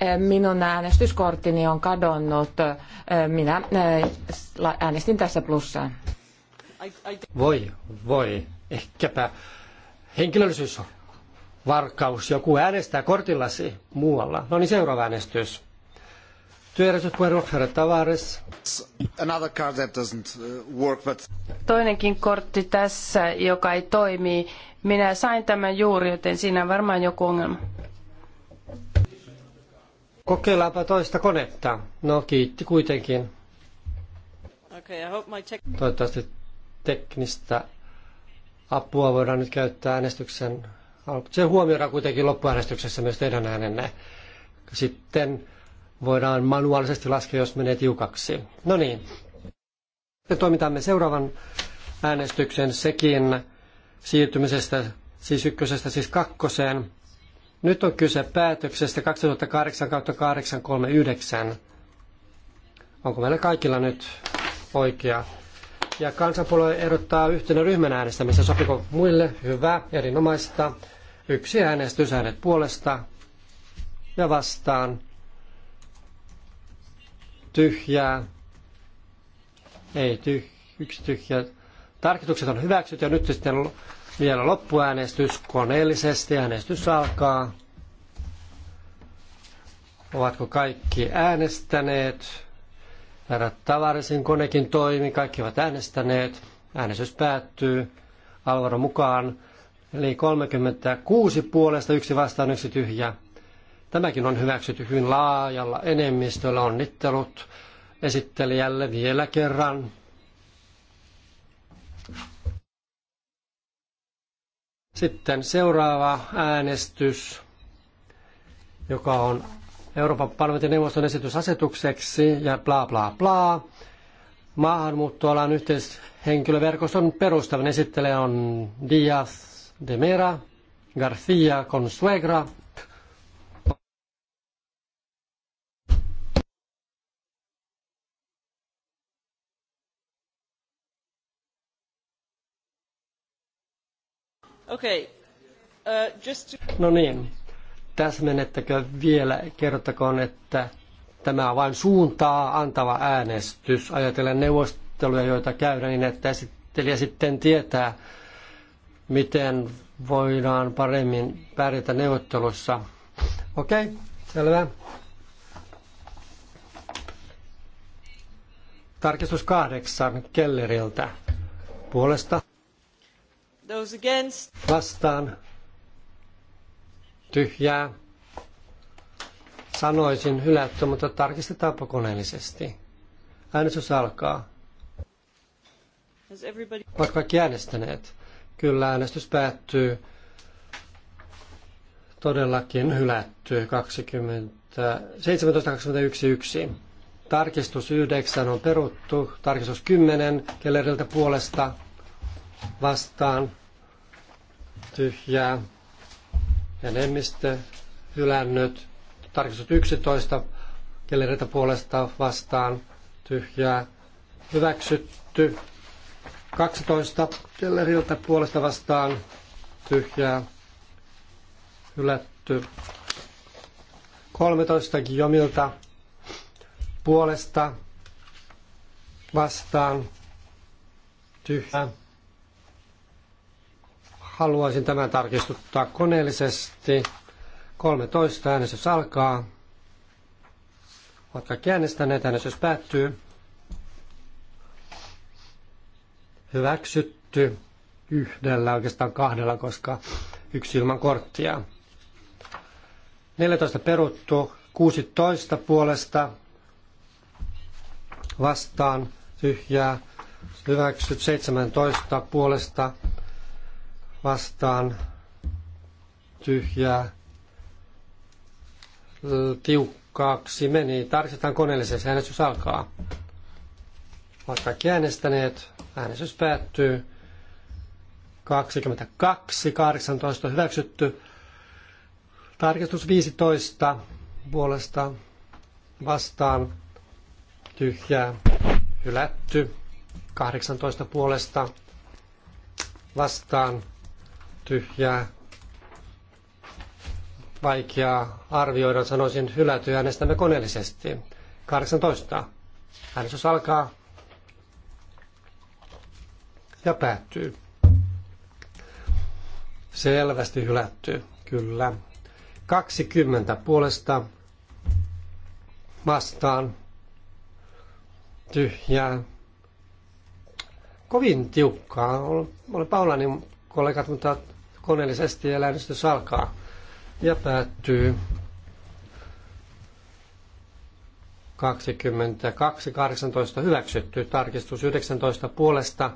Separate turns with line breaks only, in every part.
Eh, minun äänestyskorttini on kadonnut. Eh, minä eh,
äänestin tässä plussaan. Voi, voi. Ehkäpä henkilöllisyysvarkaus. Joku äänestää kortillasi muualla. No niin, seuraava äänestys. Uh,
Toinenkin kortti tässä, joka ei toimi. Minä sain tämän juuri, joten siinä on varmaan joku ongelma.
Kokeillaanpa toista konetta. No kiitti kuitenkin.
Okay, I hope my tech-
Toivottavasti teknistä apua voidaan nyt käyttää äänestyksen Se huomioidaan kuitenkin loppuäänestyksessä myös teidän äänenne. Sitten voidaan manuaalisesti laskea, jos menee tiukaksi. No niin. Sitten toimitamme seuraavan äänestyksen sekin siirtymisestä, siis ykkösestä, siis kakkoseen. Nyt on kyse päätöksestä 2008-839. Onko meillä kaikilla nyt oikea? Ja kansanpuolue erottaa yhtenä ryhmän äänestämistä. Sopiko muille? Hyvä, erinomaista. Yksi äänestys äänet puolesta ja vastaan. Tyhjää. Ei, tyh, yksi tyhjä. Tarkistukset on hyväksytty ja nyt sitten vielä loppuäänestys koneellisesti. Äänestys alkaa. Ovatko kaikki äänestäneet? Herra Tavarisin konekin toimi, kaikki ovat äänestäneet. Äänestys päättyy. Alvaro mukaan. Eli 36 puolesta, yksi vastaan, yksi tyhjä. Tämäkin on hyväksytty hyvin laajalla enemmistöllä. Onnittelut esittelijälle vielä kerran. Sitten seuraava äänestys, joka on Euroopan parlamentin neuvoston asetukseksi ja bla bla bla. Maahanmuuttoalan yhteishenkilöverkoston perustavan esittelijä on Diaz de Mera, Garcia Consuegra, Okay. Uh, to... No niin, täsmennettäkö vielä, kerrottakoon, että tämä on vain suuntaa antava äänestys. Ajatellen neuvosteluja, joita käydään, niin että esittelijä sitten tietää, miten voidaan paremmin pärjätä neuvottelussa. Okei, okay, selvä. Tarkistus kahdeksan Kelleriltä puolesta Those against. Vastaan. Tyhjää. Sanoisin hylätty, mutta tarkistetaanpa koneellisesti. Äänestys alkaa. Has everybody... kaikki äänestäneet. Kyllä äänestys päättyy todellakin hylätty 17.21.1. Tarkistus 9 on peruttu, tarkistus 10 kelleriltä puolesta vastaan tyhjää enemmistö hylännyt. Tarkistus 11 kellereitä puolesta vastaan tyhjää hyväksytty. 12 kelleriltä puolesta vastaan tyhjää hylätty. 13 jomilta puolesta vastaan tyhjää Haluaisin tämän tarkistuttaa koneellisesti. 13 äänestys alkaa. Ovat kaikki äänestäneet, äänestys päättyy. Hyväksytty yhdellä, oikeastaan kahdella, koska yksi ilman korttia. 14 peruttu, 16 puolesta vastaan tyhjää, hyväksyt 17 puolesta vastaan tyhjää tiukkaaksi meni. Tarkistetaan koneellisesti, äänestys alkaa. Olet kaikki äänestäneet, äänestys päättyy. 22, 18 hyväksytty. Tarkistus 15 puolesta vastaan tyhjää hylätty. 18 puolesta vastaan tyhjää, vaikeaa arvioida, sanoisin hylätyä äänestämme koneellisesti. 18. Äänestys alkaa ja päättyy. Selvästi hylätty, kyllä. 20 puolesta vastaan tyhjää. Kovin tiukkaa. Olen paulani kollegat, mutta koneellisesti ja äänestys alkaa ja päättyy 22.18 hyväksytty. Tarkistus 19 puolesta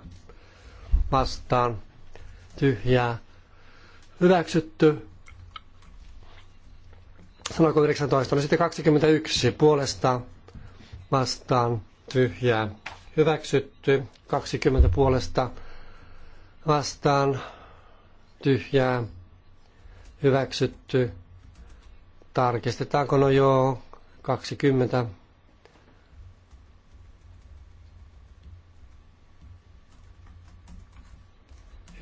vastaan tyhjää hyväksytty. Sanoiko 19? No sitten 21 puolesta vastaan tyhjää hyväksytty. 20 puolesta vastaan tyhjää, hyväksytty. Tarkistetaanko? No joo, 20.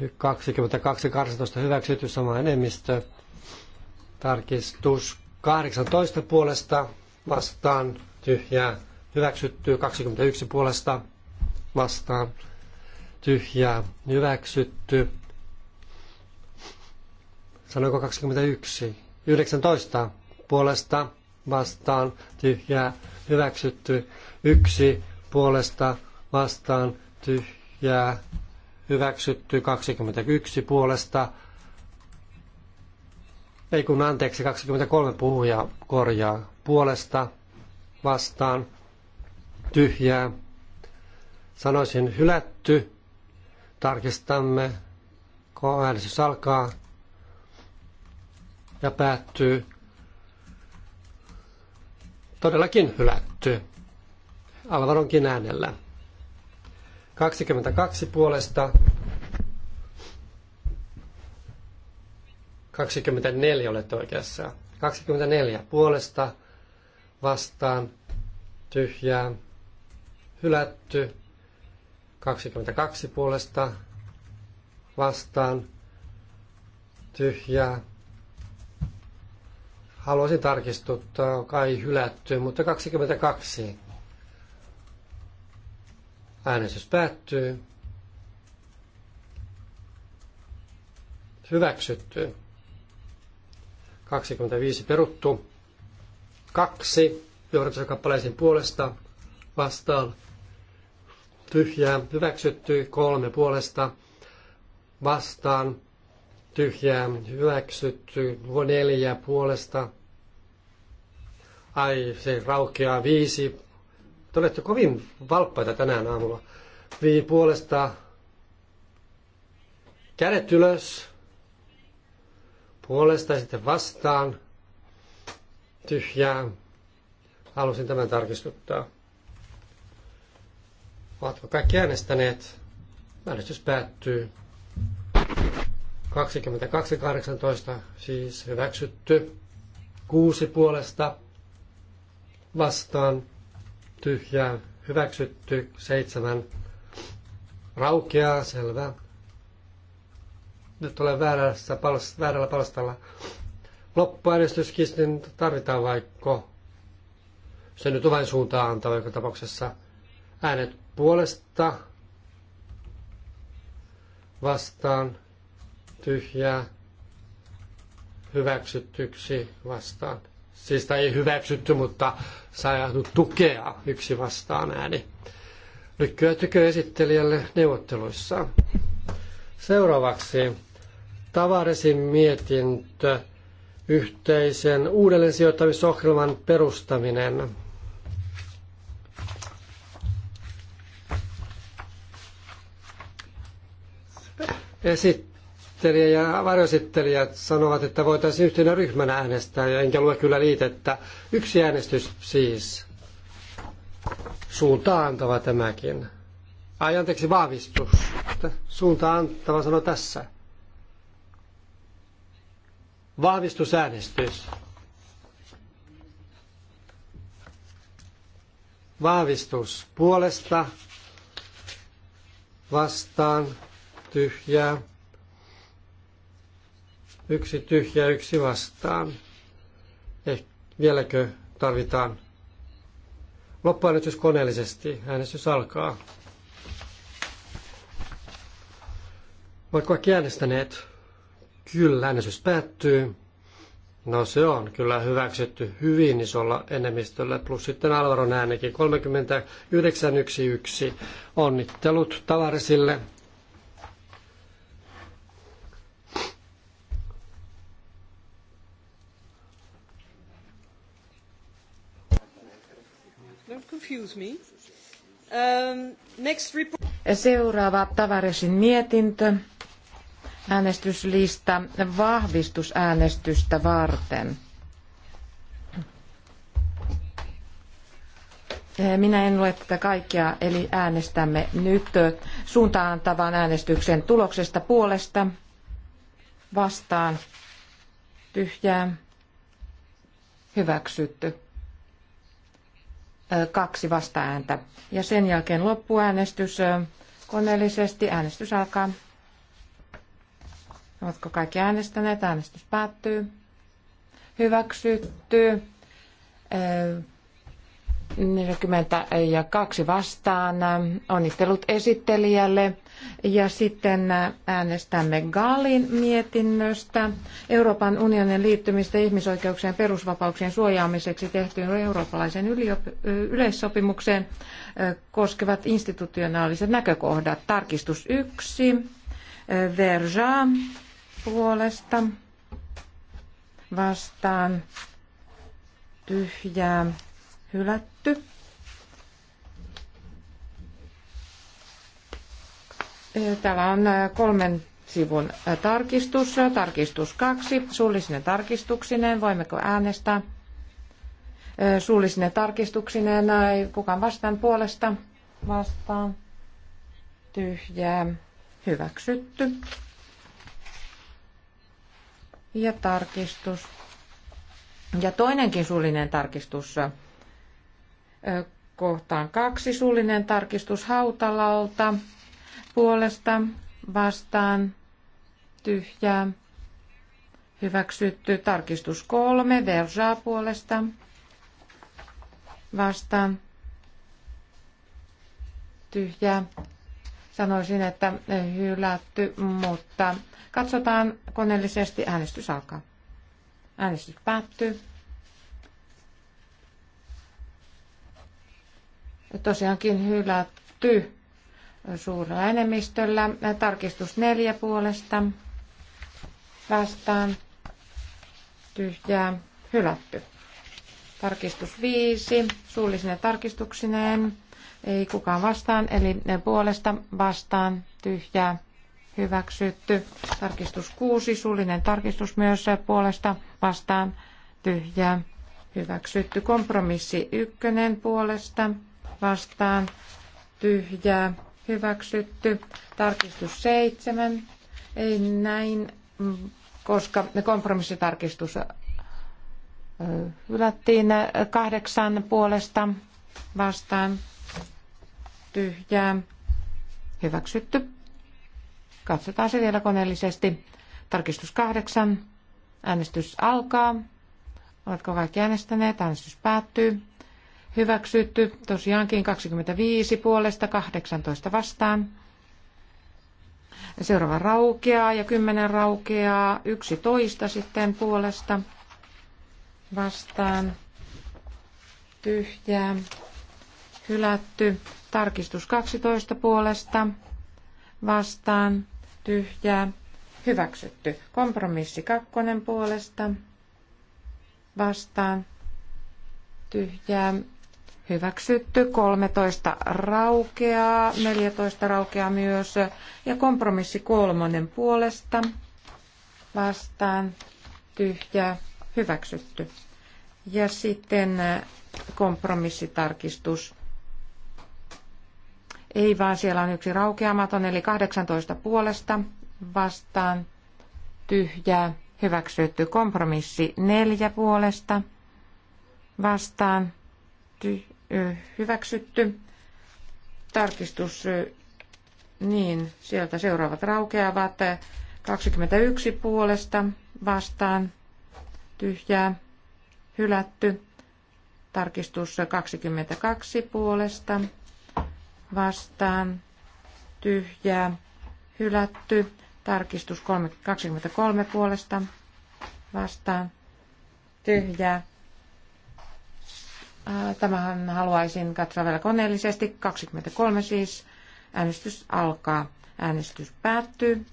Y 22, 18 hyväksytty, sama enemmistö. Tarkistus 18 puolesta vastaan tyhjää, hyväksytty 21 puolesta vastaan tyhjää, hyväksytty Sanoiko 21? 19 puolesta vastaan tyhjää hyväksytty. Yksi puolesta vastaan tyhjää hyväksytty. 21 puolesta ei kun anteeksi, 23 puhujaa korjaa puolesta vastaan tyhjää. Sanoisin hylätty. Tarkistamme, kun äänestys alkaa ja päättyy. Todellakin hylätty. Alvaronkin äänellä. 22 puolesta 24 olet oikeassa. 24 puolesta vastaan tyhjää hylätty. 22 puolesta vastaan tyhjää Haluaisin tarkistuttaa, kai hylätty, mutta 22. Äänestys päättyy. Hyväksytty. 25 peruttu. Kaksi johdatuskappaleisen puolesta vastaan tyhjää hyväksytty. Kolme puolesta vastaan tyhjää hyväksytty. Neljä puolesta Ai, se raukeaa viisi. Te olette kovin valppaita tänään aamulla. Vii puolesta kädet ylös. Puolesta sitten vastaan. Tyhjää. Halusin tämän tarkistuttaa. Oletko kaikki äänestäneet? Äänestys päättyy. 22.18 siis hyväksytty. Kuusi puolesta vastaan tyhjää hyväksytty. Seitsemän raukeaa, selvä. Nyt olen väärässä palst- väärällä palstalla. Loppuäänestyskin niin tarvitaan vaikka Se nyt on vain suuntaan antava joka tapauksessa. Äänet puolesta vastaan tyhjää hyväksyttyksi vastaan. Siis sitä ei hyväksytty, mutta sai tukea yksi vastaan ääni. tykö esittelijälle neuvotteluissa? Seuraavaksi Tavaresin mietintö yhteisen uudelleen sijoittamisohjelman perustaminen. Esit esittelijä ja varjoesittelijät sanovat, että voitaisiin yhtenä ryhmänä äänestää, ja enkä lue kyllä liitettä. Yksi äänestys siis. Suunta antava tämäkin. Ai anteeksi, vahvistus. Suunta antava sano tässä. Vahvistusäänestys. Vahvistus puolesta vastaan tyhjää Yksi tyhjä, yksi vastaan. Eh, vieläkö tarvitaan loppuäänestys koneellisesti? Äänestys alkaa. Oletko kaikki äänestäneet? Kyllä, äänestys päättyy. No se on kyllä hyväksytty hyvin isolla enemmistöllä, plus sitten Alvaron äänekin 39.11. Onnittelut tavarisille.
me. Um,
next report. Seuraava Tavaresin mietintö. Äänestyslista vahvistusäänestystä varten. Minä en lue tätä kaikkea, eli äänestämme nyt antavan äänestyksen tuloksesta puolesta vastaan tyhjää hyväksytty kaksi vastaääntä. Ja sen jälkeen loppuäänestys koneellisesti. Äänestys alkaa. Oletko kaikki äänestäneet? Äänestys päättyy. Hyväksytty. 42 vastaan. Onnittelut esittelijälle. Ja sitten äänestämme Gaalin mietinnöstä Euroopan unionin liittymistä ihmisoikeuksien perusvapauksien suojaamiseksi tehtyyn eurooppalaisen yleissopimukseen koskevat institutionaaliset näkökohdat. Tarkistus 1. Verja puolesta vastaan tyhjää hylätty. Täällä on äh, kolmen sivun äh, tarkistus, tarkistus kaksi, suullisine tarkistuksineen, voimmeko äänestää? Äh, suullisine tarkistuksineen, ei kukaan vastaan puolesta, vastaan, tyhjää, hyväksytty. Ja tarkistus. Ja toinenkin suullinen tarkistus kohtaan kaksi suullinen tarkistus Hautalalta puolesta vastaan tyhjää. Hyväksytty tarkistus kolme Versaa puolesta vastaan tyhjää. Sanoisin, että hylätty, mutta katsotaan koneellisesti. Äänestys alkaa. Äänestys päättyy. Tosiaankin hylätty suurella enemmistöllä. Tarkistus neljä puolesta vastaan tyhjää hylätty. Tarkistus viisi suullisine tarkistuksineen. Ei kukaan vastaan, eli puolesta vastaan tyhjää hyväksytty. Tarkistus kuusi suullinen tarkistus myös puolesta vastaan tyhjää hyväksytty. Kompromissi ykkönen puolesta vastaan tyhjää hyväksytty. Tarkistus seitsemän, ei näin, koska ne kompromissitarkistus hylättiin kahdeksan puolesta vastaan tyhjää. Hyväksytty. Katsotaan se vielä koneellisesti. Tarkistus kahdeksan. Äänestys alkaa. Oletko kaikki äänestäneet? Äänestys päättyy. Hyväksytty tosiaankin 25 puolesta 18 vastaan. Seuraava raukeaa ja 10 raukeaa 11 sitten puolesta vastaan. Tyhjää. Hylätty. Tarkistus 12 puolesta vastaan. Tyhjää. Hyväksytty. Kompromissi kakkonen puolesta vastaan. Tyhjää. Hyväksytty 13 raukeaa, 14 raukeaa myös ja kompromissi kolmonen puolesta vastaan tyhjää hyväksytty. Ja sitten äh, kompromissitarkistus. Ei vaan siellä on yksi raukeamaton eli 18 puolesta vastaan tyhjää hyväksytty kompromissi neljä puolesta vastaan tyhjä hyväksytty. Tarkistus, niin, sieltä seuraavat raukeavat. 21 puolesta vastaan, tyhjää, hylätty. Tarkistus 22 puolesta vastaan, tyhjää, hylätty. Tarkistus 23 puolesta vastaan, tyhjää, Tämähän haluaisin katsoa vielä koneellisesti. 23 siis. Äänestys alkaa. Äänestys päättyy.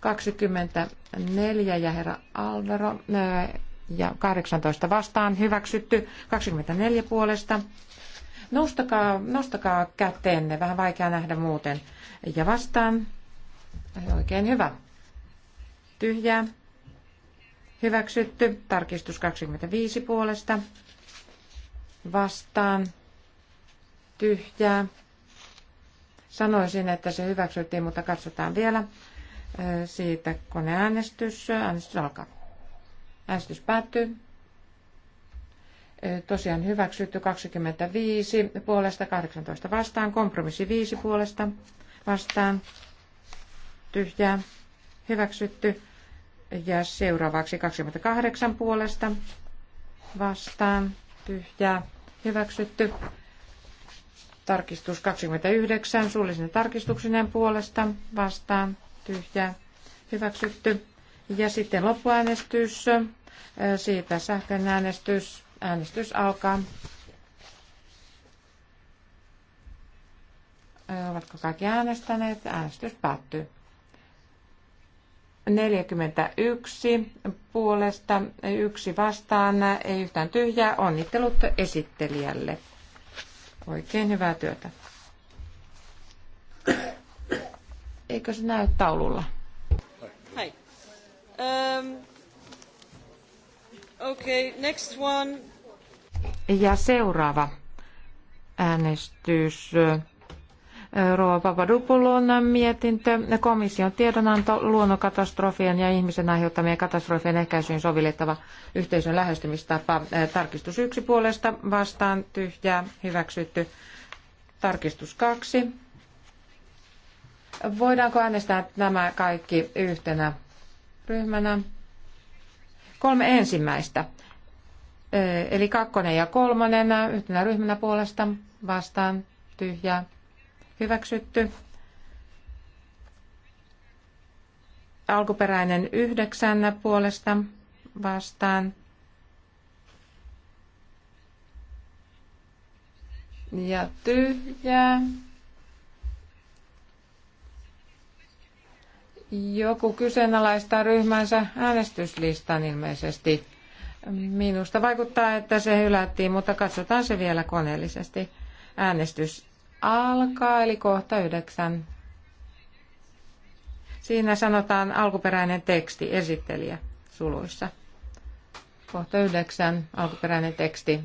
24 ja herra Alvaro ja 18 vastaan hyväksytty. 24 puolesta. Nostakaa, nostakaa käteenne, vähän vaikea nähdä muuten. Ja vastaan. Oikein hyvä. Tyhjää. Hyväksytty. Tarkistus 25 puolesta. Vastaan. Tyhjää. Sanoisin, että se hyväksyttiin, mutta katsotaan vielä siitä koneäänestys. Äänestys alkaa. Äänestys päättyy. Tosiaan hyväksytty 25 puolesta, 18 vastaan, kompromissi 5 puolesta vastaan, tyhjää, hyväksytty ja seuraavaksi 28 puolesta vastaan tyhjää hyväksytty. Tarkistus 29 suullisen tarkistuksinen puolesta vastaan tyhjää hyväksytty. Ja sitten loppuäänestys. Siitä sähköinen äänestys. Äänestys alkaa. Ovatko kaikki äänestäneet? Äänestys päättyy. 41 puolesta, yksi vastaan, ei yhtään tyhjää. Onnittelut esittelijälle. Oikein hyvää työtä. Eikö se näy taululla?
Hi. Um, okay, next one.
Ja seuraava äänestys Rova Papadopoulon mietintö, komission tiedonanto, luonnonkatastrofien ja ihmisen aiheuttamien katastrofien ehkäisyyn sovellettava yhteisön lähestymistapa, tarkistus yksi puolesta, vastaan tyhjää, hyväksytty, tarkistus kaksi. Voidaanko äänestää nämä kaikki yhtenä ryhmänä? Kolme ensimmäistä, eli kakkonen ja kolmonen yhtenä ryhmänä puolesta, vastaan tyhjää, hyväksytty. Alkuperäinen yhdeksän puolesta vastaan. Ja tyhjää. Joku kyseenalaistaa ryhmänsä äänestyslistan ilmeisesti. Minusta vaikuttaa, että se hylättiin, mutta katsotaan se vielä koneellisesti. Äänestys alkaa, eli kohta yhdeksän. Siinä sanotaan alkuperäinen teksti, esittelijä suluissa. Kohta yhdeksän, alkuperäinen teksti.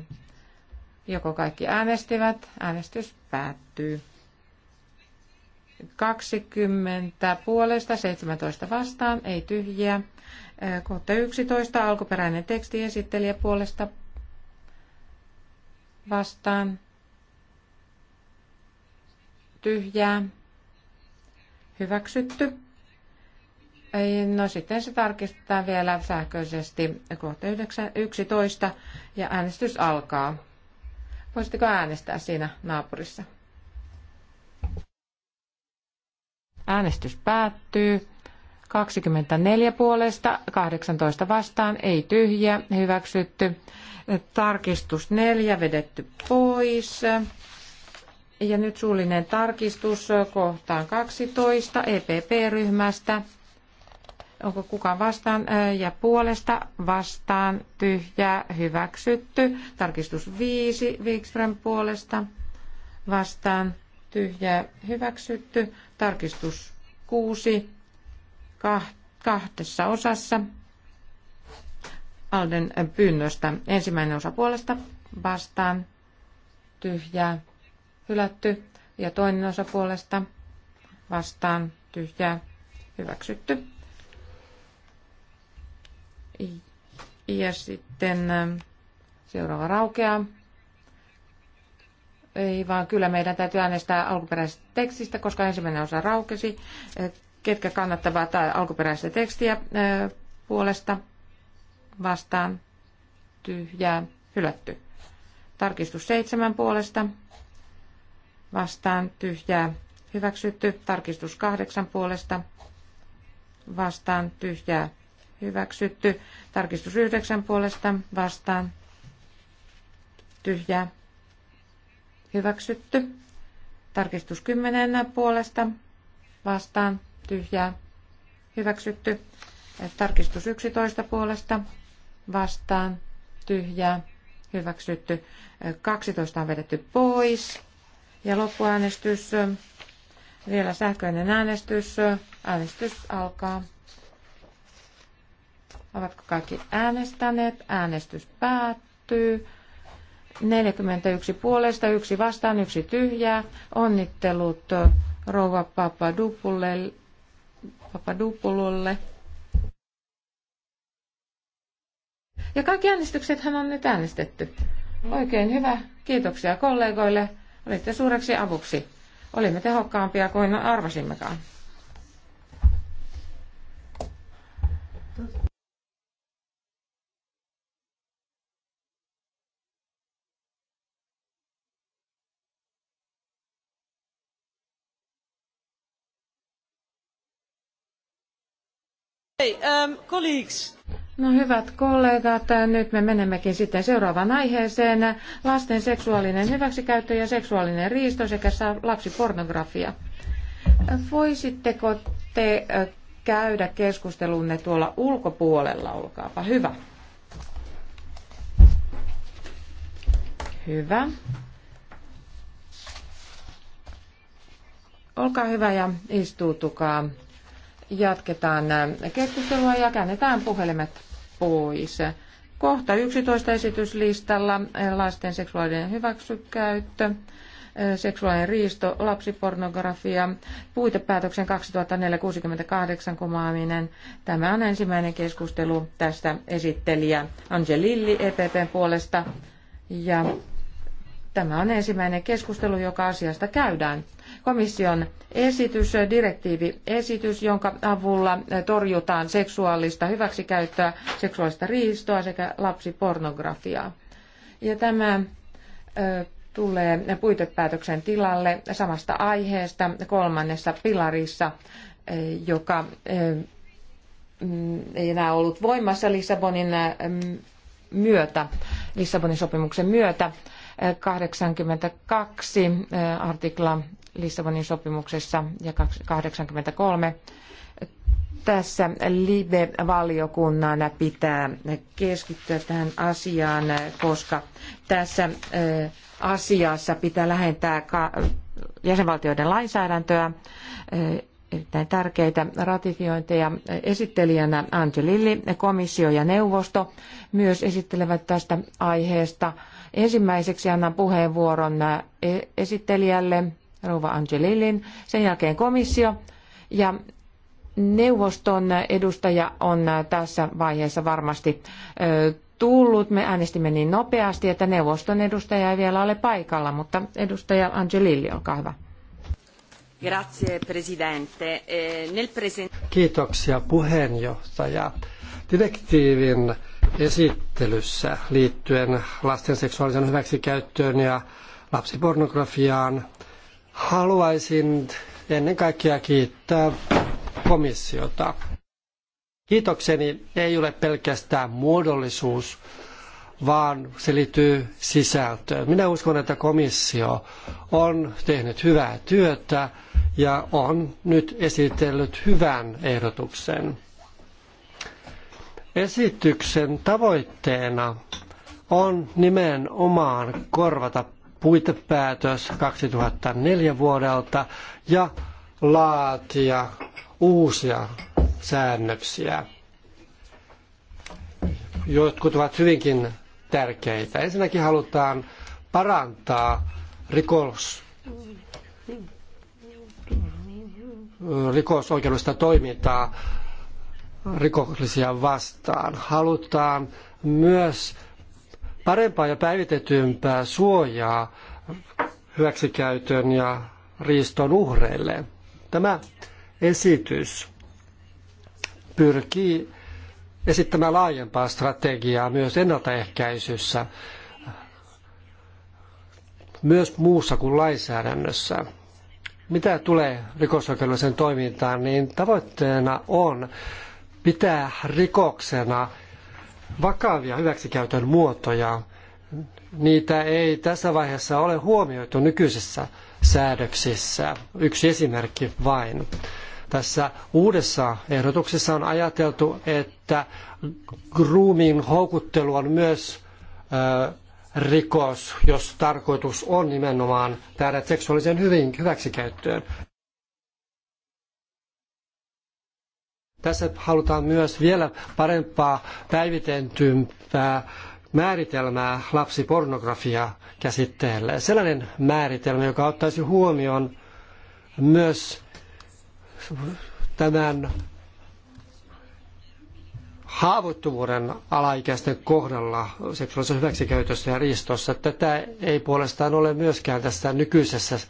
Joko kaikki äänestivät, äänestys päättyy. 20 puolesta, 17 vastaan, ei tyhjiä. Kohta 11, alkuperäinen teksti esittelijä puolesta vastaan, tyhjää, hyväksytty. No sitten se tarkistetaan vielä sähköisesti kohta 11 ja äänestys alkaa. Voisitteko äänestää siinä naapurissa? Äänestys päättyy. 24 puolesta, 18 vastaan, ei tyhjä, hyväksytty. Tarkistus 4 vedetty pois. Ja nyt suullinen tarkistus kohtaan 12 EPP-ryhmästä. Onko kukaan vastaan ja puolesta vastaan tyhjää hyväksytty? Tarkistus 5 Wikström puolesta vastaan tyhjää hyväksytty. Tarkistus 6 kahdessa osassa Alden pyynnöstä. Ensimmäinen osa puolesta vastaan tyhjää hylätty ja toinen osa puolesta vastaan tyhjää hyväksytty. Ja sitten ähm, seuraava raukeaa. Ei vaan kyllä meidän täytyy äänestää alkuperäisestä tekstistä, koska ensimmäinen osa raukesi. Ketkä kannattavat äh, alkuperäistä tekstiä äh, puolesta vastaan tyhjää hylätty. Tarkistus seitsemän puolesta vastaan tyhjää hyväksytty. Tarkistus kahdeksan puolesta vastaan tyhjää hyväksytty. Tarkistus yhdeksän puolesta vastaan tyhjää hyväksytty. Tarkistus kymmenen puolesta vastaan tyhjää hyväksytty. Tarkistus 11 puolesta vastaan tyhjää hyväksytty. 12 on vedetty pois. Ja loppuäänestys, vielä sähköinen äänestys. Äänestys alkaa. Ovatko kaikki äänestäneet? Äänestys päättyy. 41 puolesta, yksi vastaan, yksi tyhjää. Onnittelut rouva Papadupulle. Papadupululle. Ja kaikki äänestyksethän on nyt äänestetty. Oikein hyvä. Kiitoksia kollegoille. Olitte suureksi avuksi. Olimme tehokkaampia kuin arvasimmekaan. Hey, um, colleagues. No hyvät kollegat, nyt me menemmekin sitten seuraavaan aiheeseen. Lasten seksuaalinen hyväksikäyttö ja seksuaalinen riisto sekä lapsipornografia. Voisitteko te käydä keskustelunne tuolla ulkopuolella, olkaapa hyvä. Hyvä. Olkaa hyvä ja istuutukaa jatketaan äh, keskustelua ja käännetään puhelimet pois. Kohta 11 esityslistalla äh, lasten seksuaalinen hyväksykäyttö, äh, seksuaalinen riisto, lapsipornografia, puitepäätöksen 2468 kumaaminen. Tämä on ensimmäinen keskustelu tästä esittelijä Angelilli EPPn puolesta. Ja tämä on ensimmäinen keskustelu, joka asiasta käydään komission esitys, direktiiviesitys, jonka avulla torjutaan seksuaalista hyväksikäyttöä, seksuaalista riistoa sekä lapsipornografiaa. Ja tämä tulee puitepäätöksen tilalle samasta aiheesta kolmannessa pilarissa, joka mm, ei enää ollut voimassa Lissabonin myötä, Lissabonin sopimuksen myötä. 82 artikla Lissabonin sopimuksessa ja 83. Tässä LIBE-valiokunnan pitää keskittyä tähän asiaan, koska tässä eh, asiassa pitää lähentää jäsenvaltioiden lainsäädäntöä eh, erittäin tärkeitä ratifiointeja. Esittelijänä Angelilli, komissio ja neuvosto myös esittelevät tästä aiheesta. Ensimmäiseksi annan puheenvuoron eh, esittelijälle rouva Angelilin, sen jälkeen komissio ja neuvoston edustaja on äh, tässä vaiheessa varmasti tullut. Me äänestimme niin nopeasti, että neuvoston edustaja ei vielä ole paikalla, mutta edustaja Angelilli,
olkaa hyvä.
Grazie, presidente. Eh,
Kiitoksia puheenjohtaja. Direktiivin esittelyssä liittyen lasten seksuaalisen hyväksikäyttöön ja lapsipornografiaan Haluaisin ennen kaikkea kiittää komissiota. Kiitokseni ei ole pelkästään muodollisuus, vaan se liittyy sisältöön. Minä uskon, että komissio on tehnyt hyvää työtä ja on nyt esitellyt hyvän ehdotuksen. Esityksen tavoitteena on nimenomaan korvata puitepäätös 2004 vuodelta ja laatia uusia säännöksiä. Jotkut ovat hyvinkin tärkeitä. Ensinnäkin halutaan parantaa rikos, rikosoikeudellista toimintaa rikollisia vastaan. Halutaan myös parempaa ja päivitetympää suojaa hyväksikäytön ja riiston uhreille. Tämä esitys pyrkii esittämään laajempaa strategiaa myös ennaltaehkäisyssä, myös muussa kuin lainsäädännössä. Mitä tulee rikosoikeudelliseen toimintaan, niin tavoitteena on pitää rikoksena vakavia hyväksikäytön muotoja. Niitä ei tässä vaiheessa ole huomioitu nykyisissä säädöksissä. Yksi esimerkki vain. Tässä uudessa ehdotuksessa on ajateltu, että grooming houkuttelu on myös ö, rikos, jos tarkoitus on nimenomaan tähdät seksuaaliseen hyvin, hyväksikäyttöön. Tässä halutaan myös vielä parempaa päivitentympää määritelmää lapsipornografia käsitteelle. Sellainen määritelmä, joka ottaisi huomioon myös tämän haavoittuvuuden alaikäisten kohdalla seksuaalisessa hyväksikäytössä ja riistossa. Tätä ei puolestaan ole myöskään tässä nykyisessä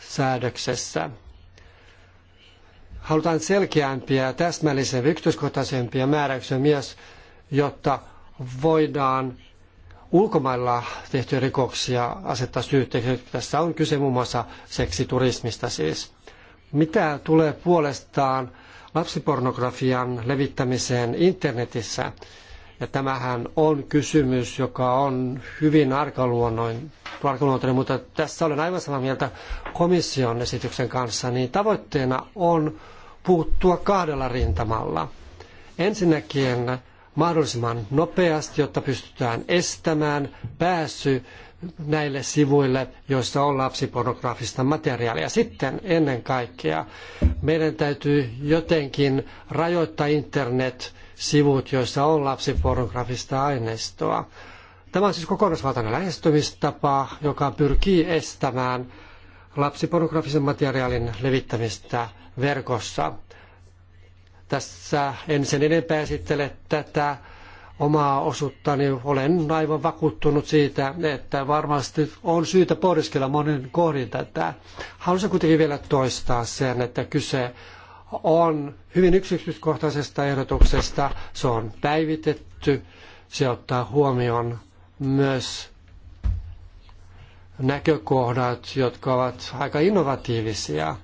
säädöksessä halutaan selkeämpiä, täsmällisempiä, yksityiskohtaisempia määräyksiä myös, jotta voidaan ulkomailla tehtyjä rikoksia asettaa syytteeksi. Tässä on kyse muun muassa seksiturismista siis. Mitä tulee puolestaan lapsipornografian levittämiseen internetissä, ja tämähän on kysymys, joka on hyvin arkaluontoinen, mutta tässä olen aivan samaa mieltä komission esityksen kanssa, niin tavoitteena on puuttua kahdella rintamalla. Ensinnäkin mahdollisimman nopeasti, jotta pystytään estämään pääsy näille sivuille, joissa on lapsipornografista materiaalia. Sitten ennen kaikkea meidän täytyy jotenkin rajoittaa internet-sivut, joissa on lapsipornografista aineistoa. Tämä on siis kokonaisvaltainen lähestymistapa, joka pyrkii estämään lapsipornografisen materiaalin levittämistä verkossa. Tässä en sen enempää esittele tätä omaa osuuttani. Niin olen aivan vakuuttunut siitä, että varmasti on syytä pohdiskella monen kohdin tätä. Haluaisin kuitenkin vielä toistaa sen, että kyse on hyvin yksityiskohtaisesta ehdotuksesta. Se on päivitetty. Se ottaa huomioon myös näkökohdat, jotka ovat aika innovatiivisia.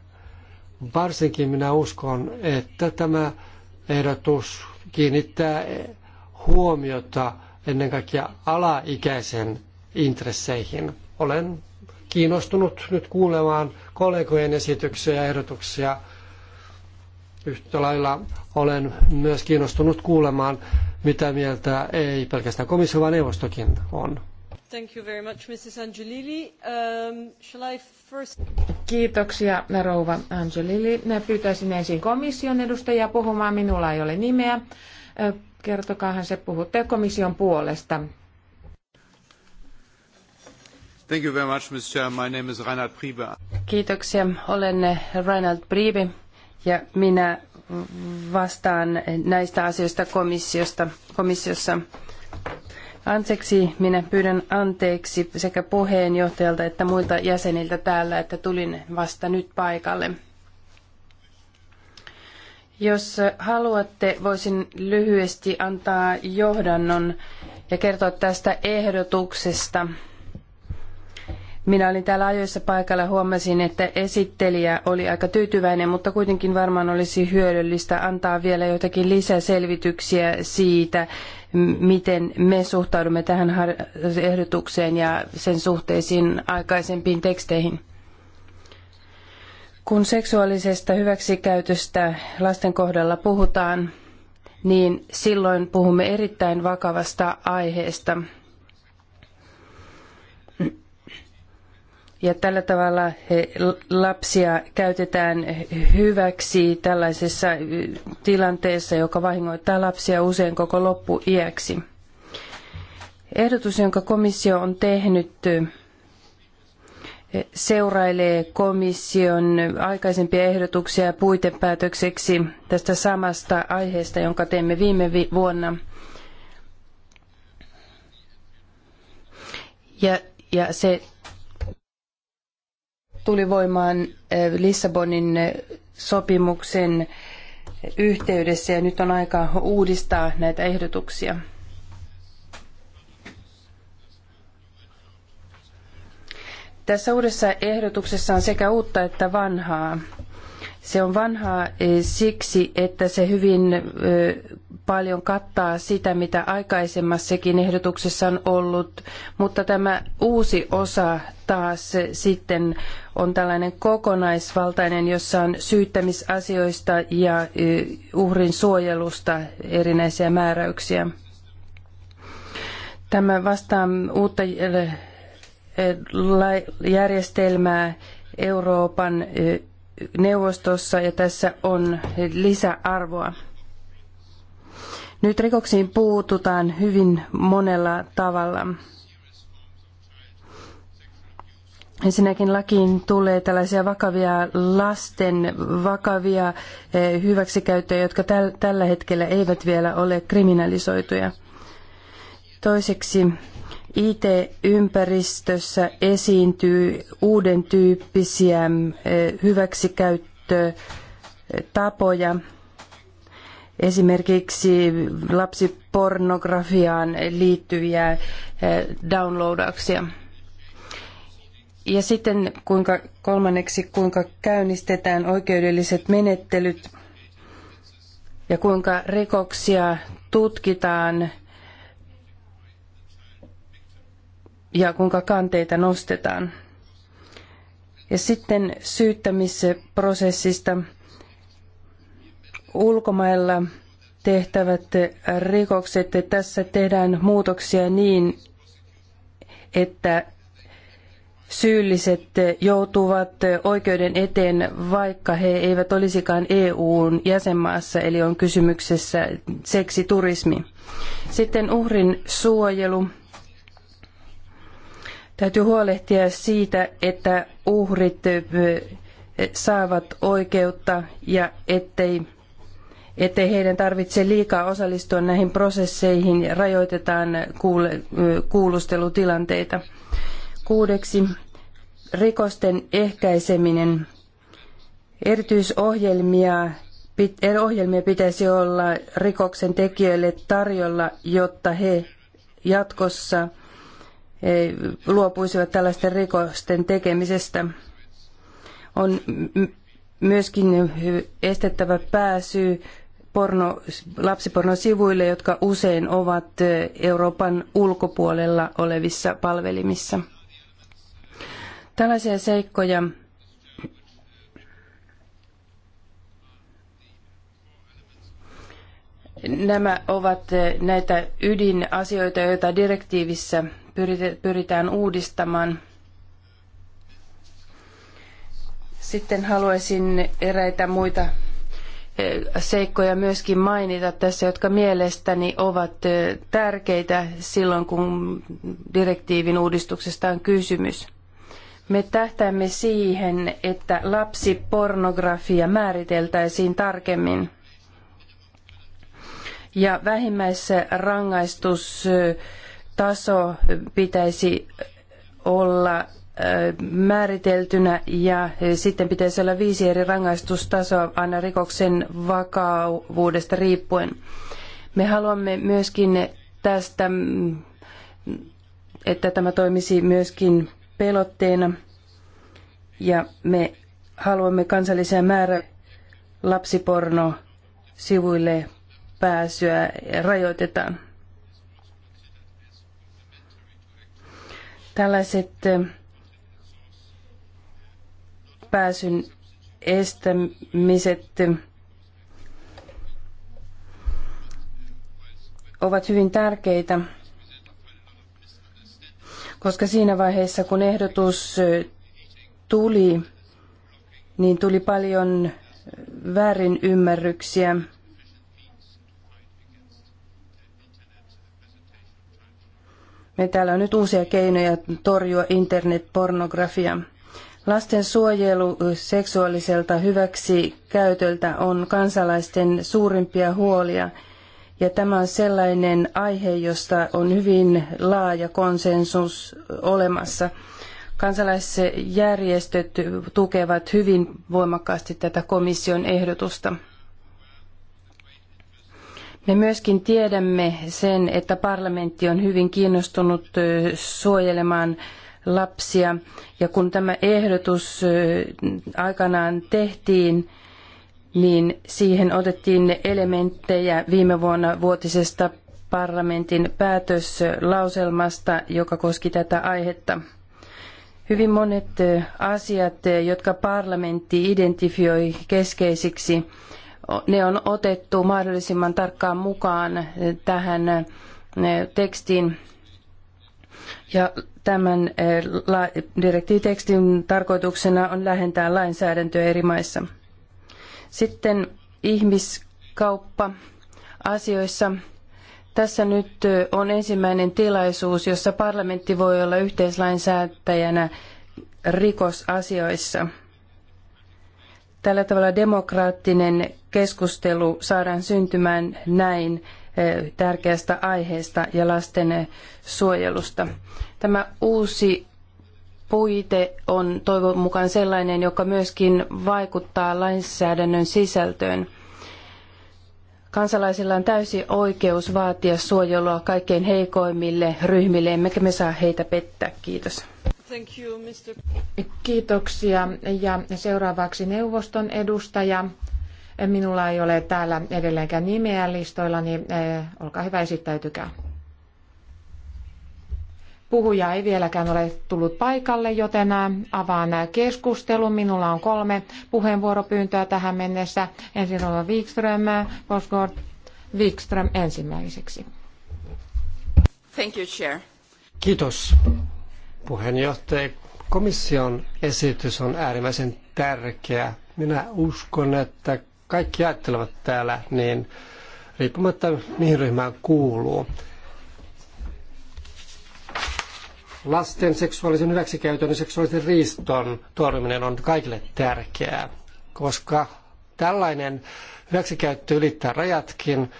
Varsinkin minä uskon, että tämä ehdotus kiinnittää huomiota ennen kaikkea alaikäisen intresseihin. Olen kiinnostunut nyt kuulemaan kollegojen esityksiä ja ehdotuksia. Yhtä lailla olen myös kiinnostunut kuulemaan, mitä mieltä ei pelkästään komissio, vaan neuvostokin on.
Thank you very much, Mrs. Angelili. Um, shall I
Kiitoksia, rouva Angelili. Pyytäisin ensin komission edustajia puhumaan. Minulla ei ole nimeä. Kertokaahan se puhutte komission puolesta.
Thank you very much, Mr. Chair. My name is Reinhard Priebe.
Kiitoksia. Olen eh, Reinhard Priebe ja minä vastaan näistä asioista komissiosta, komissiossa. Anteeksi, minä pyydän anteeksi sekä puheenjohtajalta että muilta jäseniltä täällä, että tulin vasta nyt paikalle. Jos haluatte, voisin lyhyesti antaa johdannon ja kertoa tästä ehdotuksesta. Minä olin täällä ajoissa paikalla ja huomasin, että esittelijä oli aika tyytyväinen, mutta kuitenkin varmaan olisi hyödyllistä antaa vielä joitakin lisäselvityksiä siitä, miten me suhtaudumme tähän ehdotukseen ja sen suhteisiin aikaisempiin teksteihin. Kun seksuaalisesta hyväksikäytöstä lasten kohdalla puhutaan, niin silloin puhumme erittäin vakavasta aiheesta – Ja tällä tavalla lapsia käytetään hyväksi tällaisessa tilanteessa, joka vahingoittaa lapsia usein koko loppuiäksi. Ehdotus, jonka komissio on tehnyt, seurailee komission aikaisempia ehdotuksia puitepäätökseksi tästä samasta aiheesta, jonka teimme viime vuonna. Ja, ja se tuli voimaan eh, Lissabonin sopimuksen yhteydessä ja nyt on aika uudistaa näitä ehdotuksia. Tässä uudessa ehdotuksessa on sekä uutta että vanhaa. Se on vanhaa eh, siksi, että se hyvin eh, paljon kattaa sitä, mitä aikaisemmassakin ehdotuksessa on ollut, mutta tämä uusi osa taas sitten on tällainen kokonaisvaltainen, jossa on syyttämisasioista ja uhrin suojelusta erinäisiä määräyksiä. Tämä vastaa uutta järjestelmää Euroopan neuvostossa ja tässä on lisäarvoa. Nyt rikoksiin puututaan hyvin monella tavalla. Ensinnäkin lakiin tulee tällaisia vakavia lasten vakavia eh, hyväksikäyttöjä, jotka täl, tällä hetkellä eivät vielä ole kriminalisoituja. Toiseksi IT-ympäristössä esiintyy uuden tyyppisiä eh, hyväksikäyttötapoja. tapoja esimerkiksi lapsipornografiaan liittyviä eh, downloadauksia. Ja sitten kuinka, kolmanneksi, kuinka käynnistetään oikeudelliset menettelyt ja kuinka rikoksia tutkitaan ja kuinka kanteita nostetaan. Ja sitten syyttämisprosessista ulkomailla tehtävät rikokset. Tässä tehdään muutoksia niin, että syylliset joutuvat oikeuden eteen, vaikka he eivät olisikaan EUn jäsenmaassa, eli on kysymyksessä seksiturismi. Sitten uhrin suojelu. Täytyy huolehtia siitä, että uhrit saavat oikeutta ja ettei ettei heidän tarvitse liikaa osallistua näihin prosesseihin, rajoitetaan kuulustelutilanteita. Kuudeksi, rikosten ehkäiseminen. Erityisohjelmia er, ohjelmia pitäisi olla rikoksen tekijöille tarjolla, jotta he jatkossa e, luopuisivat tällaisten rikosten tekemisestä. On myöskin estettävä pääsy porno, lapsipornosivuille, jotka usein ovat Euroopan ulkopuolella olevissa palvelimissa. Tällaisia seikkoja Nämä ovat näitä ydinasioita, joita direktiivissä pyritään uudistamaan. Sitten haluaisin eräitä muita seikkoja myöskin mainita tässä, jotka mielestäni ovat tärkeitä silloin, kun direktiivin uudistuksesta on kysymys. Me tähtäämme siihen, että lapsipornografia määriteltäisiin tarkemmin. Ja vähimmäisessä pitäisi olla määriteltynä ja sitten pitäisi olla viisi eri rangaistustasoa aina rikoksen vakavuudesta riippuen. Me haluamme myöskin tästä, mm, että tämä toimisi myöskin pelotteena ja me haluamme kansallisia määrä lapsiporno sivuille pääsyä rajoitetaan. Tällaiset pääsyn estämiset ovat hyvin tärkeitä, koska siinä vaiheessa, kun ehdotus tuli, niin tuli paljon väärinymmärryksiä. Me täällä on nyt uusia keinoja torjua internetpornografiaa. Lasten suojelu seksuaaliselta hyväksikäytöltä on kansalaisten suurimpia huolia. Ja tämä on sellainen aihe, josta on hyvin laaja konsensus olemassa. Kansalaisjärjestöt tukevat hyvin voimakkaasti tätä komission ehdotusta. Me myöskin tiedämme sen, että parlamentti on hyvin kiinnostunut suojelemaan lapsia. Ja kun tämä ehdotus aikanaan tehtiin, niin siihen otettiin elementtejä viime vuonna vuotisesta parlamentin päätöslauselmasta, joka koski tätä aihetta. Hyvin monet asiat, jotka parlamentti identifioi keskeisiksi, ne on otettu mahdollisimman tarkkaan mukaan tähän tekstiin. Ja Tämän eh, direktiivitekstin tarkoituksena on lähentää lainsäädäntöä eri maissa. Sitten ihmiskauppa asioissa. Tässä nyt eh, on ensimmäinen tilaisuus, jossa parlamentti voi olla yhteislainsäätäjänä rikosasioissa. Tällä tavalla demokraattinen keskustelu saadaan syntymään näin tärkeästä aiheesta ja lasten suojelusta. Tämä uusi puite on toivon mukaan sellainen, joka myöskin vaikuttaa lainsäädännön sisältöön. Kansalaisilla on täysi oikeus vaatia suojelua kaikkein heikoimmille ryhmille, emmekä me saa heitä pettää. Kiitos.
Kiitoksia. Ja seuraavaksi neuvoston edustaja Minulla ei ole täällä edelleenkään nimeä listoilla, niin olkaa hyvä esittäytykää. Puhuja ei vieläkään ole tullut paikalle, joten avaan keskustelun. Minulla on kolme puheenvuoropyyntöä tähän mennessä. Ensin on Wikström, Bosgård, Wikström ensimmäiseksi. Thank you, Chair.
Kiitos. Puheenjohtaja, komission esitys on äärimmäisen tärkeä. Minä uskon, että kaikki ajattelevat täällä, niin riippumatta mihin ryhmään kuuluu. Lasten seksuaalisen hyväksikäytön ja seksuaalisen riiston torjuminen on kaikille tärkeää, koska tällainen hyväksikäyttö ylittää rajatkin.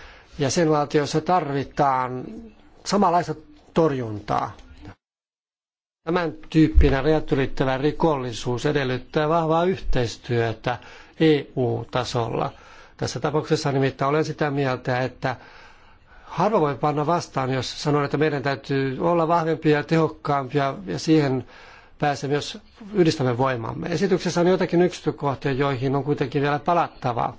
valtioissa tarvitaan samanlaista torjuntaa. Tämän tyyppinen rajat ylittävä rikollisuus edellyttää vahvaa yhteistyötä EU-tasolla. Tässä tapauksessa nimittäin olen sitä mieltä, että harva voi panna vastaan, jos sanon, että meidän täytyy olla vahvempia ja tehokkaampia ja siihen pääsemme, jos yhdistämme voimamme. Esityksessä on jotakin yksityiskohtia, joihin on kuitenkin vielä palattavaa.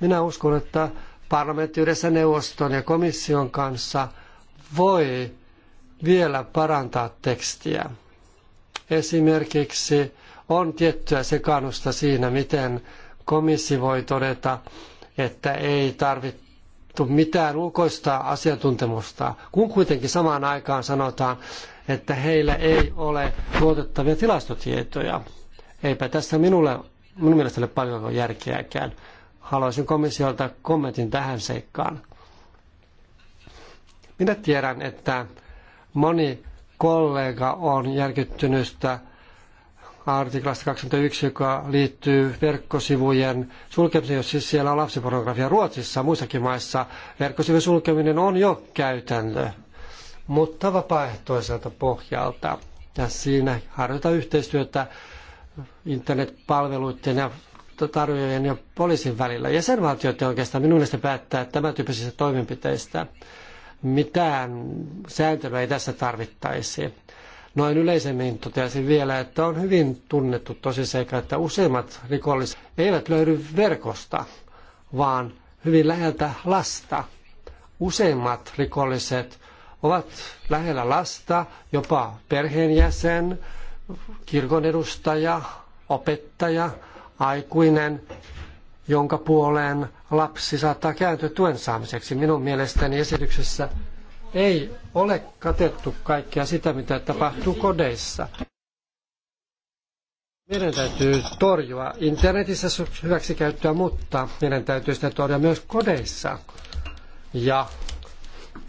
Minä uskon, että parlamentti yhdessä neuvoston ja komission kanssa voi vielä parantaa tekstiä. Esimerkiksi on tiettyä sekaannusta siinä, miten komissio voi todeta, että ei tarvittu mitään ulkoista asiantuntemusta, kun kuitenkin samaan aikaan sanotaan, että heillä ei ole luotettavia tilastotietoja. Eipä tässä minulle, minun mielestäni ole paljon järkeäkään. Haluaisin komissiolta kommentin tähän seikkaan. Minä tiedän, että moni kollega on järkyttynyt artiklasta 21, joka liittyy verkkosivujen sulkemiseen, jos siis siellä on lapsipornografia. Ruotsissa ja muissakin maissa verkkosivujen sulkeminen on jo käytäntö, mutta vapaaehtoiselta pohjalta. Ja siinä harjoitetaan yhteistyötä internetpalveluiden ja tarjoajien ja poliisin välillä. Jäsenvaltiot oikeastaan minun mielestä päättää tämän tyyppisistä toimenpiteistä. Mitään sääntelyä ei tässä tarvittaisi. Noin yleisemmin toteaisin vielä, että on hyvin tunnettu tosiseikka, että useimmat rikolliset eivät löydy verkosta, vaan hyvin läheltä lasta. Useimmat rikolliset ovat lähellä lasta, jopa perheenjäsen, kirkon edustaja, opettaja, aikuinen, jonka puoleen lapsi saattaa kääntyä tuen saamiseksi. Minun mielestäni esityksessä ei ole katettu kaikkea sitä, mitä tapahtuu kodeissa. Meidän täytyy torjua internetissä hyväksikäyttöä, mutta meidän täytyy sitä torjua myös kodeissa ja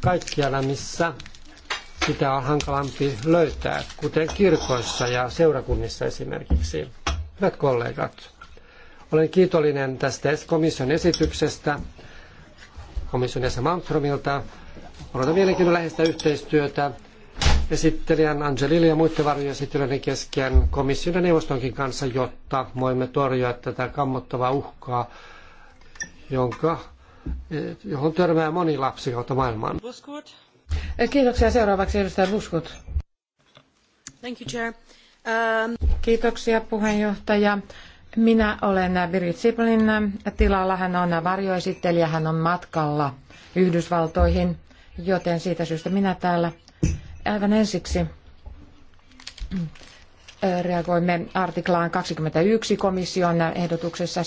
kaikkialla, missä sitä on hankalampi löytää, kuten kirkoissa ja seurakunnissa esimerkiksi. Hyvät kollegat, olen kiitollinen tästä komission esityksestä, komission jäsen Mantromilta, Odotan mielenkiinnolla läheistä yhteistyötä esittelijän Angelille ja muiden varjoesittelijöiden kesken komission ja neuvostonkin kanssa, jotta voimme torjua tätä kammottavaa uhkaa, jonka, eh, johon törmää moni lapsi kautta maailman. Buskut.
Kiitoksia. Seuraavaksi edustaja Buskut. Thank you, Chair. Um... Kiitoksia puheenjohtaja. Minä olen Birgit Siplin tilalla. Hän on varjoesittelijä. Hän on matkalla Yhdysvaltoihin joten siitä syystä minä täällä aivan ensiksi reagoimme artiklaan 21 komission ehdotuksessa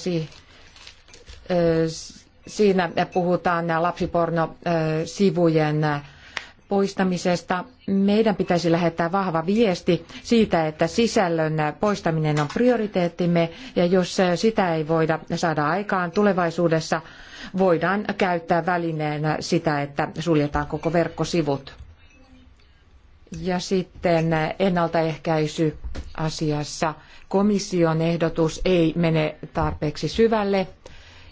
siinä puhutaan lapsipornosivujen sivujen poistamisesta meidän pitäisi lähettää vahva viesti siitä, että sisällön poistaminen on prioriteettimme ja jos sitä ei voida saada aikaan tulevaisuudessa, voidaan käyttää välineenä sitä, että suljetaan koko verkkosivut. Ja sitten ennaltaehkäisy asiassa. Komission ehdotus ei mene tarpeeksi syvälle.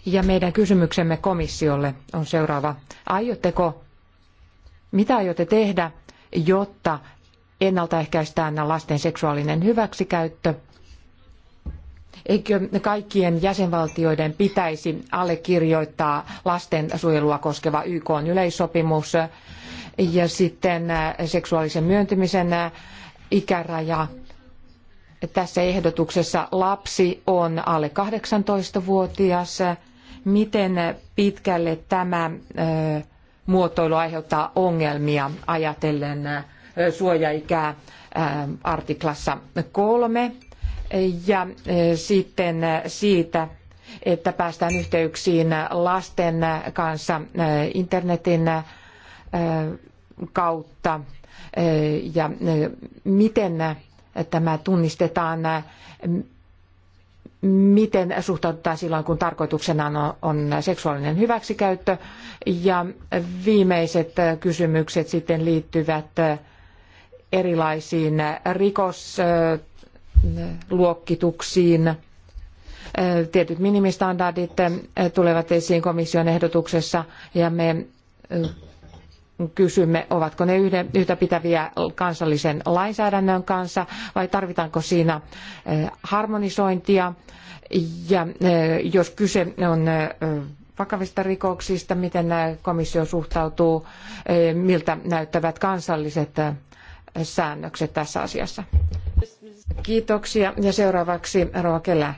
Ja meidän kysymyksemme komissiolle on seuraava. Aiotteko mitä aiotte tehdä, jotta ennaltaehkäistään lasten seksuaalinen hyväksikäyttö? Eikö kaikkien jäsenvaltioiden pitäisi allekirjoittaa lastensuojelua koskeva YK yleissopimus ja sitten seksuaalisen myöntymisen ikäraja? Tässä ehdotuksessa lapsi on alle 18-vuotias. Miten pitkälle tämä muotoilu aiheuttaa ongelmia ajatellen äh, suojaikää äh, artiklassa kolme ja äh, sitten siitä, että päästään yhteyksiin lasten kanssa internetin kautta ja miten tämä tunnistetaan miten suhtaudutaan silloin, kun tarkoituksena on, seksuaalinen hyväksikäyttö. Ja viimeiset kysymykset sitten liittyvät erilaisiin rikosluokkituksiin. Tietyt minimistandardit tulevat esiin komission ehdotuksessa ja me kysymme, ovatko ne yhden, yhtäpitäviä kansallisen lainsäädännön kanssa vai tarvitaanko siinä harmonisointia. Ja jos kyse on vakavista rikoksista, miten komissio suhtautuu, miltä näyttävät kansalliset säännökset tässä asiassa. Kiitoksia. Ja seuraavaksi Roa Kelä.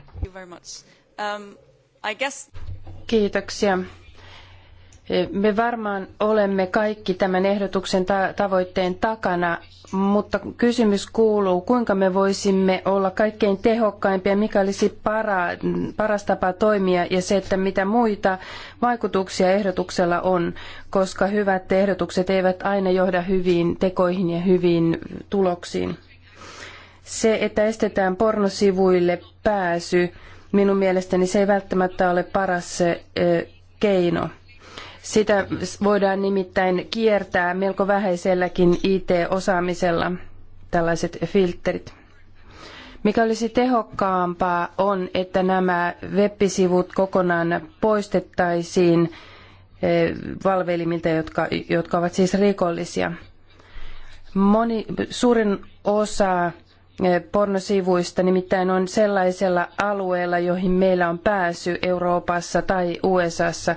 Um, Kiitoksia.
Me varmaan olemme kaikki tämän ehdotuksen tavoitteen takana, mutta kysymys kuuluu, kuinka me voisimme olla kaikkein tehokkaimpia, mikä olisi para, paras tapa toimia ja se, että mitä muita vaikutuksia ehdotuksella on, koska hyvät ehdotukset eivät aina johda hyviin tekoihin ja hyviin tuloksiin. Se, että estetään pornosivuille pääsy, minun mielestäni se ei välttämättä ole paras keino sitä voidaan nimittäin kiertää melko vähäiselläkin IT-osaamisella, tällaiset filterit. Mikä olisi tehokkaampaa on, että nämä web-sivut kokonaan poistettaisiin eh, valvelimilta, jotka, jotka ovat siis rikollisia. Moni, suurin osa eh, pornosivuista nimittäin on sellaisella alueella, joihin meillä on pääsy Euroopassa tai USAssa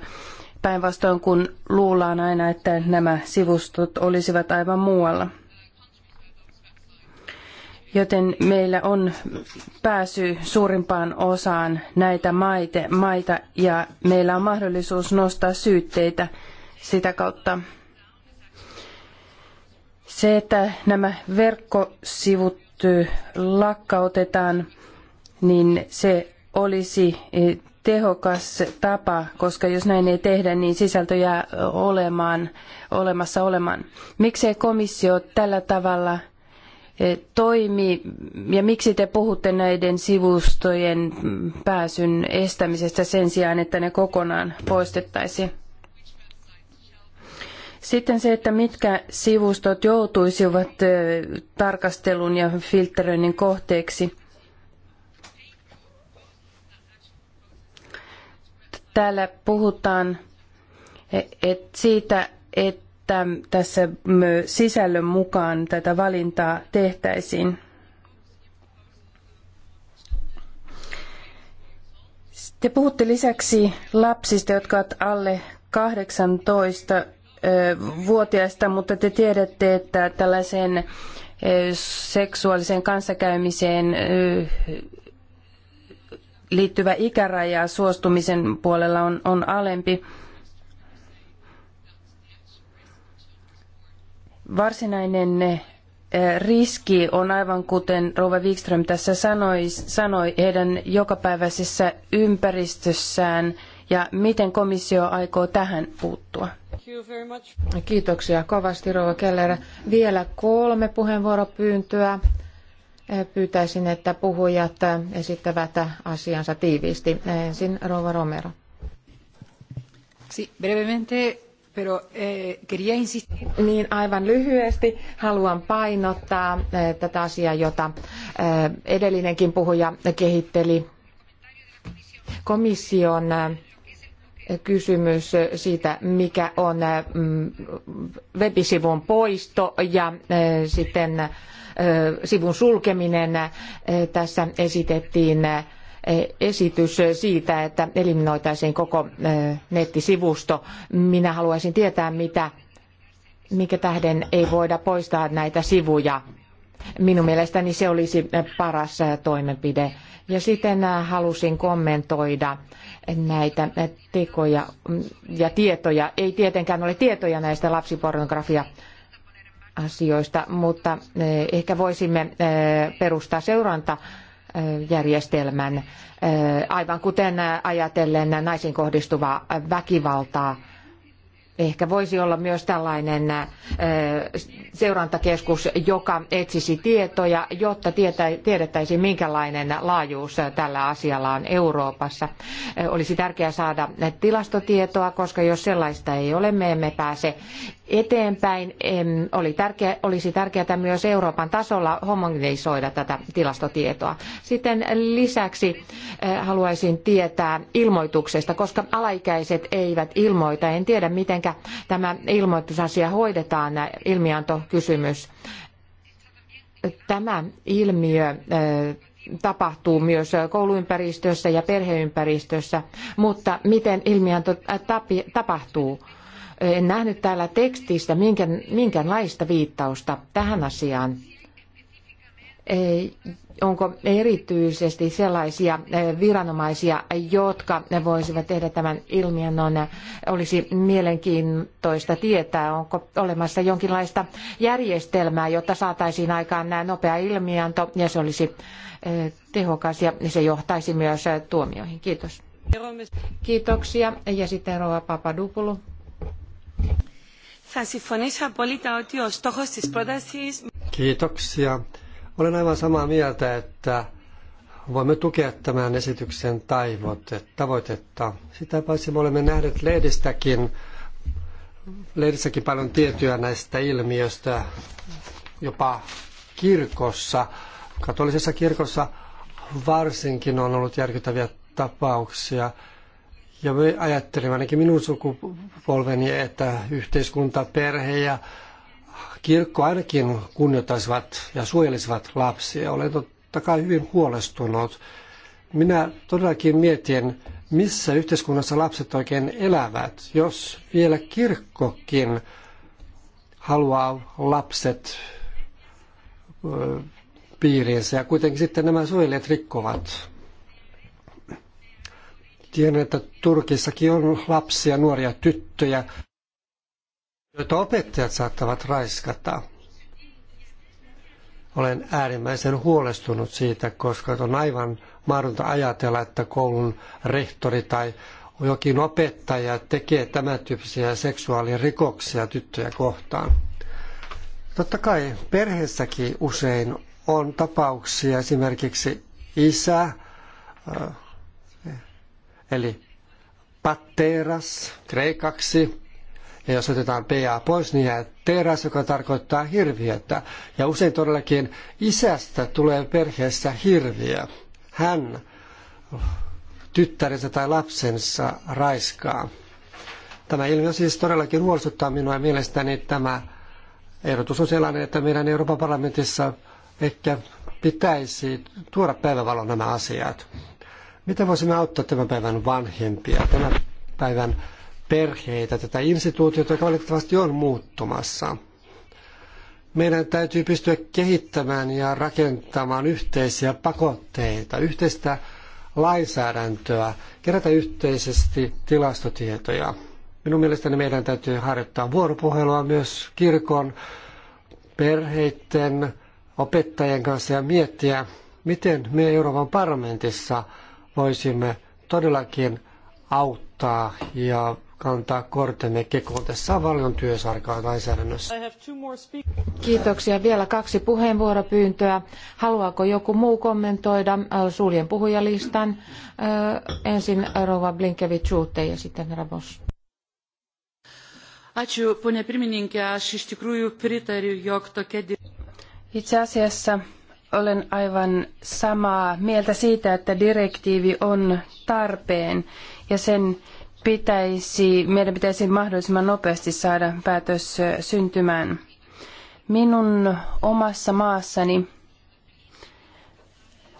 päinvastoin kun luullaan aina, että nämä sivustot olisivat aivan muualla. Joten meillä on pääsy suurimpaan osaan näitä maite, maita ja meillä on mahdollisuus nostaa syytteitä sitä kautta. Se, että nämä verkkosivut lakkautetaan, niin se olisi tehokas tapa, koska jos näin ei tehdä, niin sisältö jää olemaan, olemassa olemaan. Miksei komissio tällä tavalla eh, toimi ja miksi te puhutte näiden sivustojen pääsyn estämisestä sen sijaan, että ne kokonaan poistettaisiin? Sitten se, että mitkä sivustot joutuisivat eh, tarkastelun ja filtteröinnin kohteeksi – täällä puhutaan e, et siitä, että tässä sisällön mukaan tätä valintaa tehtäisiin. Te puhutte lisäksi lapsista, jotka ovat alle 18 vuotiaista, mutta te tiedätte, että tällaiseen seksuaaliseen kanssakäymiseen liittyvä ikäraja suostumisen puolella on, on alempi. Varsinainen eh, riski on aivan kuten Rova Wikström tässä sanoi, sanoi heidän jokapäiväisessä ympäristössään ja miten komissio aikoo tähän
puuttua. Kiitoksia kovasti Rova Keller. Vielä kolme puheenvuoropyyntöä. Pyytäisin, että puhujat esittävät asiansa tiiviisti. Ensin Rova Romero. Sí, brevemente, pero eh, Niin aivan lyhyesti haluan painottaa eh, tätä asiaa, jota eh, edellinenkin puhuja kehitteli. Komission kysymys siitä, mikä on mm, webisivun poisto ja sitten sivun sulkeminen. Tässä esitettiin esitys siitä, että eliminoitaisiin koko nettisivusto. Minä haluaisin tietää, mitä, minkä tähden ei voida poistaa näitä sivuja. Minun mielestäni se olisi paras toimenpide. Ja sitten halusin kommentoida näitä tekoja ja tietoja. Ei tietenkään ole tietoja näistä lapsipornografia asioista, mutta eh, ehkä voisimme eh, perustaa seurantajärjestelmän eh, aivan kuten ajatellen naisiin kohdistuvaa väkivaltaa. Ehkä voisi olla myös tällainen seurantakeskus, joka etsisi tietoja, jotta tiedettäisiin, minkälainen laajuus tällä asialla on Euroopassa. Olisi tärkeää saada tilastotietoa, koska jos sellaista ei ole, me emme pääse eteenpäin. Oli tärkeä, olisi tärkeää myös Euroopan tasolla homogenisoida tätä tilastotietoa. Sitten lisäksi eh, haluaisin tietää ilmoituksesta, koska alaikäiset eivät ilmoita. En tiedä, miten tämä ilmoitusasia hoidetaan, ilmiantokysymys. Tämä ilmiö eh, tapahtuu myös kouluympäristössä ja perheympäristössä, mutta miten ilmianto eh, tapahtuu? En nähnyt täällä tekstistä minkään, minkäänlaista viittausta tähän asiaan. Ei, onko erityisesti sellaisia eh, viranomaisia, jotka voisivat tehdä tämän ilmiön, eh, olisi mielenkiintoista tietää, onko olemassa jonkinlaista järjestelmää, jotta saataisiin aikaan nämä nopea ilmianto ja se olisi eh, tehokas ja se johtaisi myös tuomioihin. Kiitos. Kiitoksia. Ja sitten Rova Papadopoulou.
Θα συμφωνήσω απόλυτα ότι ο στόχος της πρότασης...
Kiitoksia. Olen aivan samaa mieltä, että voimme tukea tämän esityksen tavoitetta. Sitä paitsi me olemme nähneet lehdistäkin, lehdissäkin paljon tietoja näistä ilmiöistä, jopa kirkossa. Katolisessa kirkossa varsinkin on ollut järkyttäviä tapauksia. Ja me ajattelemme ainakin minun sukupolveni, että yhteiskunta, perhe ja kirkko ainakin kunnioittaisivat ja suojelisivat lapsia. Olen totta kai hyvin huolestunut. Minä todellakin mietin, missä yhteiskunnassa lapset oikein elävät, jos vielä kirkkokin haluaa lapset piiriinsä ja kuitenkin sitten nämä suojelijat rikkovat Tiedän, että Turkissakin on lapsia, nuoria tyttöjä, joita opettajat saattavat raiskata. Olen äärimmäisen huolestunut siitä, koska on aivan mahdotonta ajatella, että koulun rehtori tai jokin opettaja tekee tämän tyyppisiä seksuaalirikoksia tyttöjä kohtaan. Totta kai perheessäkin usein on tapauksia, esimerkiksi isä eli patteras kreikaksi. Ja jos otetaan PA pois, niin jää teras, joka tarkoittaa hirviötä. Ja usein todellakin isästä tulee perheessä hirviö. Hän tyttärensä tai lapsensa raiskaa. Tämä ilmiö siis todellakin huolestuttaa minua ja mielestäni tämä ehdotus on sellainen, että meidän Euroopan parlamentissa ehkä pitäisi tuoda päivävalon nämä asiat. Miten voisimme auttaa tämän päivän vanhempia, tämän päivän perheitä, tätä instituutiota, joka valitettavasti on muuttumassa? Meidän täytyy pystyä kehittämään ja rakentamaan yhteisiä pakotteita, yhteistä lainsäädäntöä, kerätä yhteisesti tilastotietoja. Minun mielestäni meidän täytyy harjoittaa vuoropuhelua myös kirkon, perheiden, opettajien kanssa ja miettiä, miten me Euroopan parlamentissa – voisimme todellakin auttaa ja kantaa kortemme kekoon. Tässä on paljon työsarkaa lainsäädännössä. Kiitoksia. Vielä kaksi
puheenvuoropyyntöä. Haluaako joku muu kommentoida suljen puhujalistan? Ensin Rova Blinkevich-Uute ja sitten Rabos.
Itse asiassa olen aivan samaa mieltä siitä, että direktiivi on tarpeen ja sen pitäisi, meidän pitäisi mahdollisimman nopeasti saada päätös syntymään. Minun omassa maassani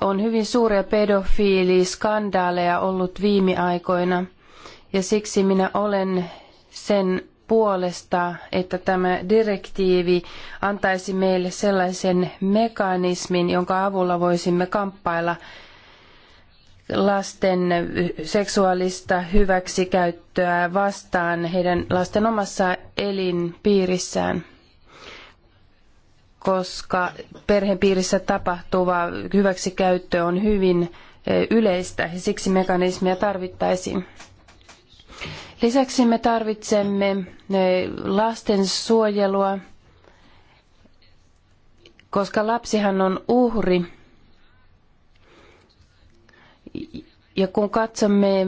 on hyvin suuria pedofiiliskandaaleja ollut viime aikoina ja siksi minä olen sen puolesta, että tämä direktiivi antaisi meille sellaisen mekanismin, jonka avulla voisimme kamppailla lasten seksuaalista hyväksikäyttöä vastaan heidän lasten omassa elinpiirissään koska perhepiirissä tapahtuva hyväksikäyttö on hyvin eh, yleistä ja siksi mekanismia tarvittaisiin. Lisäksi me tarvitsemme eh, lastensuojelua, koska lapsihan on uhri. Ja kun katsomme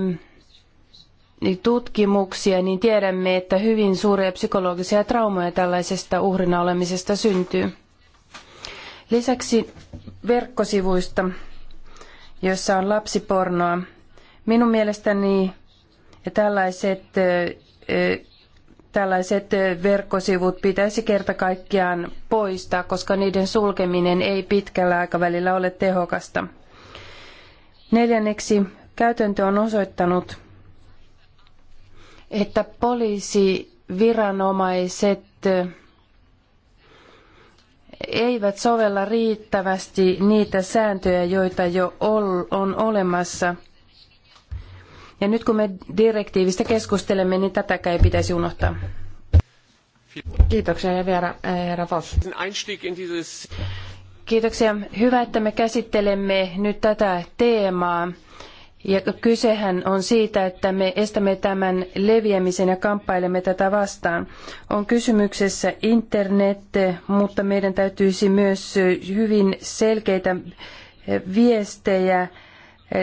eh, tutkimuksia, niin tiedämme, että hyvin suuria psykologisia traumoja tällaisesta uhrina olemisesta syntyy. Lisäksi verkkosivuista, joissa on lapsipornoa. Minun mielestäni Tällaiset, tällaiset verkkosivut pitäisi kerta kaikkiaan poistaa, koska niiden sulkeminen ei pitkällä aikavälillä ole tehokasta. Neljänneksi käytäntö on osoittanut, että poliisiviranomaiset eivät sovella riittävästi niitä sääntöjä, joita jo on olemassa – ja nyt kun me direktiivistä keskustelemme, niin tätäkään ei pitäisi unohtaa. Kiitoksia ja vielä eh, herra Voss. Kiitoksia. Hyvä, että me käsittelemme nyt tätä teemaa. Ja kysehän on siitä, että me estämme tämän leviämisen ja kamppailemme tätä vastaan. On kysymyksessä internet, mutta meidän täytyisi myös hyvin selkeitä viestejä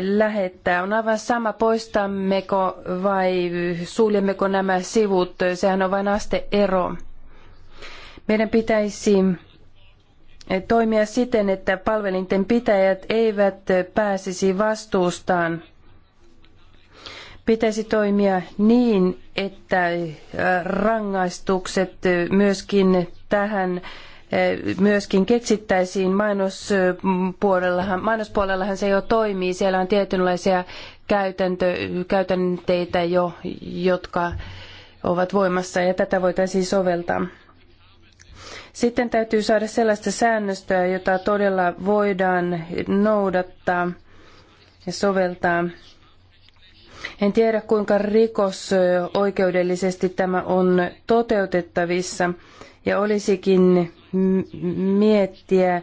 lähettää. On aivan sama, poistammeko vai suljemmeko nämä sivut, sehän on vain asteero. Meidän pitäisi toimia siten, että palvelinten pitäjät eivät pääsisi vastuustaan. Pitäisi toimia niin, että rangaistukset myöskin tähän myöskin keksittäisiin mainospuolellahan, mainospuolellahan se jo toimii. Siellä on tietynlaisia käytäntö, käytänteitä jo, jotka ovat voimassa ja tätä voitaisiin soveltaa. Sitten täytyy saada sellaista säännöstöä, jota todella voidaan noudattaa ja soveltaa. En tiedä, kuinka rikosoikeudellisesti tämä on toteutettavissa ja olisikin miettiä,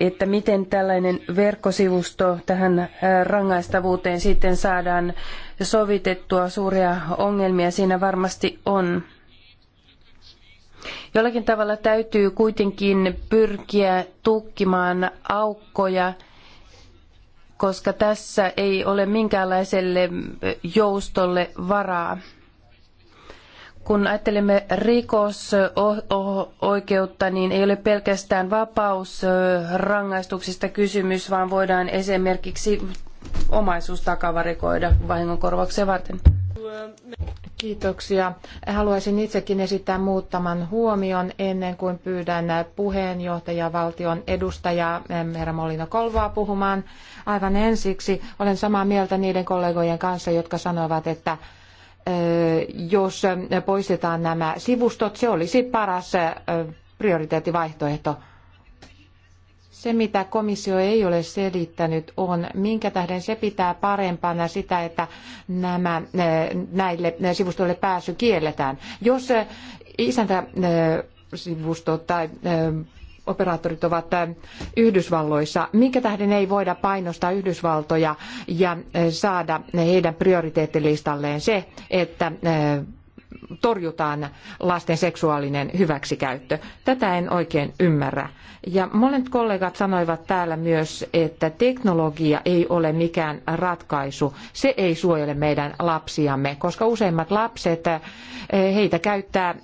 että miten tällainen verkkosivusto tähän äh, rangaistavuuteen sitten saadaan sovitettua. Suuria ongelmia siinä varmasti on. Jollakin tavalla täytyy kuitenkin pyrkiä tukkimaan aukkoja, koska tässä ei ole minkäänlaiselle joustolle varaa kun ajattelemme rikosoikeutta, niin ei ole pelkästään vapausrangaistuksista kysymys, vaan voidaan esimerkiksi omaisuus takavarikoida vahingonkorvauksia varten.
Kiitoksia. Haluaisin itsekin esittää muutaman huomion ennen kuin pyydän puheenjohtaja valtion edustajaa Meera Molina Kolvoa puhumaan. Aivan ensiksi olen samaa mieltä niiden kollegojen kanssa, jotka sanovat, että jos poistetaan nämä sivustot, se olisi paras prioriteettivaihtoehto. Se, mitä komissio ei ole selittänyt, on, minkä tähden se pitää parempana sitä, että nämä, näille sivustoille pääsy kielletään. Jos isäntä sivusto tai operaattorit ovat Yhdysvalloissa. Minkä tähden ei voida painostaa Yhdysvaltoja ja saada heidän prioriteettilistalleen se, että torjutaan lasten seksuaalinen hyväksikäyttö. Tätä en oikein ymmärrä. Ja monet kollegat sanoivat täällä myös, että teknologia ei ole mikään ratkaisu. Se ei suojele meidän lapsiamme, koska useimmat lapset, eh, heitä käyttää,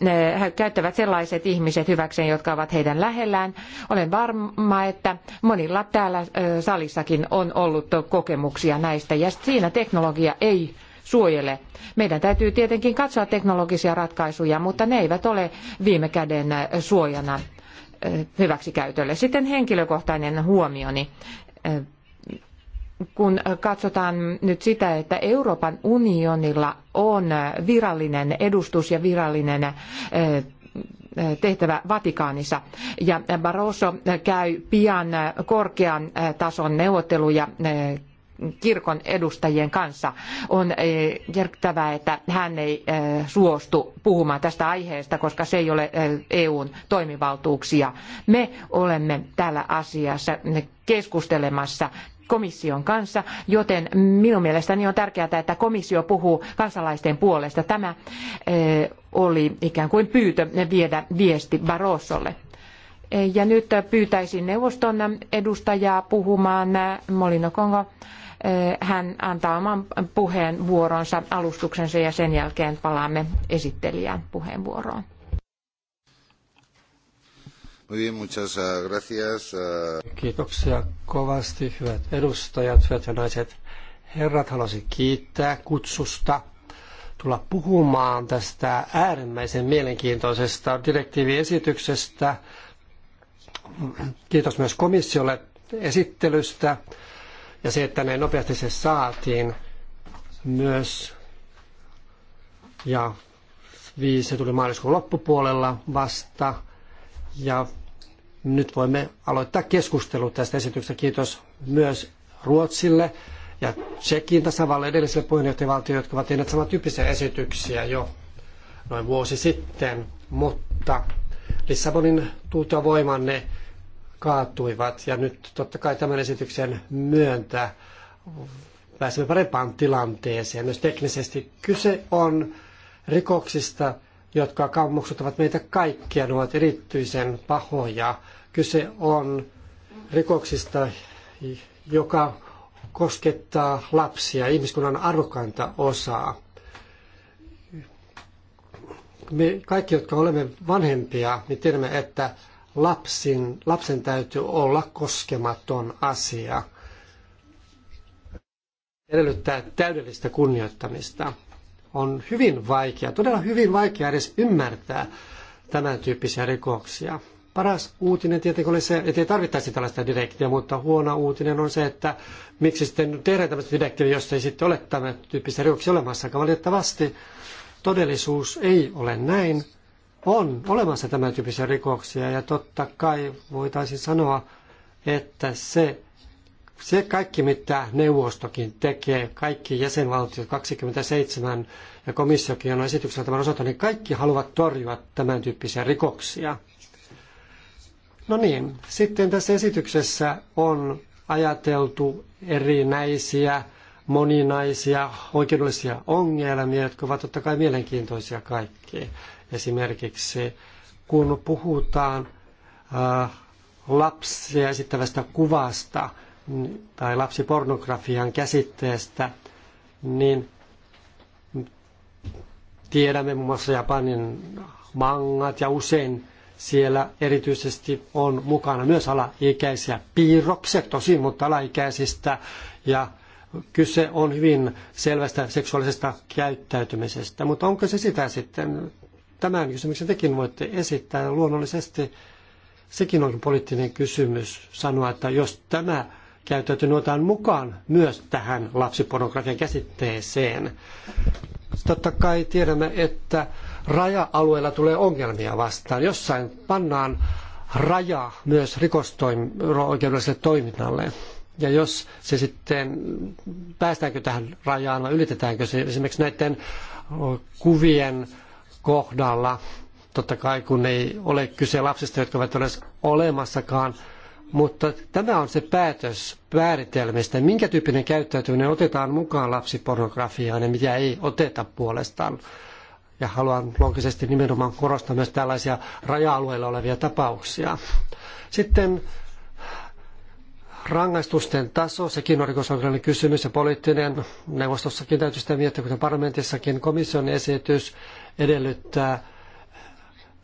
eh, käyttävät sellaiset ihmiset hyväkseen, jotka ovat heidän lähellään. Olen varma, että monilla täällä eh, salissakin on ollut kokemuksia näistä, ja siinä teknologia ei suojele. Meidän täytyy tietenkin katsoa teknologisia ratkaisuja, mutta ne eivät ole viime käden äh, suojana äh, hyväksikäytölle. Sitten henkilökohtainen huomioni. Äh, kun katsotaan nyt sitä, että Euroopan unionilla on virallinen edustus ja virallinen tehtävä Vatikaanissa. Ja Barroso käy pian korkean tason neuvotteluja kirkon edustajien kanssa. On eh, järkyttävää, että hän ei eh, suostu puhumaan tästä aiheesta, koska se ei ole eh, EUn toimivaltuuksia. Me olemme täällä asiassa keskustelemassa komission kanssa, joten minun mielestäni on tärkeää, että komissio puhuu kansalaisten puolesta. Tämä oli ikään kuin pyytö viedä viesti Barrosolle. Ja nyt pyytäisin neuvoston edustajaa puhumaan Molino Kongo Eh, hän antaa oman puheenvuoronsa, alustuksensa ja sen jälkeen palaamme
esittelijän puheenvuoroon.
Eh, eh.
Kiitoksia kovasti, hyvät edustajat, hyvät ja naiset. Herrat, haluaisin kiittää kutsusta tulla puhumaan tästä äärimmäisen mielenkiintoisesta direktiiviesityksestä. Kiitos myös komissiolle esittelystä ja se, että näin nopeasti se saatiin myös ja viisi se tuli maaliskuun loppupuolella vasta ja nyt voimme aloittaa keskustelu tästä esityksestä. Kiitos myös Ruotsille ja Tsekin tasavalle edelliselle puheenjohtajavaltioille, jotka ovat tehneet samantyyppisiä esityksiä jo noin vuosi sitten, mutta Lissabonin tultua voimaan ne kaatuivat. Ja nyt totta kai tämän esityksen myöntä pääsemme parempaan tilanteeseen. Myös teknisesti kyse on rikoksista, jotka kammoksuttavat meitä kaikkia. Ne ovat erityisen pahoja. Kyse on rikoksista, joka koskettaa lapsia, ihmiskunnan arvokkainta osaa. Me kaikki, jotka olemme vanhempia, niin tiedämme, että lapsin, lapsen täytyy olla koskematon asia. Edellyttää täydellistä kunnioittamista. On hyvin vaikea, todella hyvin vaikea edes ymmärtää tämän tyyppisiä rikoksia. Paras uutinen tietenkin oli se, että ei tarvittaisi tällaista direktiä, mutta huono uutinen on se, että miksi sitten tehdään tämmöistä direktiiviä, jos ei sitten ole tämän tyyppisiä rikoksia olemassakaan. Valitettavasti todellisuus ei ole näin on olemassa tämän tyyppisiä rikoksia ja totta kai voitaisiin sanoa, että se, se kaikki mitä neuvostokin tekee, kaikki jäsenvaltiot 27 ja komissiokin on esityksellä tämän osalta, niin kaikki haluavat torjua tämän tyyppisiä rikoksia. No niin, sitten tässä esityksessä on ajateltu erinäisiä, moninaisia oikeudellisia ongelmia, jotka ovat totta kai mielenkiintoisia kaikkiin esimerkiksi, kun puhutaan äh, lapsia esittävästä kuvasta tai lapsipornografian käsitteestä, niin tiedämme muun muassa Japanin mangat ja usein siellä erityisesti on mukana myös alaikäisiä piirrokset tosin, mutta alaikäisistä ja kyse on hyvin selvästä seksuaalisesta käyttäytymisestä, mutta onko se sitä sitten? Tämän kysymyksen tekin voitte esittää. Luonnollisesti sekin on poliittinen kysymys sanoa, että jos tämä käyttäytynyt niin otetaan mukaan myös tähän lapsipornografian käsitteeseen. Totta kai tiedämme, että raja-alueella tulee ongelmia vastaan. Jossain pannaan raja myös rikosoikeudelliselle toiminnalle. Ja jos se sitten, päästäänkö tähän rajaan vai ylitetäänkö se esimerkiksi näiden kuvien kohdalla. Totta kai kun ei ole kyse lapsista, jotka ovat edes olemassakaan, mutta tämä on se päätös määritelmistä, minkä tyyppinen käyttäytyminen otetaan mukaan lapsipornografiaan ja mitä ei oteta puolestaan. Ja haluan loogisesti nimenomaan korostaa myös tällaisia raja-alueilla olevia tapauksia. Sitten rangaistusten taso, sekin on rikosoikeudellinen kysymys ja poliittinen. Neuvostossakin täytyy sitä miettiä, kuten parlamentissakin komission esitys edellyttää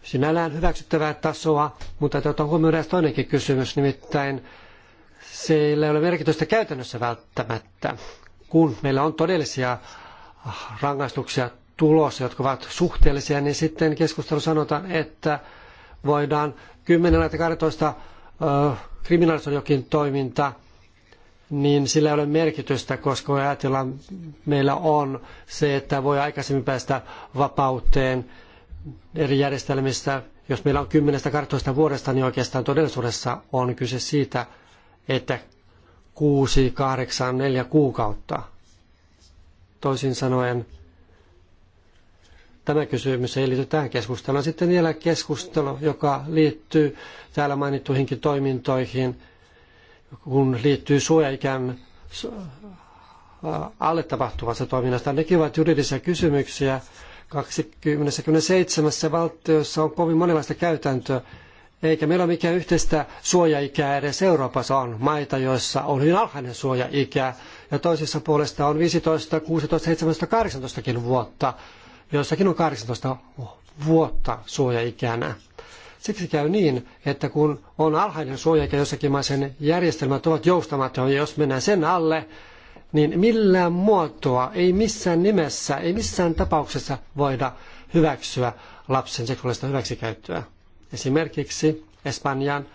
sinällään hyväksyttävää tasoa, mutta otetaan huomioon eräs toinenkin kysymys, nimittäin sillä ei ole merkitystä käytännössä välttämättä, kun meillä on todellisia rangaistuksia tulossa, jotka ovat suhteellisia, niin sitten keskustelu sanotaan, että voidaan 10 tai 12 kriminalisoida jokin toiminta – niin sillä ei ole merkitystä, koska kun ajatellaan, meillä on se, että voi aikaisemmin päästä vapauteen eri järjestelmistä. Jos meillä on 10-12 vuodesta, niin oikeastaan todellisuudessa on kyse siitä, että 6, 8, 4 kuukautta. Toisin sanoen, tämä kysymys ei liity tähän keskusteluun. Sitten vielä keskustelu, joka liittyy täällä mainittuihinkin toimintoihin – kun liittyy suojaikään
äh,
alle tapahtuvasta toiminnasta. Nekin ovat juridisia kysymyksiä. 27 valtiossa on kovin monenlaista käytäntöä, eikä meillä ole mikään yhteistä suojaikää edes Euroopassa. On maita, joissa on hyvin alhainen suojaikä, ja toisissa puolesta on 15, 16, 17, 18 vuotta, joissakin on 18 vuotta suojaikänä. Siksi käy niin, että kun on alhainen suojaikä jossakin maassa, maissa järjestelmät ovat joustamattomia, ja jos mennään sen alle, niin millään muotoa, ei missään nimessä, ei missään tapauksessa voida hyväksyä lapsen seksuaalista hyväksikäyttöä. Esimerkiksi Espanjan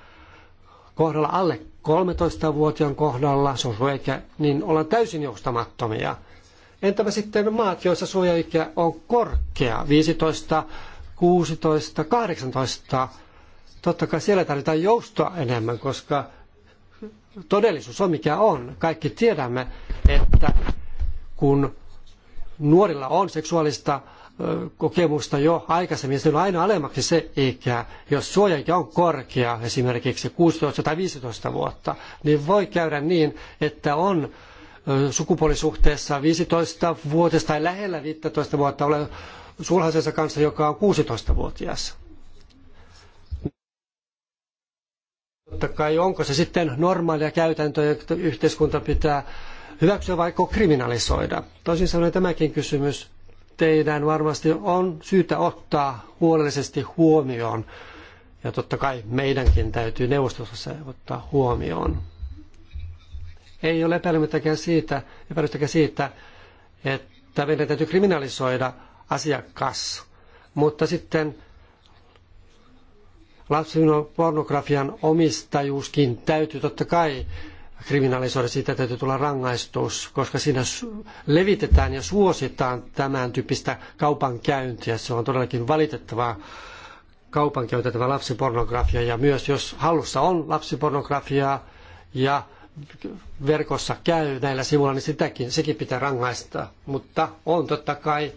kohdalla alle 13-vuotiaan kohdalla, se on suojaikä, niin ollaan täysin joustamattomia. Entäpä sitten maat, joissa suojaikä on korkea, 15 16, 18. Totta kai siellä tarvitaan joustoa enemmän, koska todellisuus on mikä on. Kaikki tiedämme, että kun nuorilla on seksuaalista kokemusta jo aikaisemmin, se on aina alemmaksi se ikä. Jos suojaikä on korkea, esimerkiksi 16 tai 15 vuotta, niin voi käydä niin, että on sukupuolisuhteessa 15 vuotista tai lähellä 15 vuotta ole sulhasensa kanssa, joka on 16-vuotias. Totta kai onko se sitten normaalia käytäntöä, että yhteiskunta pitää hyväksyä vai kriminalisoida. Toisin sanoen tämäkin kysymys teidän varmasti on syytä ottaa huolellisesti huomioon. Ja totta kai meidänkin täytyy neuvostossa se ottaa huomioon. Ei ole epäilyttäkään siitä, epäilyttäkään siitä, että meidän täytyy kriminalisoida asiakas. Mutta sitten lapsipornografian omistajuuskin täytyy totta kai kriminalisoida, siitä täytyy tulla rangaistus, koska siinä levitetään ja suositaan tämän tyyppistä kaupankäyntiä. Se on todellakin valitettavaa kaupankäytettävä lapsipornografia ja myös jos halussa on lapsipornografiaa ja verkossa käy näillä sivuilla, niin sitäkin, sekin pitää rangaista. Mutta on totta kai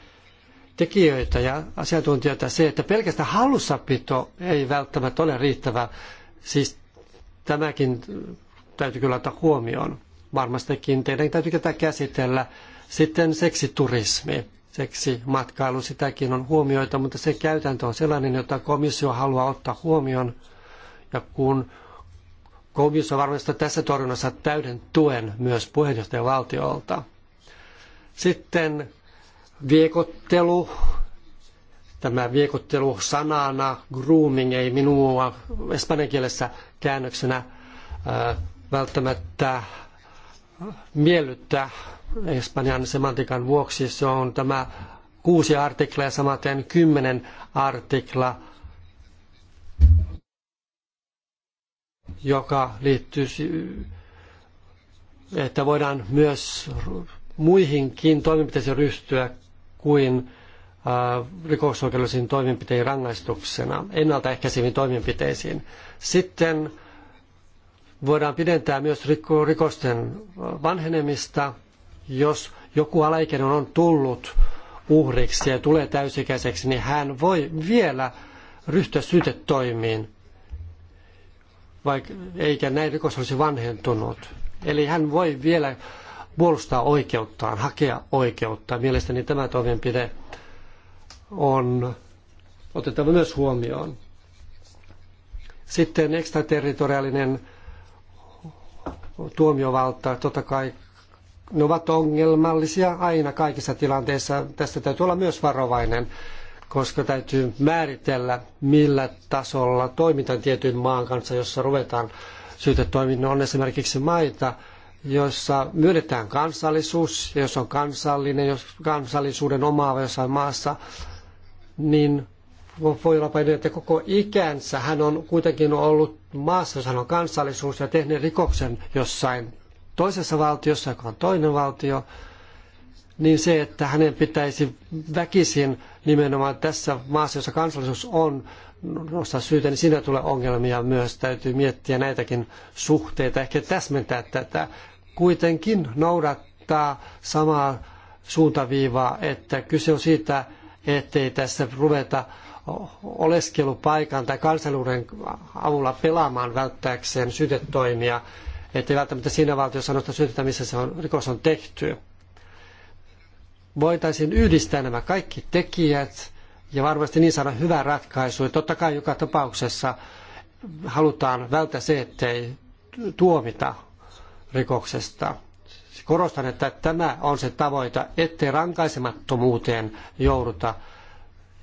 tekijöitä ja asiantuntijoita se, että pelkästään hallussapito ei välttämättä ole riittävä. Siis tämäkin täytyy kyllä ottaa huomioon. Varmastikin teidän täytyy tätä käsitellä. Sitten seksiturismi, seksimatkailu, sitäkin on huomioita, mutta se käytäntö on sellainen, jota komissio haluaa ottaa huomioon. Ja kun komissio varmasti tässä torjunnassa täyden tuen myös puheenjohtajavaltiolta. Sitten Viekottelu, tämä viekottelu sanana, grooming ei minua espanjan kielessä käännöksenä äh, välttämättä miellyttää espanjan semantikan vuoksi. Se on tämä kuusi artikla ja samaten kymmenen artikla, joka liittyy, että voidaan myös muihinkin toimenpiteisiin ryhtyä kuin äh, rikosoikeudellisiin toimenpiteisiin rangaistuksena, ennaltaehkäiseviin toimenpiteisiin. Sitten voidaan pidentää myös rikosten äh, vanhenemista, jos joku alaikäinen on tullut uhriksi ja tulee täysikäiseksi, niin hän voi vielä ryhtyä syytetoimiin, vaikka eikä näin rikos olisi vanhentunut. Eli hän voi vielä puolustaa oikeuttaan, hakea oikeutta. Mielestäni tämä toimenpide on otettava myös huomioon. Sitten ekstraterritoriaalinen tuomiovalta, totta kai ne ovat ongelmallisia aina kaikissa tilanteissa. Tästä täytyy olla myös varovainen, koska täytyy määritellä, millä tasolla toimitaan tietyn maan kanssa, jossa ruvetaan syytetoiminnon on esimerkiksi maita, jossa myönnetään kansallisuus, ja jos on kansallinen, jos kansallisuuden omaava jossain maassa, niin voi olla niin, että koko ikänsä hän on kuitenkin ollut maassa, jossa hän on kansallisuus ja tehnyt rikoksen jossain toisessa valtiossa, joka on toinen valtio, niin se, että hänen pitäisi väkisin nimenomaan tässä maassa, jossa kansallisuus on, nostaa syytä, niin siinä tulee ongelmia myös. Täytyy miettiä näitäkin suhteita, ehkä täsmentää tätä kuitenkin noudattaa samaa suuntaviivaa, että kyse on siitä, ettei tässä ruveta oleskelupaikan tai kansaluuden avulla pelaamaan välttääkseen syytetoimia, ettei välttämättä siinä valtiossa nosta syytettä, missä se on, rikos on tehty. Voitaisiin yhdistää nämä kaikki tekijät ja varmasti niin saada hyvä ratkaisu. Totta kai joka tapauksessa halutaan välttää se, ettei tuomita rikoksesta. Korostan, että tämä on se tavoite, ettei rankaisemattomuuteen jouduta.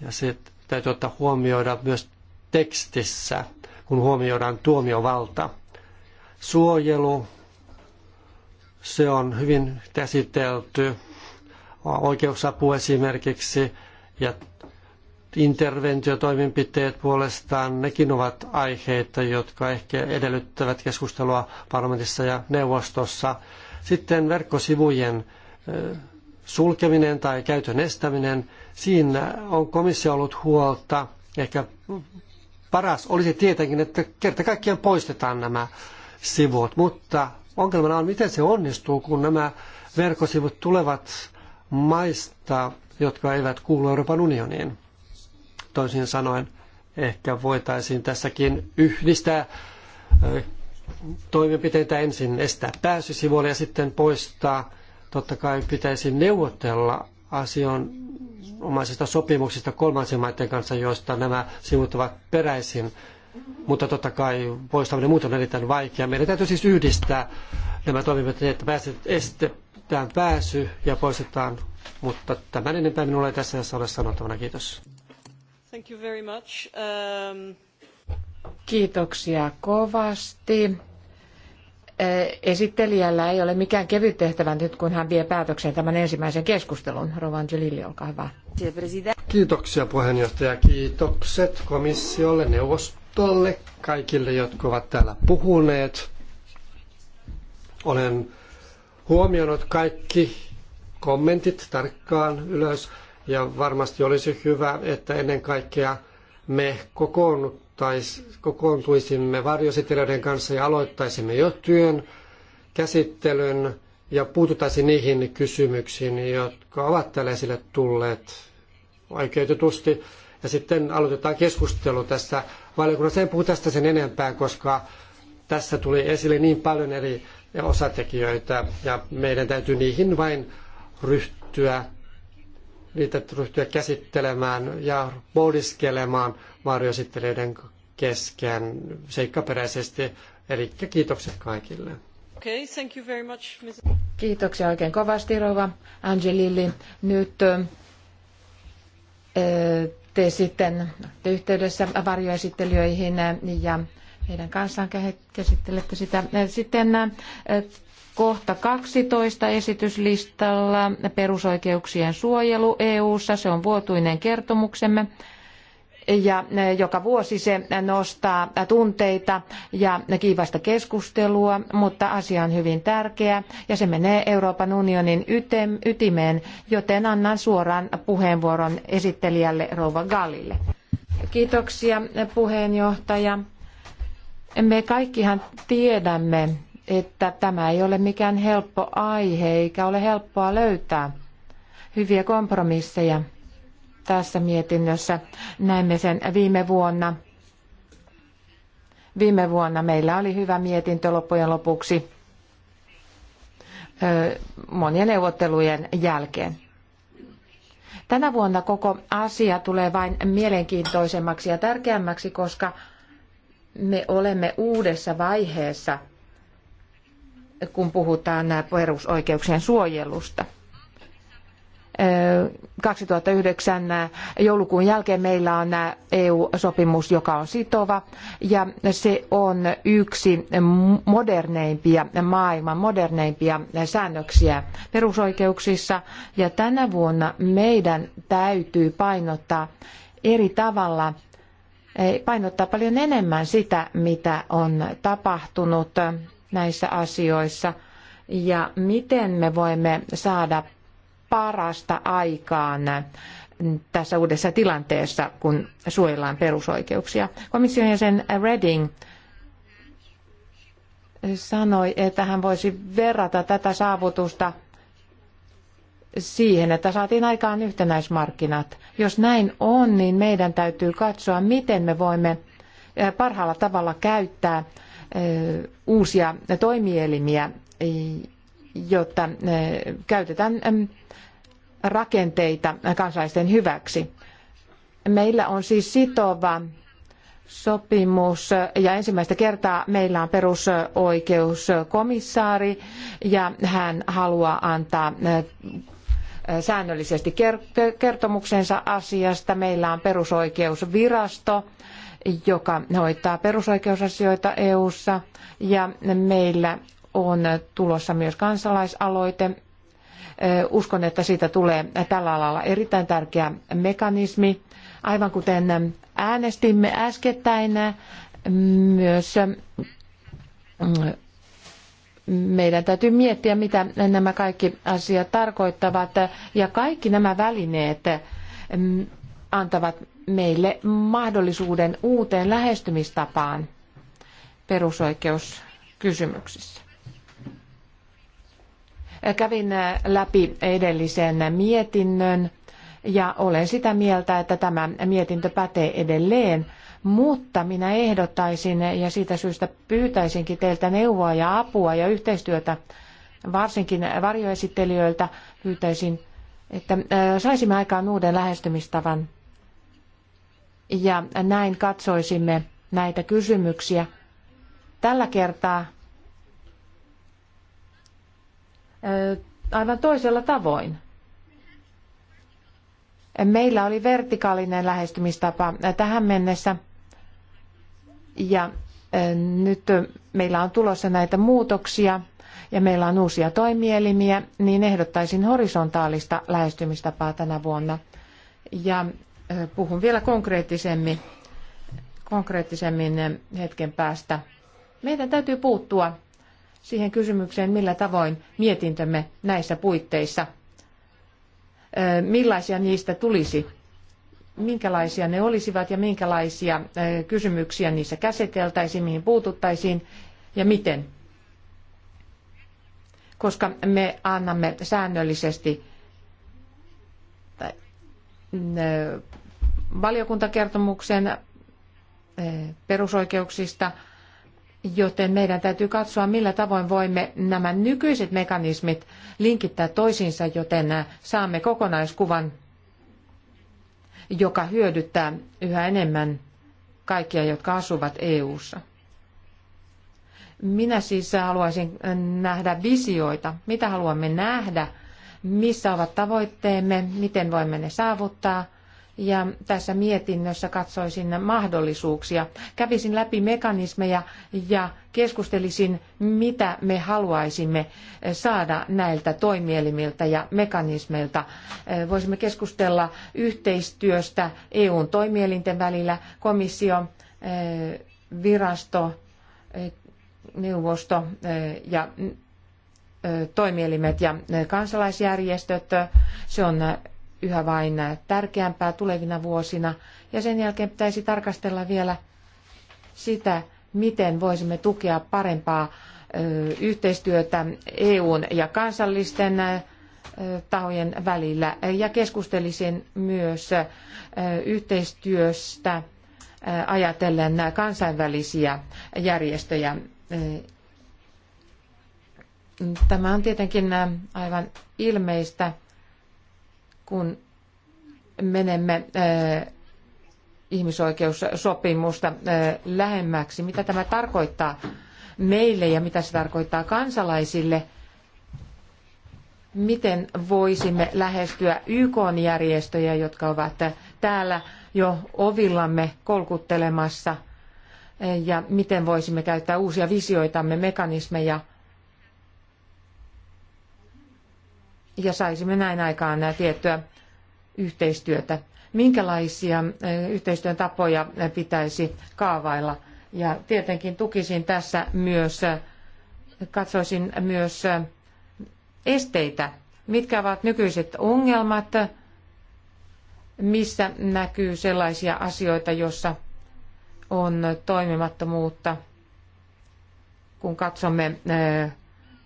Ja se täytyy ottaa huomioida myös tekstissä, kun huomioidaan tuomiovalta. Suojelu, se on hyvin käsitelty. Oikeusapu esimerkiksi ja interventiotoimenpiteet puolestaan, nekin ovat aiheita, jotka ehkä edellyttävät keskustelua parlamentissa ja neuvostossa. Sitten verkkosivujen sulkeminen tai käytön estäminen, siinä on komissio ollut huolta. Ehkä paras olisi tietenkin, että kerta kaikkiaan poistetaan nämä sivut, mutta ongelmana on, miten se onnistuu, kun nämä verkkosivut tulevat maista, jotka eivät kuulu Euroopan unioniin. Toisin sanoen, ehkä voitaisiin tässäkin yhdistää toimenpiteitä ensin estää pääsy sivuille ja sitten poistaa. Totta kai pitäisi neuvotella asianomaisista sopimuksista kolmansien maiden kanssa, joista nämä sivut ovat peräisin. Mutta totta kai poistaminen muuten on erittäin vaikeaa. Meidän täytyy siis yhdistää nämä toimenpiteet, niin, että estetään pääsy ja poistetaan. Mutta tämän enempää minulla ei tässä ole sanottavana. Kiitos.
Thank you very much. Um...
Kiitoksia kovasti.
E, esittelijällä ei ole mikään kevyt tehtävä nyt, kun hän vie päätökseen tämän ensimmäisen keskustelun. Rovan Jolili, olkaa hyvä.
Kiitoksia puheenjohtaja. Kiitokset komissiolle, neuvostolle, kaikille, jotka ovat täällä puhuneet. Olen huomioinut kaikki kommentit tarkkaan ylös. Ja varmasti olisi hyvä, että ennen kaikkea me kokoontuisimme varjositeleiden kanssa ja aloittaisimme jo työn käsittelyn ja puututtaisiin niihin kysymyksiin, jotka ovat tälle esille tulleet oikeutetusti. Ja sitten aloitetaan keskustelu tässä. valiokunnassa. En puhu tästä sen enempää, koska tässä tuli esille niin paljon eri osatekijöitä ja meidän täytyy niihin vain ryhtyä niitä ryhtyä käsittelemään ja pohdiskelemaan varjoesittelijöiden kesken seikkaperäisesti. Eli kiitokset kaikille.
Okay, thank you very much, Ms.
Kiitoksia oikein kovasti,
Rova Angelilli. Nyt te sitten te yhteydessä varjoesittelijöihin ja heidän kanssaan käsittelette sitä. Sitten Kohta 12 esityslistalla perusoikeuksien suojelu EU:ssa, se on vuotuinen kertomuksemme ja e, joka vuosi se nostaa tunteita ja kiivasta keskustelua, mutta asia on hyvin tärkeä ja se menee Euroopan unionin ytimeen, joten annan suoran puheenvuoron esittelijälle Rouva Gallille. Kiitoksia puheenjohtaja. Me kaikkihan tiedämme, että tämä ei ole mikään helppo aihe eikä ole helppoa löytää hyviä kompromisseja tässä mietinnössä. Näimme sen viime vuonna. Viime vuonna meillä oli hyvä mietintö loppujen lopuksi monien neuvottelujen jälkeen. Tänä vuonna koko asia tulee vain mielenkiintoisemmaksi ja tärkeämmäksi, koska me olemme uudessa vaiheessa – kun puhutaan perusoikeuksien suojelusta. 2009 joulukuun jälkeen meillä on EU-sopimus, joka on sitova ja se on yksi moderneimpia, maailman moderneimpia säännöksiä perusoikeuksissa ja tänä vuonna meidän täytyy painottaa eri tavalla painottaa paljon enemmän sitä, mitä on tapahtunut näissä asioissa ja miten me voimme saada parasta aikaan tässä uudessa tilanteessa, kun suojellaan perusoikeuksia. Komission jäsen Redding sanoi, että hän voisi verrata tätä saavutusta siihen, että saatiin aikaan yhtenäismarkkinat. Jos näin on, niin meidän täytyy katsoa, miten me voimme parhaalla tavalla käyttää uusia toimielimiä, jotta käytetään rakenteita kansalaisten hyväksi. Meillä on siis sitova sopimus ja ensimmäistä kertaa meillä on perusoikeuskomissaari ja hän haluaa antaa säännöllisesti kertomuksensa asiasta. Meillä on perusoikeusvirasto joka hoitaa perusoikeusasioita EU:ssa ja meillä on tulossa myös kansalaisaloite. Uskon, että siitä tulee tällä alalla erittäin tärkeä mekanismi. Aivan kuten äänestimme äskettäin, myös mm, meidän täytyy miettiä, mitä nämä kaikki asiat tarkoittavat. Ja kaikki nämä välineet mm, antavat meille mahdollisuuden uuteen lähestymistapaan perusoikeuskysymyksissä. Kävin läpi edellisen mietinnön ja olen sitä mieltä, että tämä mietintö pätee edelleen, mutta minä ehdottaisin ja siitä syystä pyytäisinkin teiltä neuvoa ja apua ja yhteistyötä, varsinkin varjoesittelijöiltä pyytäisin, että äh, saisimme aikaan uuden lähestymistavan ja näin katsoisimme näitä kysymyksiä. Tällä kertaa aivan toisella tavoin. Meillä oli vertikaalinen lähestymistapa tähän mennessä ja nyt meillä on tulossa näitä muutoksia ja meillä on uusia toimielimiä, niin ehdottaisin horisontaalista lähestymistapaa tänä vuonna. Ja Puhun vielä konkreettisemmin, konkreettisemmin hetken päästä. Meidän täytyy puuttua siihen kysymykseen, millä tavoin mietintömme näissä puitteissa, millaisia niistä tulisi, minkälaisia ne olisivat ja minkälaisia kysymyksiä niissä käsiteltäisiin, mihin puututtaisiin ja miten. Koska me annamme säännöllisesti valiokuntakertomuksen eh, perusoikeuksista, joten meidän täytyy katsoa, millä tavoin voimme nämä nykyiset mekanismit linkittää toisiinsa, joten eh, saamme kokonaiskuvan, joka hyödyttää yhä enemmän kaikkia, jotka asuvat EU:ssa. Minä siis eh, haluaisin nähdä visioita, mitä haluamme nähdä, missä ovat tavoitteemme, miten voimme ne saavuttaa – ja tässä mietinnössä katsoisin mahdollisuuksia. Kävisin läpi mekanismeja ja keskustelisin, mitä me haluaisimme saada näiltä toimielimiltä ja mekanismeilta. Voisimme keskustella yhteistyöstä EUn toimielinten välillä, komissio, virasto, neuvosto ja toimielimet ja kansalaisjärjestöt. Se on yhä vain tärkeämpää tulevina vuosina. Ja sen jälkeen pitäisi tarkastella vielä sitä, miten voisimme tukea parempaa yhteistyötä EUn ja kansallisten tahojen välillä. Ja keskustelisin myös yhteistyöstä ajatellen kansainvälisiä järjestöjä. Tämä on tietenkin aivan ilmeistä kun menemme äh, ihmisoikeussopimusta äh, lähemmäksi, mitä tämä tarkoittaa meille ja mitä se tarkoittaa kansalaisille, miten voisimme lähestyä YK-järjestöjä, jotka ovat täällä jo ovillamme kolkuttelemassa, äh, ja miten voisimme käyttää uusia visioitamme, mekanismeja ja saisimme näin aikaan tiettyä yhteistyötä. Minkälaisia yhteistyön tapoja pitäisi kaavailla? Ja tietenkin tukisin tässä myös, katsoisin myös esteitä. Mitkä ovat nykyiset ongelmat? Missä näkyy sellaisia asioita, joissa on toimimattomuutta, kun katsomme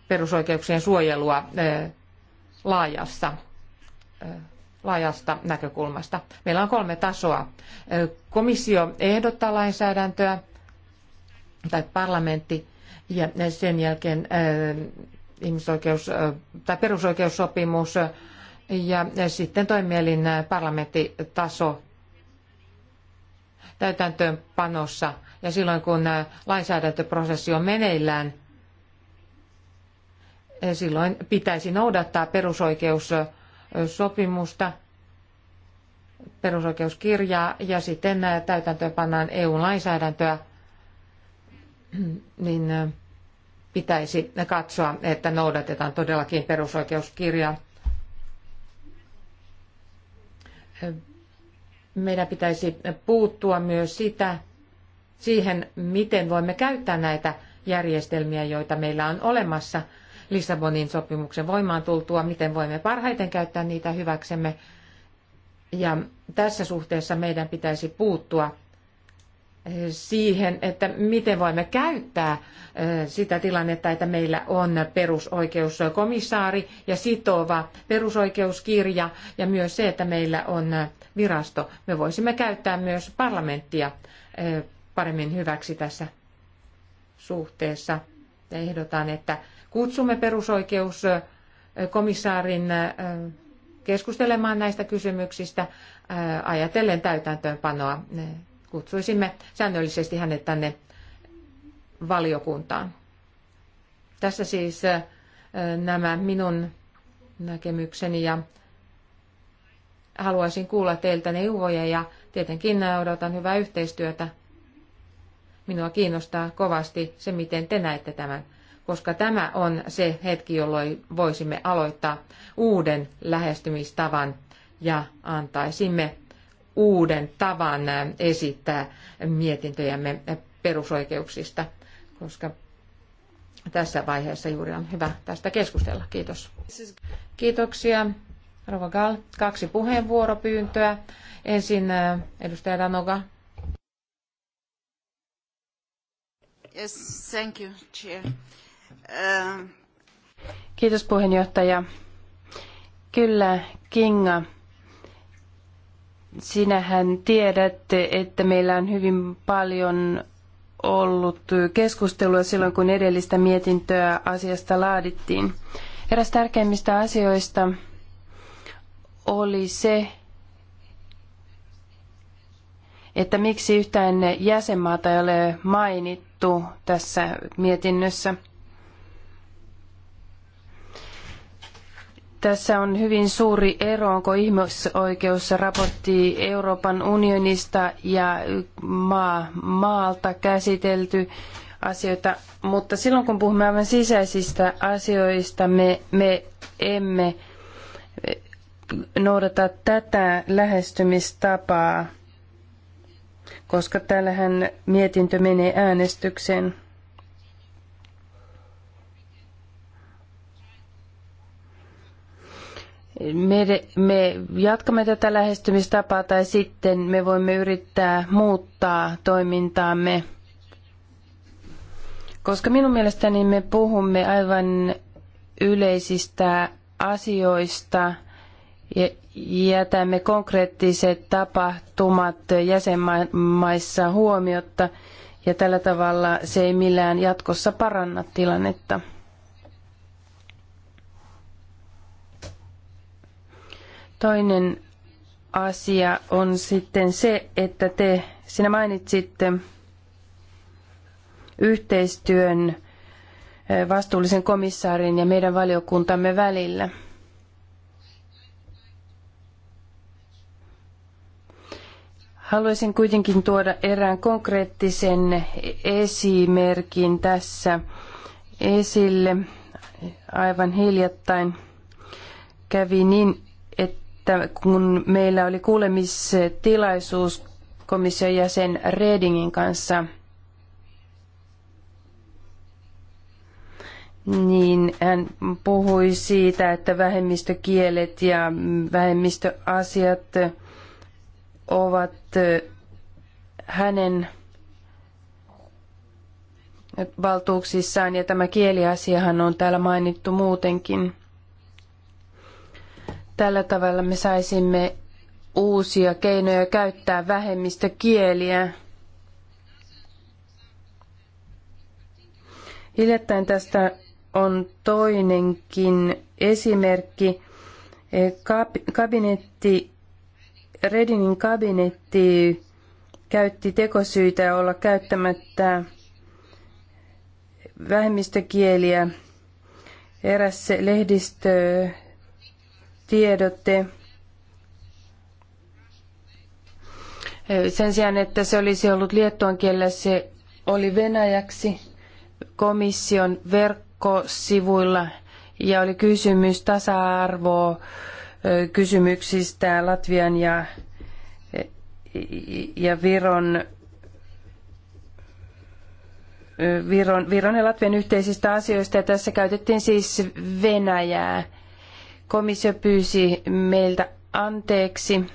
perusoikeuksien suojelua laajassa, laajasta näkökulmasta. Meillä on kolme tasoa. Komissio ehdottaa lainsäädäntöä tai parlamentti ja sen jälkeen ihmisoikeus- tai perusoikeussopimus ja sitten toimielin parlamenttitaso täytäntöönpanossa ja silloin kun lainsäädäntöprosessi on meneillään – silloin pitäisi noudattaa perusoikeussopimusta, perusoikeuskirjaa ja sitten täytäntöön pannaan EU-lainsäädäntöä, niin pitäisi katsoa, että noudatetaan todellakin perusoikeuskirjaa. Meidän pitäisi puuttua myös sitä, siihen, miten voimme käyttää näitä järjestelmiä, joita meillä on olemassa – Lissabonin sopimuksen voimaan tultua, miten voimme parhaiten käyttää niitä hyväksemme. Ja tässä suhteessa meidän pitäisi puuttua eh, siihen, että miten voimme käyttää eh, sitä tilannetta, että meillä on perusoikeuskomissaari ja sitova perusoikeuskirja ja myös se, että meillä on virasto. Me voisimme käyttää myös parlamenttia eh, paremmin hyväksi tässä suhteessa. Ehdotan, että kutsumme perusoikeuskomissaarin äh, keskustelemaan näistä kysymyksistä äh, ajatellen täytäntöönpanoa. Äh, kutsuisimme säännöllisesti hänet tänne valiokuntaan. Tässä siis nämä minun näkemykseni ja haluaisin kuulla teiltä neuvoja ja tietenkin odotan hyvää yhteistyötä. Minua kiinnostaa kovasti se, miten te näette tämän koska tämä on se hetki, jolloin voisimme aloittaa uuden lähestymistavan ja antaisimme uuden tavan esittää mietintöjämme perusoikeuksista, koska tässä vaiheessa juuri on hyvä tästä keskustella. Kiitos. Kiitoksia. Rova Gal, kaksi puheenvuoropyyntöä. Ensin äh, edustaja Danoga. Yes, thank you, chair.
Kiitos puheenjohtaja. Kyllä, Kinga. Sinähän tiedät, että meillä on hyvin paljon ollut keskustelua silloin, kun edellistä mietintöä asiasta laadittiin. Eräs tärkeimmistä asioista oli se, että miksi yhtään jäsenmaata ei ole mainittu tässä mietinnössä – Tässä on hyvin suuri ero, onko ihmisoikeusraportti Euroopan unionista ja maa, maalta käsitelty asioita, mutta silloin kun puhumme aivan sisäisistä asioista, me, me emme noudata tätä lähestymistapaa, koska täällähän mietintö menee äänestykseen. Me, me jatkamme tätä lähestymistapaa tai sitten me voimme yrittää muuttaa toimintaamme, koska minun mielestäni me puhumme aivan yleisistä asioista ja jätämme konkreettiset tapahtumat jäsenmaissa huomiotta ja tällä tavalla se ei millään jatkossa paranna tilannetta. Toinen asia on sitten se, että te, sinä mainitsitte yhteistyön vastuullisen komissaarin ja meidän valiokuntamme välillä. Haluaisin kuitenkin tuoda erään konkreettisen esimerkin tässä esille. Aivan hiljattain kävi niin, kun meillä oli kuulemistilaisuus komission jäsen Redingin kanssa, niin hän puhui siitä, että vähemmistökielet ja vähemmistöasiat ovat äh, hänen valtuuksissaan ja tämä kieliasiahan on täällä mainittu muutenkin. Tällä tavalla me saisimme uusia keinoja käyttää vähemmistökieliä. Hiljattain tästä on toinenkin esimerkki. Kabinetti, Redinin kabinetti käytti tekosyitä olla käyttämättä vähemmistökieliä. Eräs lehdistö tiedotte. Sen sijaan, että se olisi ollut liettuan kielellä, se oli venäjäksi komission verkkosivuilla ja oli kysymys tasa-arvoa kysymyksistä Latvian ja, e, ja Viron Viron, Viron ja Latvian yhteisistä asioista ja tässä käytettiin siis Venäjää Komissio pyysi meiltä anteeksi.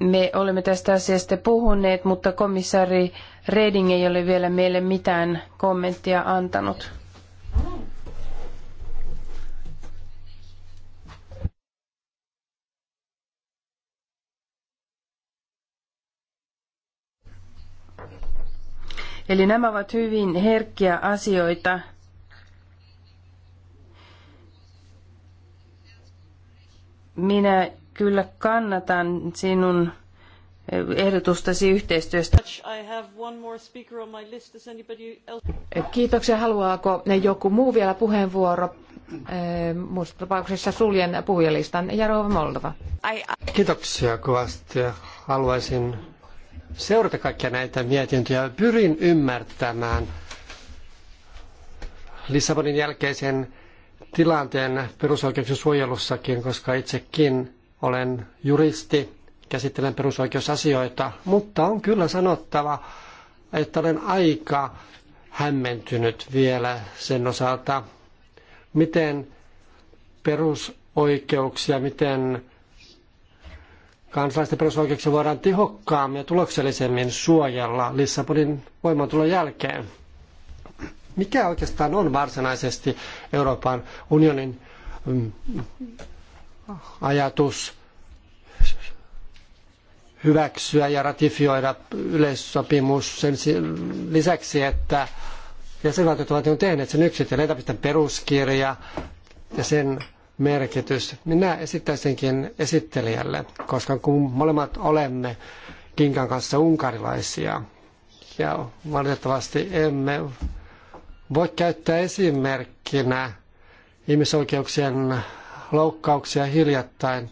Me olemme tästä asiasta puhuneet, mutta komissaari Reding ei ole vielä meille mitään kommenttia antanut. Eli nämä ovat hyvin herkkiä asioita. Minä kyllä kannatan sinun
ehdotustasi yhteistyöstä. Kiitoksia. Haluaako joku muu vielä puheenvuoro? Ehm, muussa tapauksessa suljen puhujalistan. Jarova Moldova.
Kiitoksia kovasti. Haluaisin seurata kaikkia näitä mietintöjä. Pyrin ymmärtämään Lissabonin jälkeisen tilanteen perusoikeuksien suojelussakin, koska itsekin olen juristi, käsittelen perusoikeusasioita, mutta on kyllä sanottava, että olen aika hämmentynyt vielä sen osalta, miten perusoikeuksia, miten kansalaisten perusoikeuksia voidaan tehokkaammin ja tuloksellisemmin suojella Lissabonin voimaantulon jälkeen. Mikä oikeastaan on varsinaisesti Euroopan unionin mm, ajatus hyväksyä ja ratifioida yleissopimus sen lisäksi, että jäsenvaltiot ovat jo tehneet sen yksitellen peruskirja ja sen merkitys. Minä esittäisinkin esittelijälle, koska kun molemmat olemme Kinkan kanssa unkarilaisia ja valitettavasti emme voi käyttää esimerkkinä ihmisoikeuksien loukkauksia hiljattain.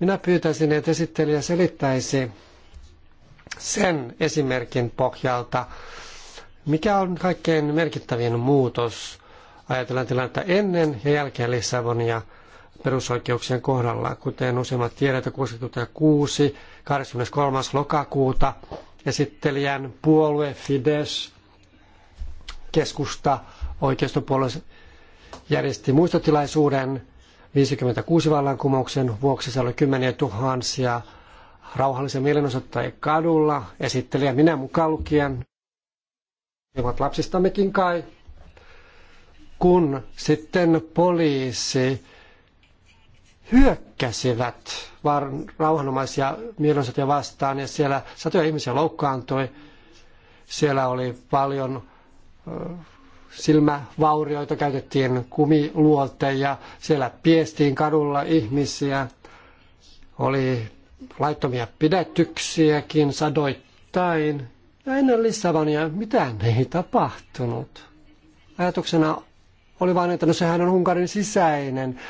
Minä pyytäisin, että esittelijä selittäisi sen esimerkin pohjalta, mikä on kaikkein merkittävin muutos ajatellen tilannetta ennen ja jälkeen Lissabonia perusoikeuksien kohdalla, kuten useimmat tiedät, 66, 23. lokakuuta esittelijän puolue Fides keskusta oikeistopuolue järjesti muistotilaisuuden 56 vallankumouksen vuoksi. Siellä oli kymmeniä tuhansia rauhallisia mielenosoittajia kadulla, esittelijä minä mukaan lukien. Ovat lapsistammekin kai. Kun sitten poliisi hyökkäsivät rauhanomaisia mielenosoitajia vastaan ja siellä satoja ihmisiä loukkaantui. Siellä oli paljon silmävaurioita, käytettiin kumiluoteja, siellä piestiin kadulla ihmisiä, oli laittomia pidätyksiäkin sadoittain. Ja ennen Lissabonia mitään ei tapahtunut. Ajatuksena oli vain, että no sehän on Unkarin sisäinen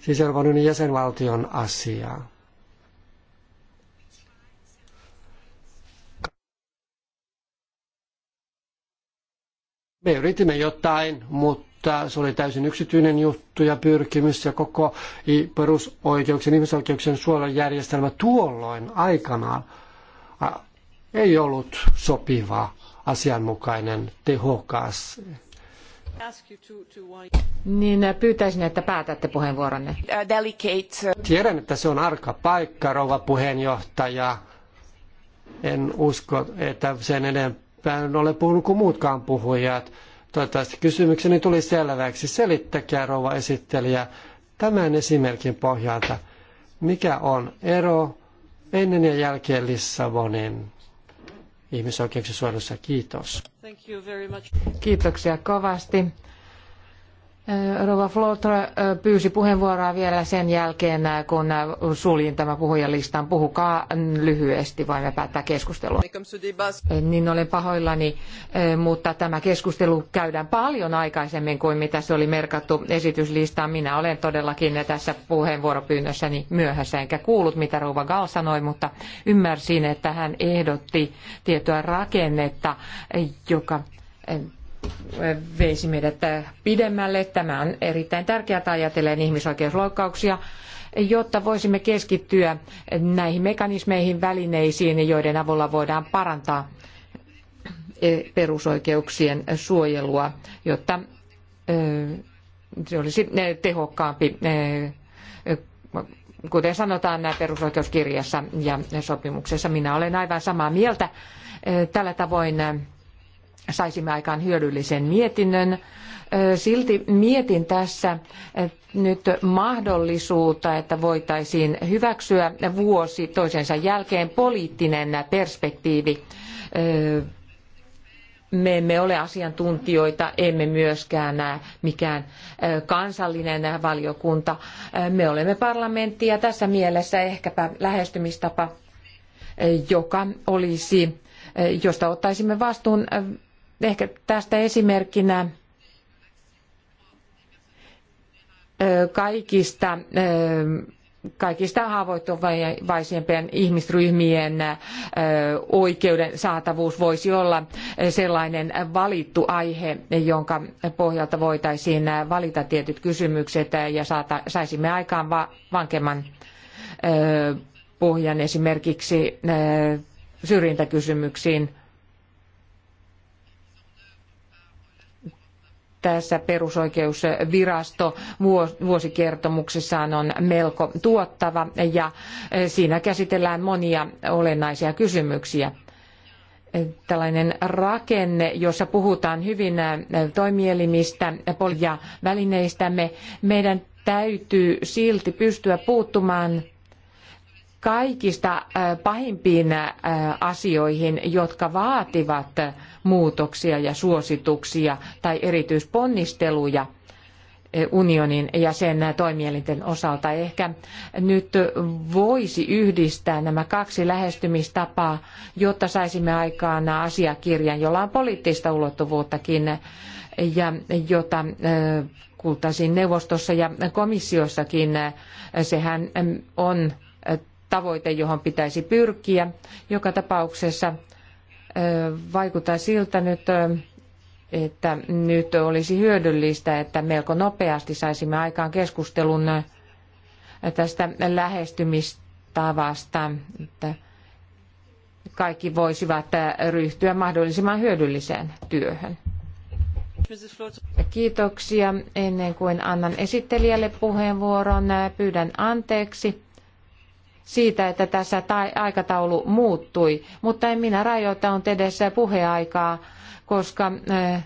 siis Euroopan unionin jäsenvaltion asiaa. Me yritimme jotain, mutta se oli täysin yksityinen juttu ja pyrkimys ja koko perusoikeuksien, ihmisoikeuksien suojelujärjestelmä tuolloin aikanaan ei ollut sopiva, asianmukainen, tehokas niin äh, pyytäisin, että päätätte puheenvuoronne. Uh, Tiedän, että se on arka paikka, rouva puheenjohtaja. En usko, että sen enempää en ole puhunut kuin muutkaan puhujat. Toivottavasti kysymykseni tuli selväksi. Selittäkää, rouva esittelijä, tämän esimerkin pohjalta, mikä on ero ennen ja jälkeen Lissabonin ihmisoikeuksien suojelussa. Kiitos. Kiitoksia kovasti.
Eh, Rova Flotra eh, pyysi puheenvuoroa vielä sen jälkeen, eh, kun suljin tämä puhujalistan. Puhukaa lyhyesti, voimme päättää keskustelua. Niin olen pahoillani, mutta tämä keskustelu käydään paljon aikaisemmin kuin mitä se oli merkattu esityslistaan. Minä olen todellakin tässä puheenvuoropyynnössäni myöhässä, enkä kuullut mitä Rova Gal sanoi, mutta ymmärsin, että hän ehdotti tiettyä rakennetta, joka veisi meidät pidemmälle. Tämä on erittäin tärkeää ajatellen ihmisoikeusloukkauksia, jotta voisimme keskittyä näihin mekanismeihin, välineisiin, joiden avulla voidaan parantaa perusoikeuksien suojelua, jotta se olisi tehokkaampi, kuten sanotaan nämä perusoikeuskirjassa ja sopimuksessa. Minä olen aivan samaa mieltä. Tällä tavoin saisimme aikaan hyödyllisen mietinnön. Silti mietin tässä nyt mahdollisuutta, että voitaisiin hyväksyä vuosi toisensa jälkeen poliittinen perspektiivi. Me emme ole asiantuntijoita, emme myöskään mikään kansallinen valiokunta. Me olemme parlamentti ja tässä mielessä ehkäpä lähestymistapa, joka olisi, josta ottaisimme vastuun Ehkä tästä esimerkkinä kaikista, kaikista haavoittuvaisimpien ihmisryhmien oikeuden saatavuus voisi olla sellainen valittu aihe, jonka pohjalta voitaisiin valita tietyt kysymykset ja saata, saisimme aikaan va, vankemman pohjan esimerkiksi syrjintäkysymyksiin tässä perusoikeusvirasto vuosikertomuksessaan on melko tuottava ja eh, siinä käsitellään monia olennaisia kysymyksiä. Tällainen rakenne, jossa puhutaan hyvin eh, toimielimistä ja välineistämme, meidän täytyy silti pystyä puuttumaan kaikista äh, pahimpiin äh, asioihin, jotka vaativat muutoksia ja suosituksia tai erityisponnisteluja äh, unionin ja sen toimielinten osalta. Ehkä nyt voisi yhdistää nämä kaksi lähestymistapaa, jotta saisimme aikaan asiakirjan, jolla on poliittista ulottuvuuttakin ja jota kuultaisiin neuvostossa ja komissiossakin. Sehän on tavoite, johon pitäisi pyrkiä. Joka tapauksessa vaikuttaa siltä nyt, että nyt olisi hyödyllistä, että melko nopeasti saisimme aikaan keskustelun tästä lähestymistavasta, että kaikki voisivat ryhtyä mahdollisimman hyödylliseen työhön. Kiitoksia. Ennen kuin annan esittelijälle puheenvuoron, pyydän anteeksi siitä, että tässä aikataulu muuttui, mutta en minä rajoittanut edes puheaikaa, koska eh,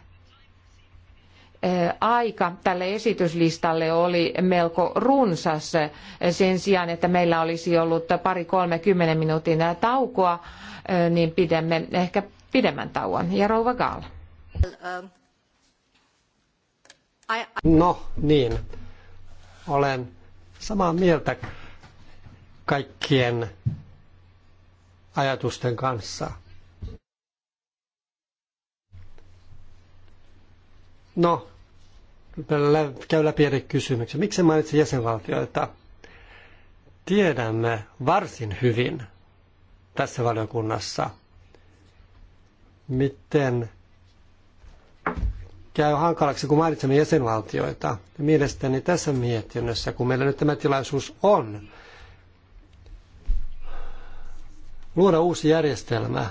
eh, aika tälle esityslistalle oli melko runsas sen sijaan, että meillä olisi ollut pari kolme kymmenen minuutin taukoa, eh, niin pidämme ehkä pidemmän tauon. Ja Rouva Gaal.
No niin, olen samaa mieltä kaikkien ajatusten kanssa. No, käy läpi eri kysymyksiä. Miksi mainitsin jäsenvaltioita? Tiedämme varsin hyvin tässä valiokunnassa, miten käy hankalaksi, kun mainitsemme jäsenvaltioita. Mielestäni tässä mietinnössä, kun meillä nyt tämä tilaisuus on, luoda uusi järjestelmä.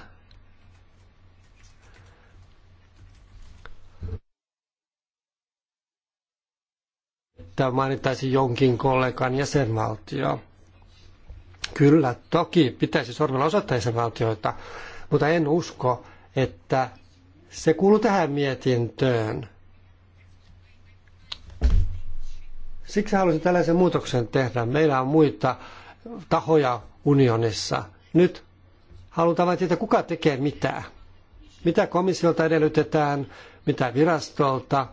Tämä mainittaisi jonkin kollegan jäsenvaltio. Kyllä, toki pitäisi sormella osoittaa jäsenvaltioita, mutta en usko, että se kuuluu tähän mietintöön. Siksi halusin tällaisen muutoksen tehdä. Meillä on muita tahoja unionissa. Nyt Halutaan vain tietää, kuka tekee mitä. Mitä komissiolta edellytetään, mitä virastolta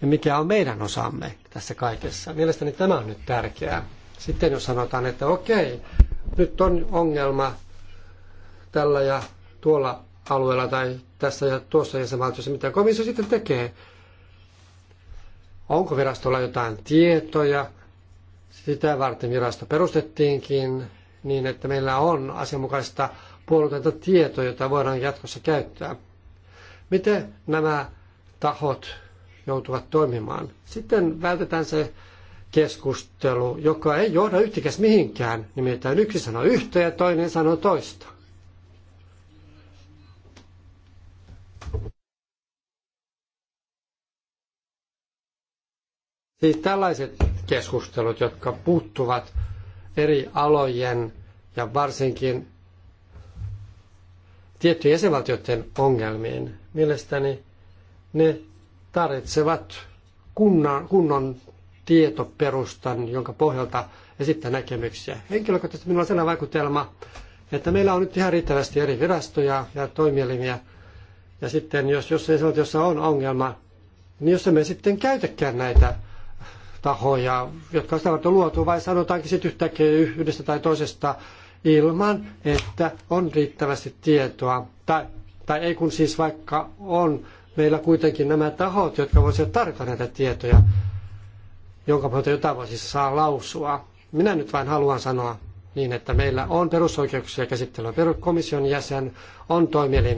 ja mikä on meidän osamme tässä kaikessa. Mielestäni tämä on nyt tärkeää. Sitten jos sanotaan, että okei, nyt on ongelma tällä ja tuolla alueella tai tässä ja tuossa jäsenvaltiossa, mitä komissio sitten tekee. Onko virastolla jotain tietoja? Sitä varten virasto perustettiinkin niin, että meillä on asianmukaista puolueetonta tietoa, jota voidaan jatkossa käyttää. Miten nämä tahot joutuvat toimimaan? Sitten vältetään se keskustelu, joka ei johda yhtikäs mihinkään. Nimittäin yksi sanoo yhtä ja toinen sanoo toista. Siis tällaiset keskustelut, jotka puuttuvat eri alojen ja varsinkin tiettyjen jäsenvaltioiden ongelmiin. Mielestäni ne tarvitsevat kunnan, kunnon tietoperustan, jonka pohjalta esittää näkemyksiä. Henkilökohtaisesti minulla on sellainen vaikutelma, että meillä on nyt ihan riittävästi eri virastoja ja toimielimiä. Ja sitten jos jossain jossa on ongelma, niin jos emme sitten käytäkään näitä tahoja, jotka on sitä varten luotu, vai sanotaankin sitten yhtäkkiä yhdestä tai toisesta ilman, että on riittävästi tietoa. Tai, tai ei kun siis vaikka on meillä kuitenkin nämä tahot, jotka voisivat tarjota näitä tietoja, jonka pohjalta jotain voisi saa lausua. Minä nyt vain haluan sanoa niin, että meillä on perusoikeuksia käsittelyä, komission jäsen, on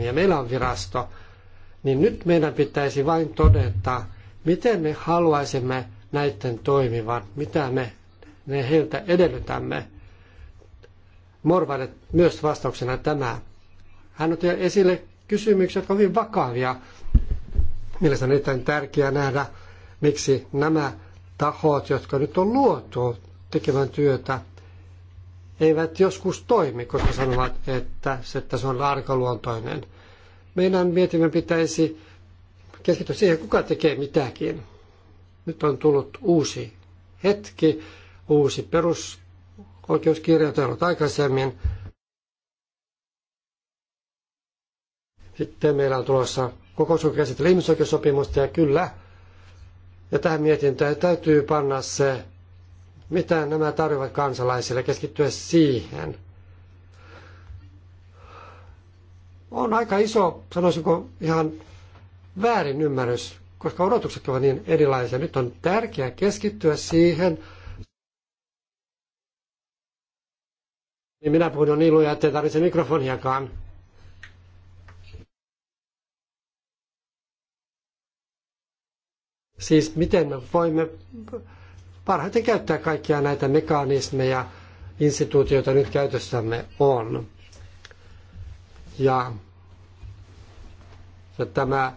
ja meillä on virasto, niin nyt meidän pitäisi vain todeta, miten me haluaisimme näiden toimivan, mitä me ne heiltä edellytämme. Morvalle myös vastauksena tämä. Hän otti esille kysymyksiä, jotka ovat hyvin vakavia. Mielestäni on erittäin tärkeää nähdä, miksi nämä tahot, jotka nyt on luotu tekemään työtä, eivät joskus toimi, koska sanovat, että se, että se on arkaluontoinen. Meidän mietimme pitäisi keskittyä siihen, kuka tekee mitäkin. Nyt on tullut uusi hetki, uusi perus oikeuskirjat ovat aikaisemmin. Sitten meillä on tulossa kokous, joka ihmisoikeussopimusta ja kyllä. Ja tähän mietintään täytyy panna se, mitä nämä tarjoavat kansalaisille, keskittyä siihen. On aika iso, sanoisinko ihan väärin ymmärrys, koska odotukset ovat niin erilaisia. Nyt on tärkeää keskittyä siihen, Niin minä puhun niin lujaa, ettei tarvitse mikrofoniakaan. Siis miten me voimme parhaiten käyttää kaikkia näitä mekanismeja, instituutioita nyt käytössämme on. Ja, ja tämä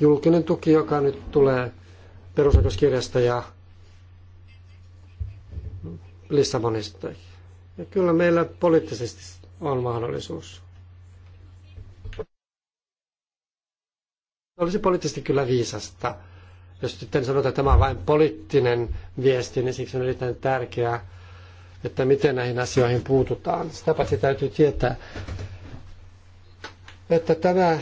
julkinen tuki, joka nyt tulee perusoikeuskirjasta ja Lissabonista. Ja kyllä meillä poliittisesti on mahdollisuus. Olisi poliittisesti kyllä viisasta. Jos sitten sanotaan, että tämä on vain poliittinen viesti, niin siksi on erittäin tärkeää, että miten näihin asioihin puututaan. Sitä paitsi täytyy tietää, että tämä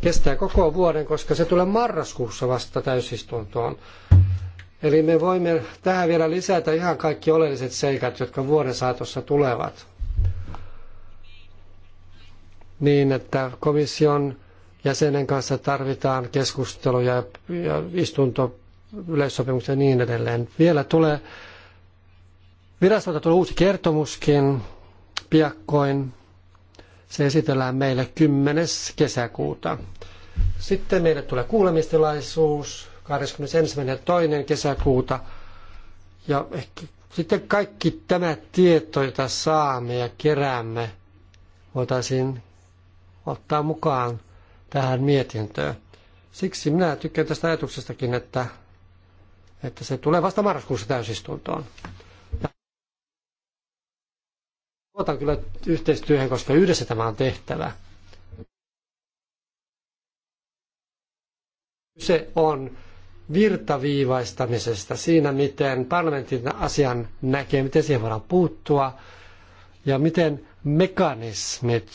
kestää koko vuoden, koska se tulee marraskuussa vasta täysistuntoon. Eli me voimme tähän vielä lisätä ihan kaikki oleelliset seikat, jotka vuoden saatossa tulevat. Niin, että komission jäsenen kanssa tarvitaan keskusteluja ja istunto yleissopimuksia ja niin edelleen. Vielä tulee virastolta tulee uusi kertomuskin piakkoin. Se esitellään meille 10. kesäkuuta. Sitten meille tulee kuulemistilaisuus 21.2. kesäkuuta. Ja ehkä sitten kaikki tämä tieto, jota saamme ja keräämme, voitaisiin ottaa mukaan tähän mietintöön. Siksi minä tykkään tästä ajatuksestakin, että, että se tulee vasta marraskuussa täysistuntoon. Luotan kyllä yhteistyöhön, koska yhdessä tämä on tehtävä. Kyse on virtaviivaistamisesta, siinä miten parlamentin asian näkee, miten siihen voidaan puuttua ja miten mekanismit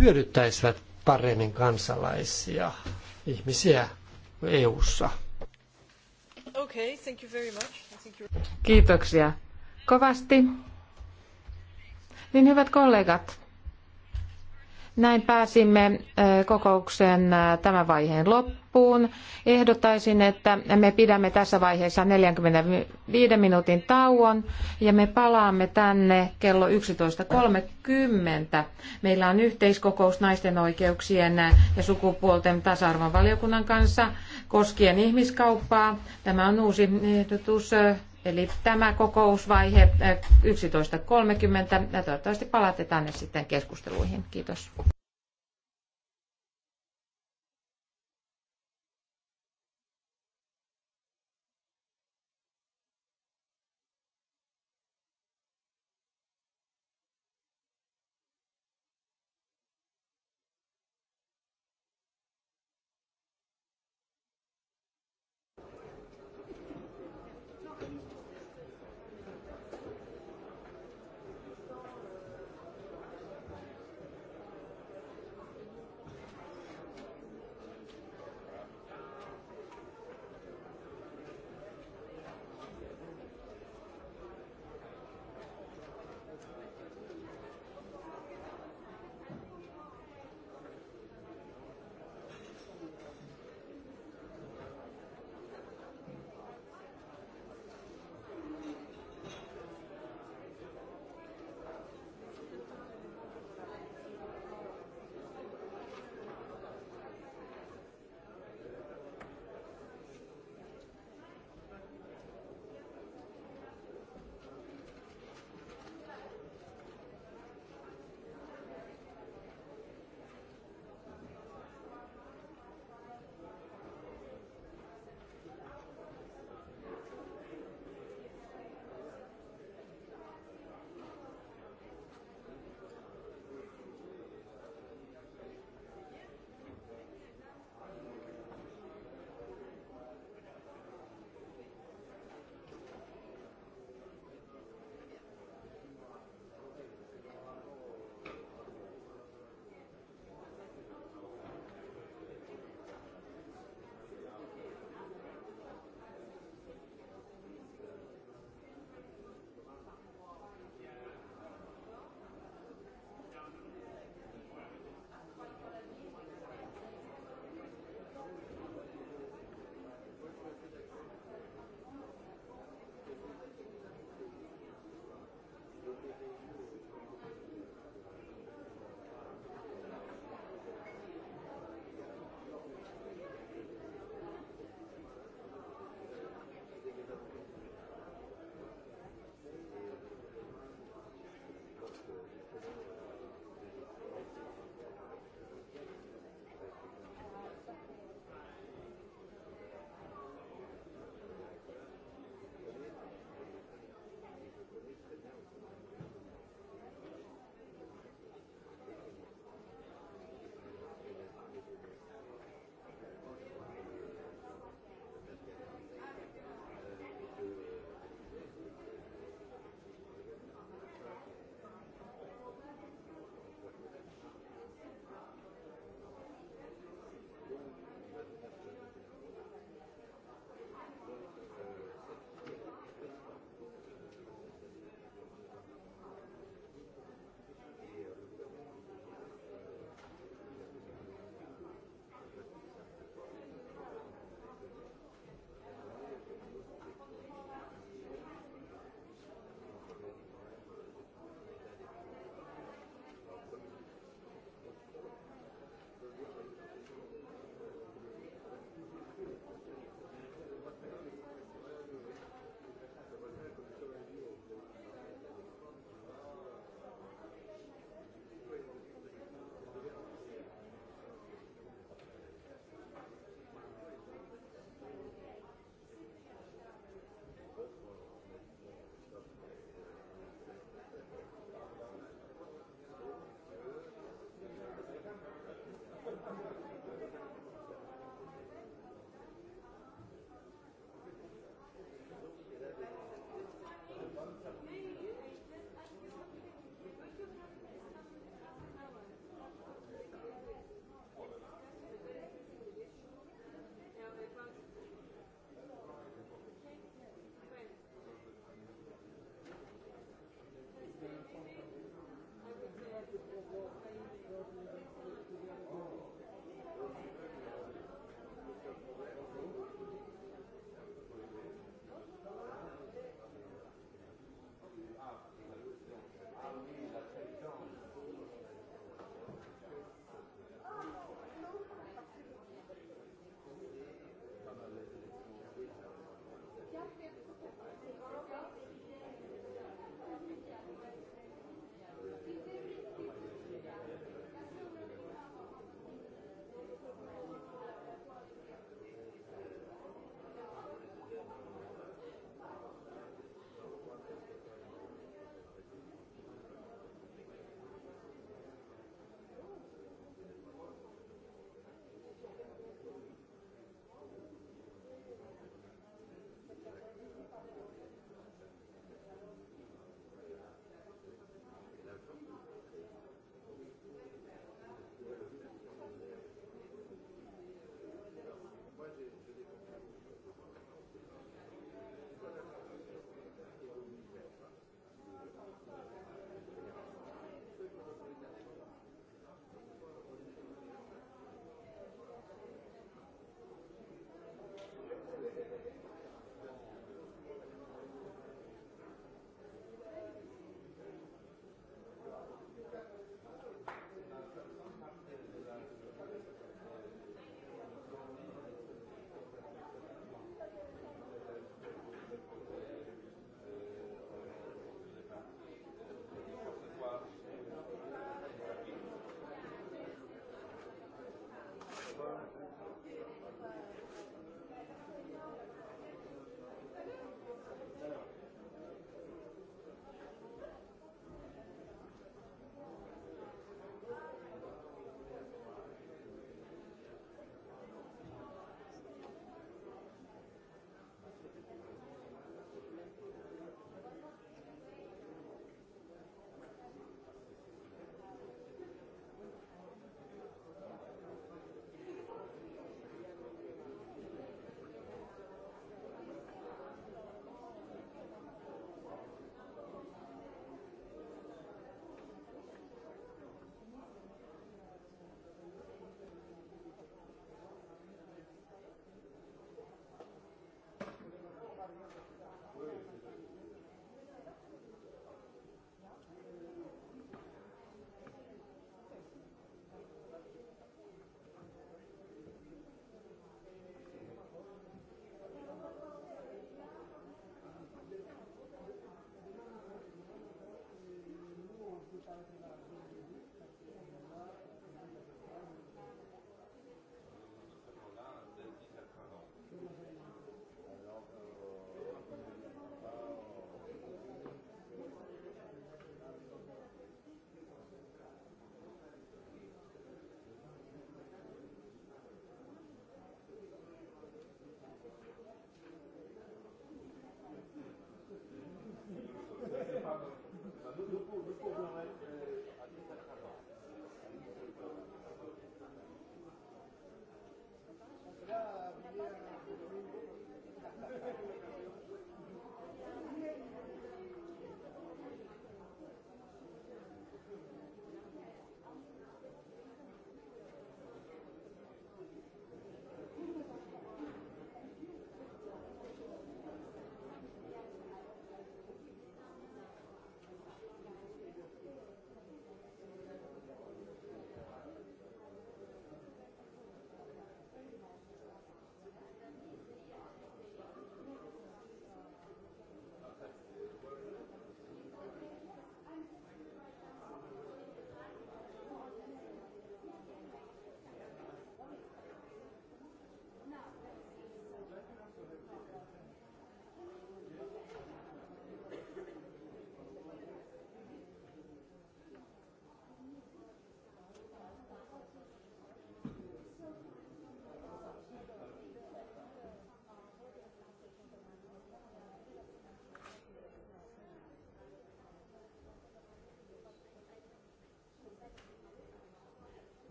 hyödyttäisivät paremmin kansalaisia, ihmisiä EU-ssa. Okay, thank you very much.
Kiitoksia kovasti. Niin hyvät kollegat, näin pääsimme kokouksen tämän vaiheen loppuun. Ehdottaisin, että me pidämme tässä vaiheessa 45 minuutin tauon ja me palaamme tänne kello 11.30. Meillä on yhteiskokous naisten oikeuksien ja sukupuolten tasa-arvon valiokunnan kanssa koskien ihmiskauppaa. Tämä on uusi ehdotus Eli tämä kokousvaihe 11.30. Eh, ja toivottavasti palaatte tänne sitten keskusteluihin. Kiitos.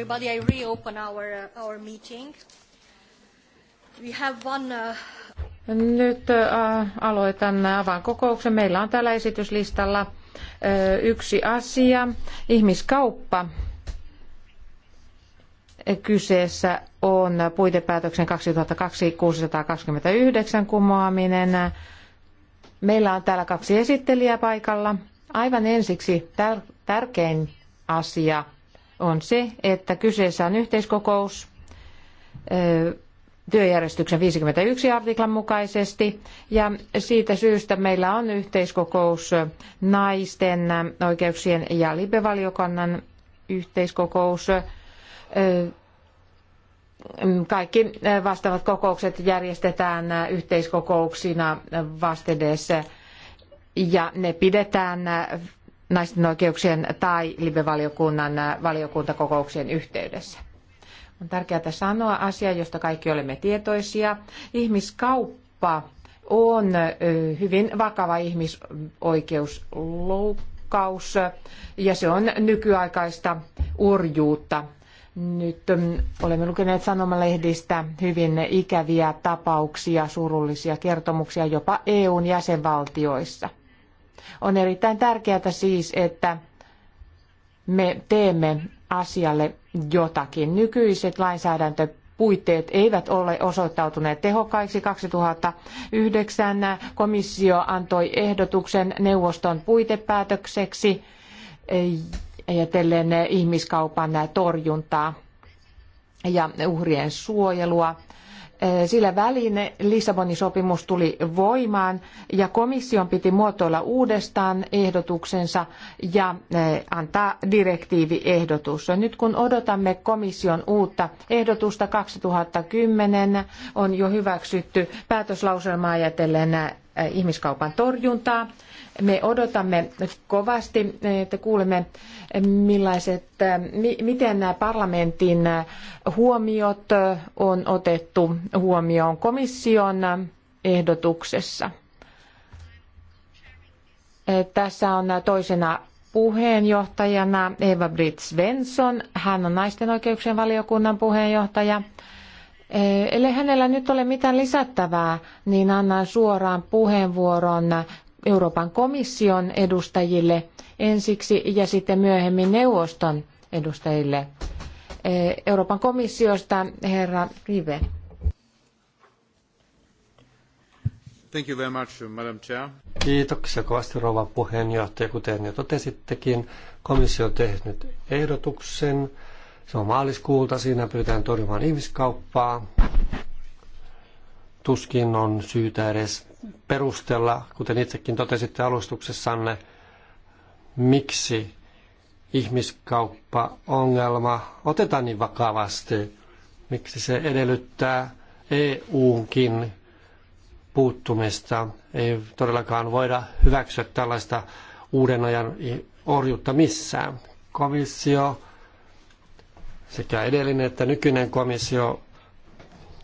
Everybody, I reopen
our, uh, our meeting. We have one, uh...
Nyt uh, aloitan uh, avaan kokouksen. Meillä on täällä esityslistalla uh, yksi asia, ihmiskauppa. Kyseessä on puitepäätöksen 2002-629 kumoaminen. Meillä on täällä kaksi esittelijää paikalla. Aivan ensiksi tär- tärkein asia on se, että kyseessä on yhteiskokous työjärjestyksen 51 artiklan mukaisesti ja siitä syystä meillä on yhteiskokous naisten oikeuksien ja libevaliokunnan yhteiskokous. Kaikki vastaavat kokoukset järjestetään yhteiskokouksina vastedes ja ne pidetään naisten oikeuksien tai libevaliokunnan äh, valiokuntakokouksien yhteydessä. On tärkeää sanoa asia, josta kaikki olemme tietoisia. Ihmiskauppa on hyvin vakava ihmisoikeusloukkaus ja se on nykyaikaista orjuutta. Nyt olemme lukeneet sanomalehdistä hyvin ikäviä tapauksia, surullisia kertomuksia jopa EUn jäsenvaltioissa – on erittäin tärkeää siis, että me teemme asialle jotakin. Nykyiset lainsäädäntöpuitteet eivät ole osoittautuneet tehokkaiksi. 2009 komissio antoi ehdotuksen neuvoston puitepäätökseksi ajatellen ihmiskaupan torjuntaa ja uhrien suojelua Eh, sillä välin Lissabonin sopimus tuli voimaan ja komission piti muotoilla uudestaan ehdotuksensa ja eh, antaa direktiiviehdotus. Nyt kun odotamme komission uutta ehdotusta 2010 on jo hyväksytty päätöslauselmaa ajatellen eh, ihmiskaupan torjuntaa me odotamme kovasti, että kuulemme millaiset, miten nämä parlamentin huomiot on otettu huomioon komission ehdotuksessa. Tässä on toisena puheenjohtajana Eva Britt Svensson. Hän on naisten oikeuksien valiokunnan puheenjohtaja. Eli hänellä nyt ole mitään lisättävää, niin annan suoraan puheenvuoron Euroopan komission edustajille ensiksi ja sitten myöhemmin neuvoston edustajille. E, Euroopan komissiosta herra Rive.
Thank you very much, Madam Chair.
Kiitoksia kovasti rouva puheenjohtaja. Kuten jo totesittekin, komissio on tehnyt ehdotuksen. Se on maaliskuulta. Siinä pyritään torjumaan ihmiskauppaa. Tuskin on syytä edes perustella, kuten itsekin totesitte alustuksessanne, miksi ihmiskauppa-ongelma otetaan niin vakavasti, miksi se edellyttää EUnkin puuttumista. Ei todellakaan voida hyväksyä tällaista uuden ajan orjuutta missään. Komissio, sekä edellinen että nykyinen komissio,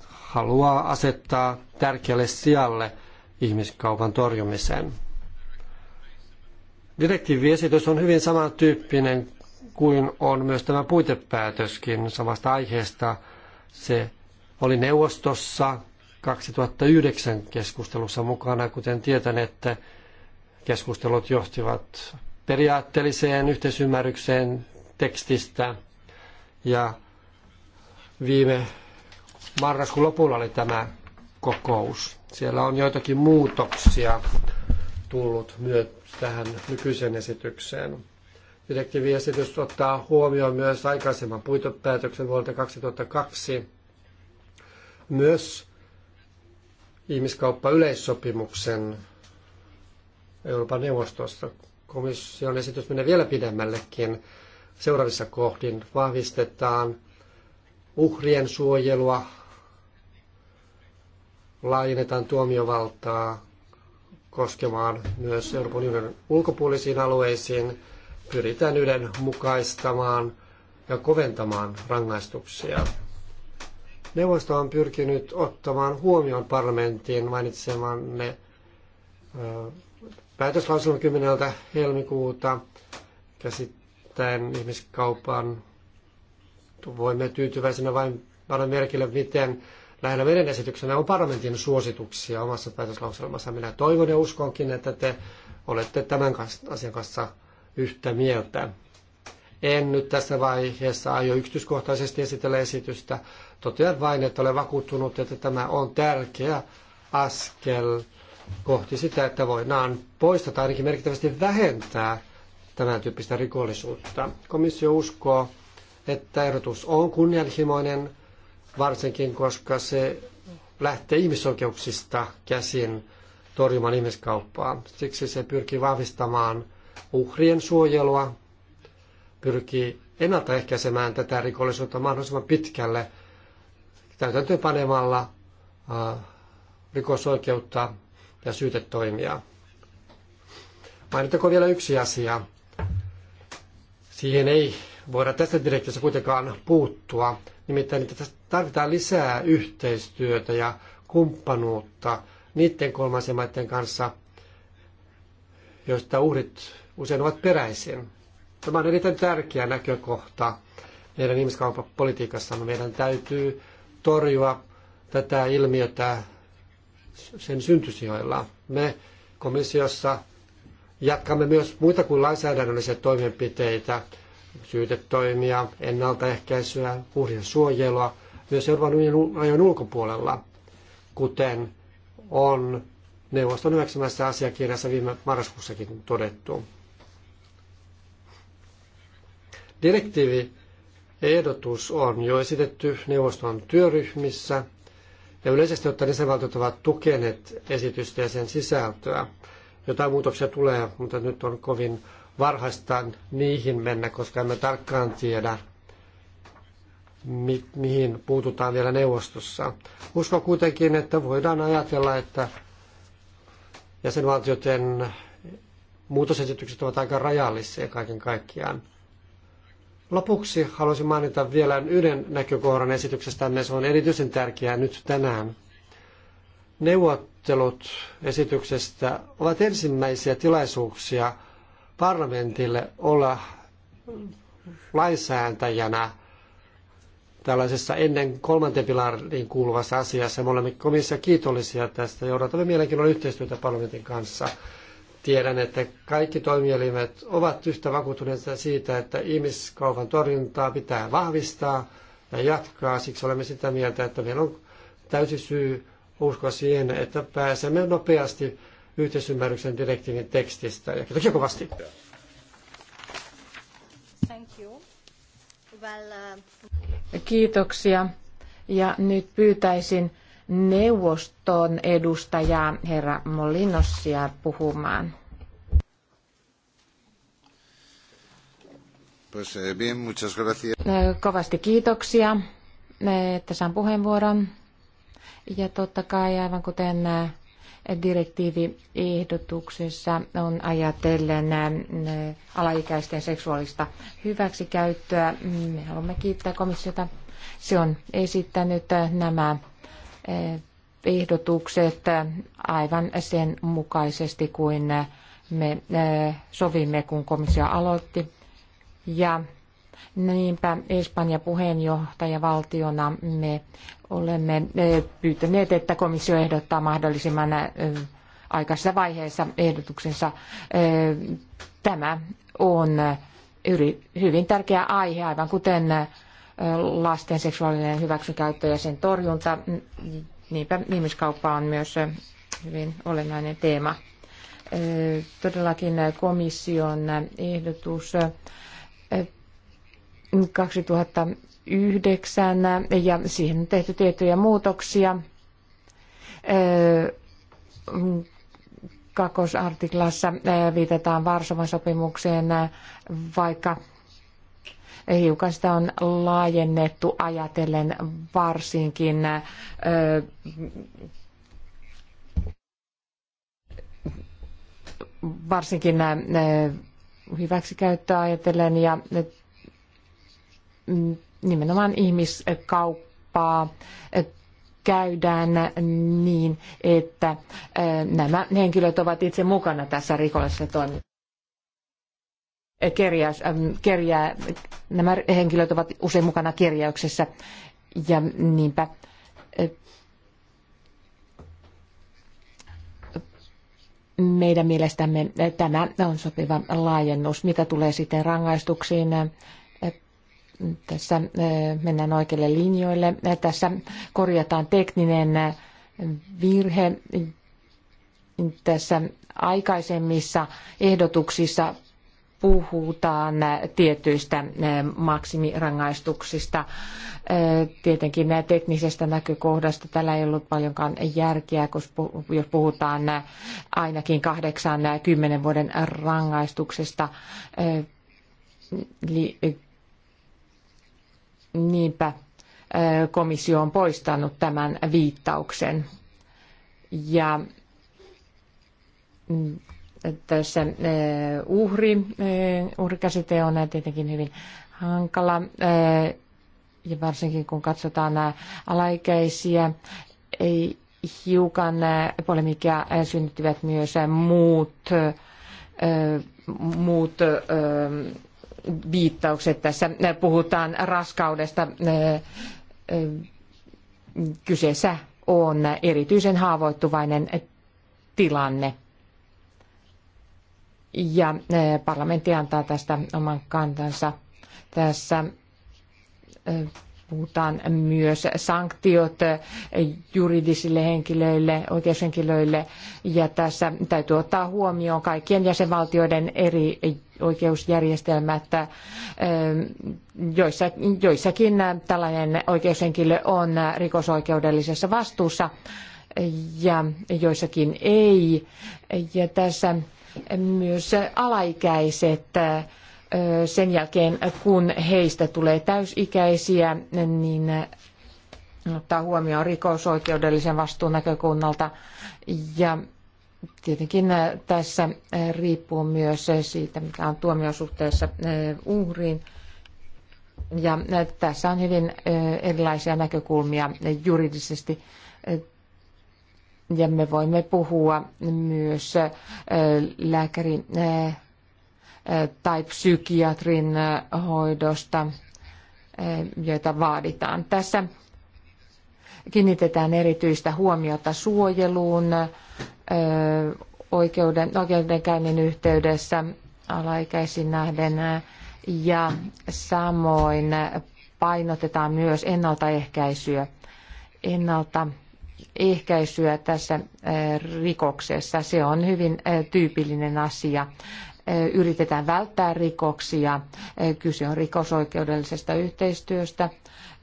haluaa asettaa tärkeälle sijalle – ihmiskaupan torjumisen. Direktiiviesitys on hyvin samantyyppinen kuin on myös tämä puitepäätöskin samasta aiheesta. Se oli neuvostossa 2009 keskustelussa mukana, kuten tietän, että keskustelut johtivat periaatteelliseen yhteisymmärrykseen tekstistä. Ja viime marraskuun lopulla oli tämä kokous. Siellä on joitakin muutoksia tullut myös tähän nykyiseen esitykseen. Direktiiviesitys ottaa huomioon myös aikaisemman puitopäätöksen vuodelta 2002, myös ihmiskauppa-yleissopimuksen Euroopan neuvostosta. Komission esitys menee vielä pidemmällekin. Seuraavissa kohdin vahvistetaan uhrien suojelua, laajennetaan tuomiovaltaa koskemaan myös Euroopan unionin ulkopuolisiin alueisiin, pyritään yhdenmukaistamaan ja koventamaan rangaistuksia. Neuvosto on pyrkinyt ottamaan huomioon parlamentin mainitsemanne päätöslauselman 10. helmikuuta käsittäen ihmiskaupan. Voimme tyytyväisenä vain panna merkille, miten lähellä meidän esityksenä on parlamentin suosituksia omassa päätöslauselmassa. Minä toivon ja uskonkin, että te olette tämän asian kanssa yhtä mieltä. En nyt tässä vaiheessa aio yksityiskohtaisesti esitellä esitystä. Totean vain, että olen vakuuttunut, että tämä on tärkeä askel kohti sitä, että voidaan poistaa tai ainakin merkittävästi vähentää tämän tyyppistä rikollisuutta. Komissio uskoo, että ehdotus on kunnianhimoinen varsinkin koska se lähtee ihmisoikeuksista käsin torjumaan ihmiskauppaa. Siksi se pyrkii vahvistamaan uhrien suojelua, pyrkii ennaltaehkäisemään tätä rikollisuutta mahdollisimman pitkälle täytäntöön panemalla äh, rikosoikeutta ja syytetoimia. Mainittako vielä yksi asia. Siihen ei voida tästä direktiossa kuitenkaan puuttua. Nimittäin että tarvitaan lisää yhteistyötä ja kumppanuutta niiden kolmansien maiden kanssa, joista uhrit usein ovat peräisin. Tämä on erittäin tärkeä näkökohta meidän ihmiskauppapolitiikassamme. Meidän täytyy torjua tätä ilmiötä sen syntysijoilla. Me komissiossa jatkamme myös muita kuin lainsäädännöllisiä toimenpiteitä syytetoimia, ennaltaehkäisyä, uhrien suojelua myös Euroopan unionin ulkopuolella, kuten on neuvoston hyväksymässä asiakirjassa viime marraskuussakin todettu. Direktiivi ehdotus on jo esitetty neuvoston työryhmissä ja yleisesti ottaen jäsenvaltiot ovat tukeneet esitystä ja sen sisältöä. Jotain muutoksia tulee, mutta nyt on kovin varhaistaan niihin mennä, koska emme tarkkaan tiedä, mi- mihin puututaan vielä neuvostossa. Uskon kuitenkin, että voidaan ajatella, että jäsenvaltioiden muutosesitykset ovat aika rajallisia kaiken kaikkiaan. Lopuksi haluaisin mainita vielä yhden näkökohdan esityksestämme. Se on erityisen tärkeää nyt tänään. Neuvottelut esityksestä ovat ensimmäisiä tilaisuuksia – parlamentille olla lainsääntäjänä tällaisessa ennen kolmanteen pilariin kuuluvassa asiassa. Me olemme komissa kiitollisia tästä ja odotamme mielenkiinnolla yhteistyötä parlamentin kanssa. Tiedän, että kaikki toimielimet ovat yhtä vakuuttuneita siitä, että ihmiskaupan torjuntaa pitää vahvistaa ja jatkaa. Siksi olemme sitä mieltä, että meillä on täysi syy uskoa siihen, että pääsemme nopeasti yhteisymmärryksen direktiivin tekstistä. Ja kiitoksia kovasti.
Thank you. Well,
uh... Kiitoksia.
Ja nyt pyytäisin neuvoston edustajaa herra Molinossia puhumaan.
Pues, eh, bien, muchas gracias. Äh,
kovasti kiitoksia, äh, että saan puheenvuoron. Ja totta kai aivan kuten äh, direktiiviehdotuksessa on ajatellen alaikäisten seksuaalista hyväksikäyttöä. Me haluamme kiittää komissiota. Se on esittänyt nämä ehdotukset aivan sen mukaisesti kuin me sovimme, kun komissio aloitti. Ja Niinpä Espanja puheenjohtajavaltiona me olemme eh, pyytäneet, että komissio ehdottaa mahdollisimman eh, aikaisessa vaiheessa ehdotuksensa. Eh, tämä on hyvin tärkeä aihe, aivan kuten lasten seksuaalinen hyväksikäyttö ja sen torjunta. Niinpä ihmiskauppa on myös hyvin olennainen teema. Todellakin komission ehdotus 2009 ja siihen on tehty tiettyjä muutoksia. Kakosartiklassa viitataan Varsovan sopimukseen, vaikka hiukan sitä on laajennettu ajatellen varsinkin varsinkin hyväksikäyttöä ajatellen ja Mm, nimenomaan ihmiskauppaa käydään niin, että nämä henkilöt ovat itse mukana tässä rikollisessa toiminnassa. Kerjäys, kerjää, nämä henkilöt ovat usein mukana kerjäyksessä ja niinpä meidän mielestämme tämä on sopiva laajennus. Mitä tulee sitten rangaistuksiin, tässä eh, mennään oikeille linjoille. Eh, tässä korjataan tekninen eh, virhe. Tässä aikaisemmissa ehdotuksissa puhutaan tietyistä maksimirangaistuksista. Tietenkin teknisestä näkökohdasta tällä ei ollut paljonkaan järkeä, jos puhutaan ainakin kahdeksan kymmenen vuoden rangaistuksesta. Niinpä komissio on poistanut tämän viittauksen. Ja mm, tässä uhri, uhrikäsite on tietenkin hyvin hankala, ja varsinkin kun katsotaan nämä alaikäisiä, ei hiukan polemikia synnyttivät myös muut, muut viittaukset. Tässä puhutaan raskaudesta. Kyseessä on erityisen haavoittuvainen tilanne. Ja parlamentti antaa tästä oman kantansa. Tässä puhutaan myös sanktiot juridisille henkilöille, oikeushenkilöille, ja tässä täytyy ottaa huomioon kaikkien jäsenvaltioiden eri oikeusjärjestelmät. joissa Joissakin tällainen oikeushenkilö on rikosoikeudellisessa vastuussa ja joissakin ei. Ja tässä myös alaikäiset sen jälkeen, kun heistä tulee täysikäisiä, niin ottaa huomioon rikosoikeudellisen vastuun näkökulmalta Ja tietenkin tässä riippuu myös siitä, mikä on tuomiosuhteessa uhriin. Ja tässä on hyvin erilaisia näkökulmia juridisesti. Ja me voimme puhua myös lääkärin tai psykiatrin hoidosta, joita vaaditaan. Tässä kiinnitetään erityistä huomiota suojeluun oikeuden, oikeudenkäynnin yhteydessä alaikäisiin nähden ja samoin painotetaan myös ennaltaehkäisyä. Ennaltaehkäisyä tässä rikoksessa, se on hyvin tyypillinen asia Eh, yritetään välttää rikoksia. Eh, kyse on rikosoikeudellisesta yhteistyöstä.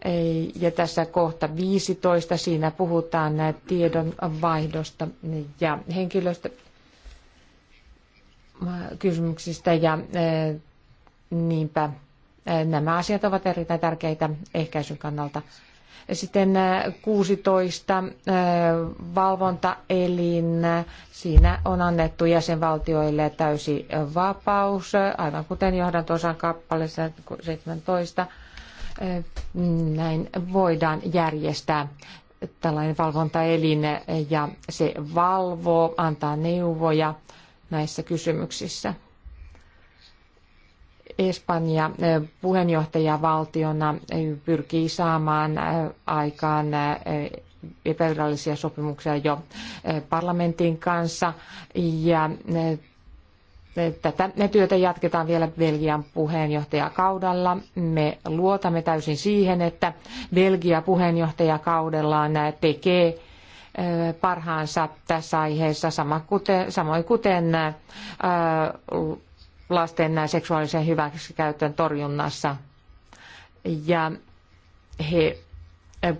Eh, ja tässä kohta 15 siinä puhutaan tiedonvaihdosta ja henkilöstä kysymyksistä ja niinpä nämä asiat ovat erittäin tärkeitä ehkäisyn kannalta. Sitten 16 äh, äh, valvontaelin, siinä on annettu jäsenvaltioille täysi äh, vapaus, aivan kuten johdantosan kappaleessa 17. Näin voidaan järjestää tällainen valvontaelin ja se valvoo, antaa neuvoja näissä kysymyksissä. Espanja puheenjohtajavaltiona pyrkii saamaan aikaan epävirallisia sopimuksia jo parlamentin kanssa ja Tätä työtä jatketaan vielä Belgian puheenjohtajakaudella. Me luotamme täysin siihen, että Belgia puheenjohtajakaudellaan tekee parhaansa tässä aiheessa, sama kuten, samoin kuten lasten seksuaalisen hyväksikäytön torjunnassa. Ja he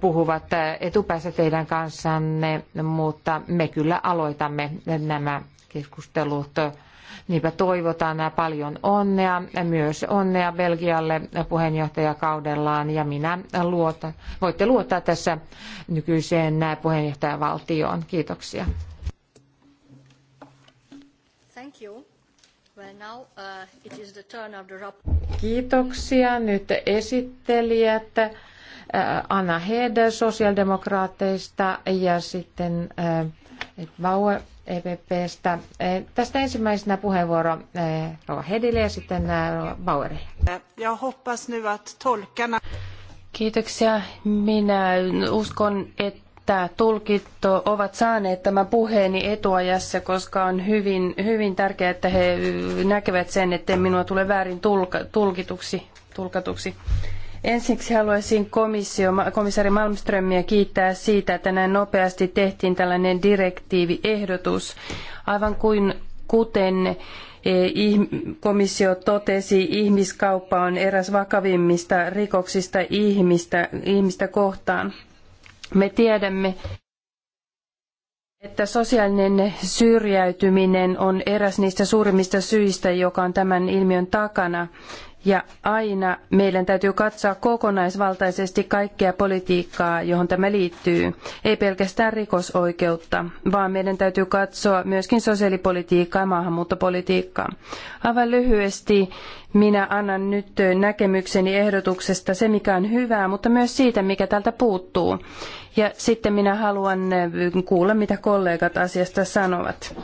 puhuvat etupäässä teidän kanssanne, mutta me kyllä aloitamme nämä keskustelut. Niinpä toivotan paljon onnea, myös onnea Belgialle puheenjohtajakaudellaan ja minä luotan, voitte luottaa tässä nykyiseen puheenjohtajavaltioon. Kiitoksia.
Thank you. Uh,
Kiitoksia. Nyt esittelijät uh, Anna Heder sosiaalidemokraateista ja sitten uh, Bauer EPPstä. Tästä ensimmäisenä puheenvuoro Rova Hedille ja sitten Bauerille.
Jag hoppas nu att tolkarna...
Kiitoksia. Minä
uskon, että että tulkit ovat saaneet tämän puheeni etuajassa, koska on hyvin, hyvin tärkeää, että he näkevät sen, ettei minua tule väärin tulkituksi, tulkatuksi. Ensiksi haluaisin komissio, komissaari Malmströmiä kiittää siitä, että näin nopeasti tehtiin tällainen direktiiviehdotus. Aivan kuin kuten e, komissio totesi, ihmiskauppa on eräs vakavimmista rikoksista ihmistä, ihmistä kohtaan. Me tiedämme, että sosiaalinen syrjäytyminen on eräs niistä suurimmista syistä, joka on tämän ilmiön takana. Ja aina meidän täytyy katsoa kokonaisvaltaisesti kaikkea politiikkaa, johon tämä liittyy. Ei pelkästään rikosoikeutta, vaan meidän täytyy katsoa myöskin sosiaalipolitiikkaa ja maahanmuuttopolitiikkaa. Aivan lyhyesti minä annan nyt näkemykseni ehdotuksesta se, mikä on hyvää, mutta myös siitä, mikä täältä puuttuu. Ja sitten minä haluan kuulla, mitä kollegat asiasta sanovat.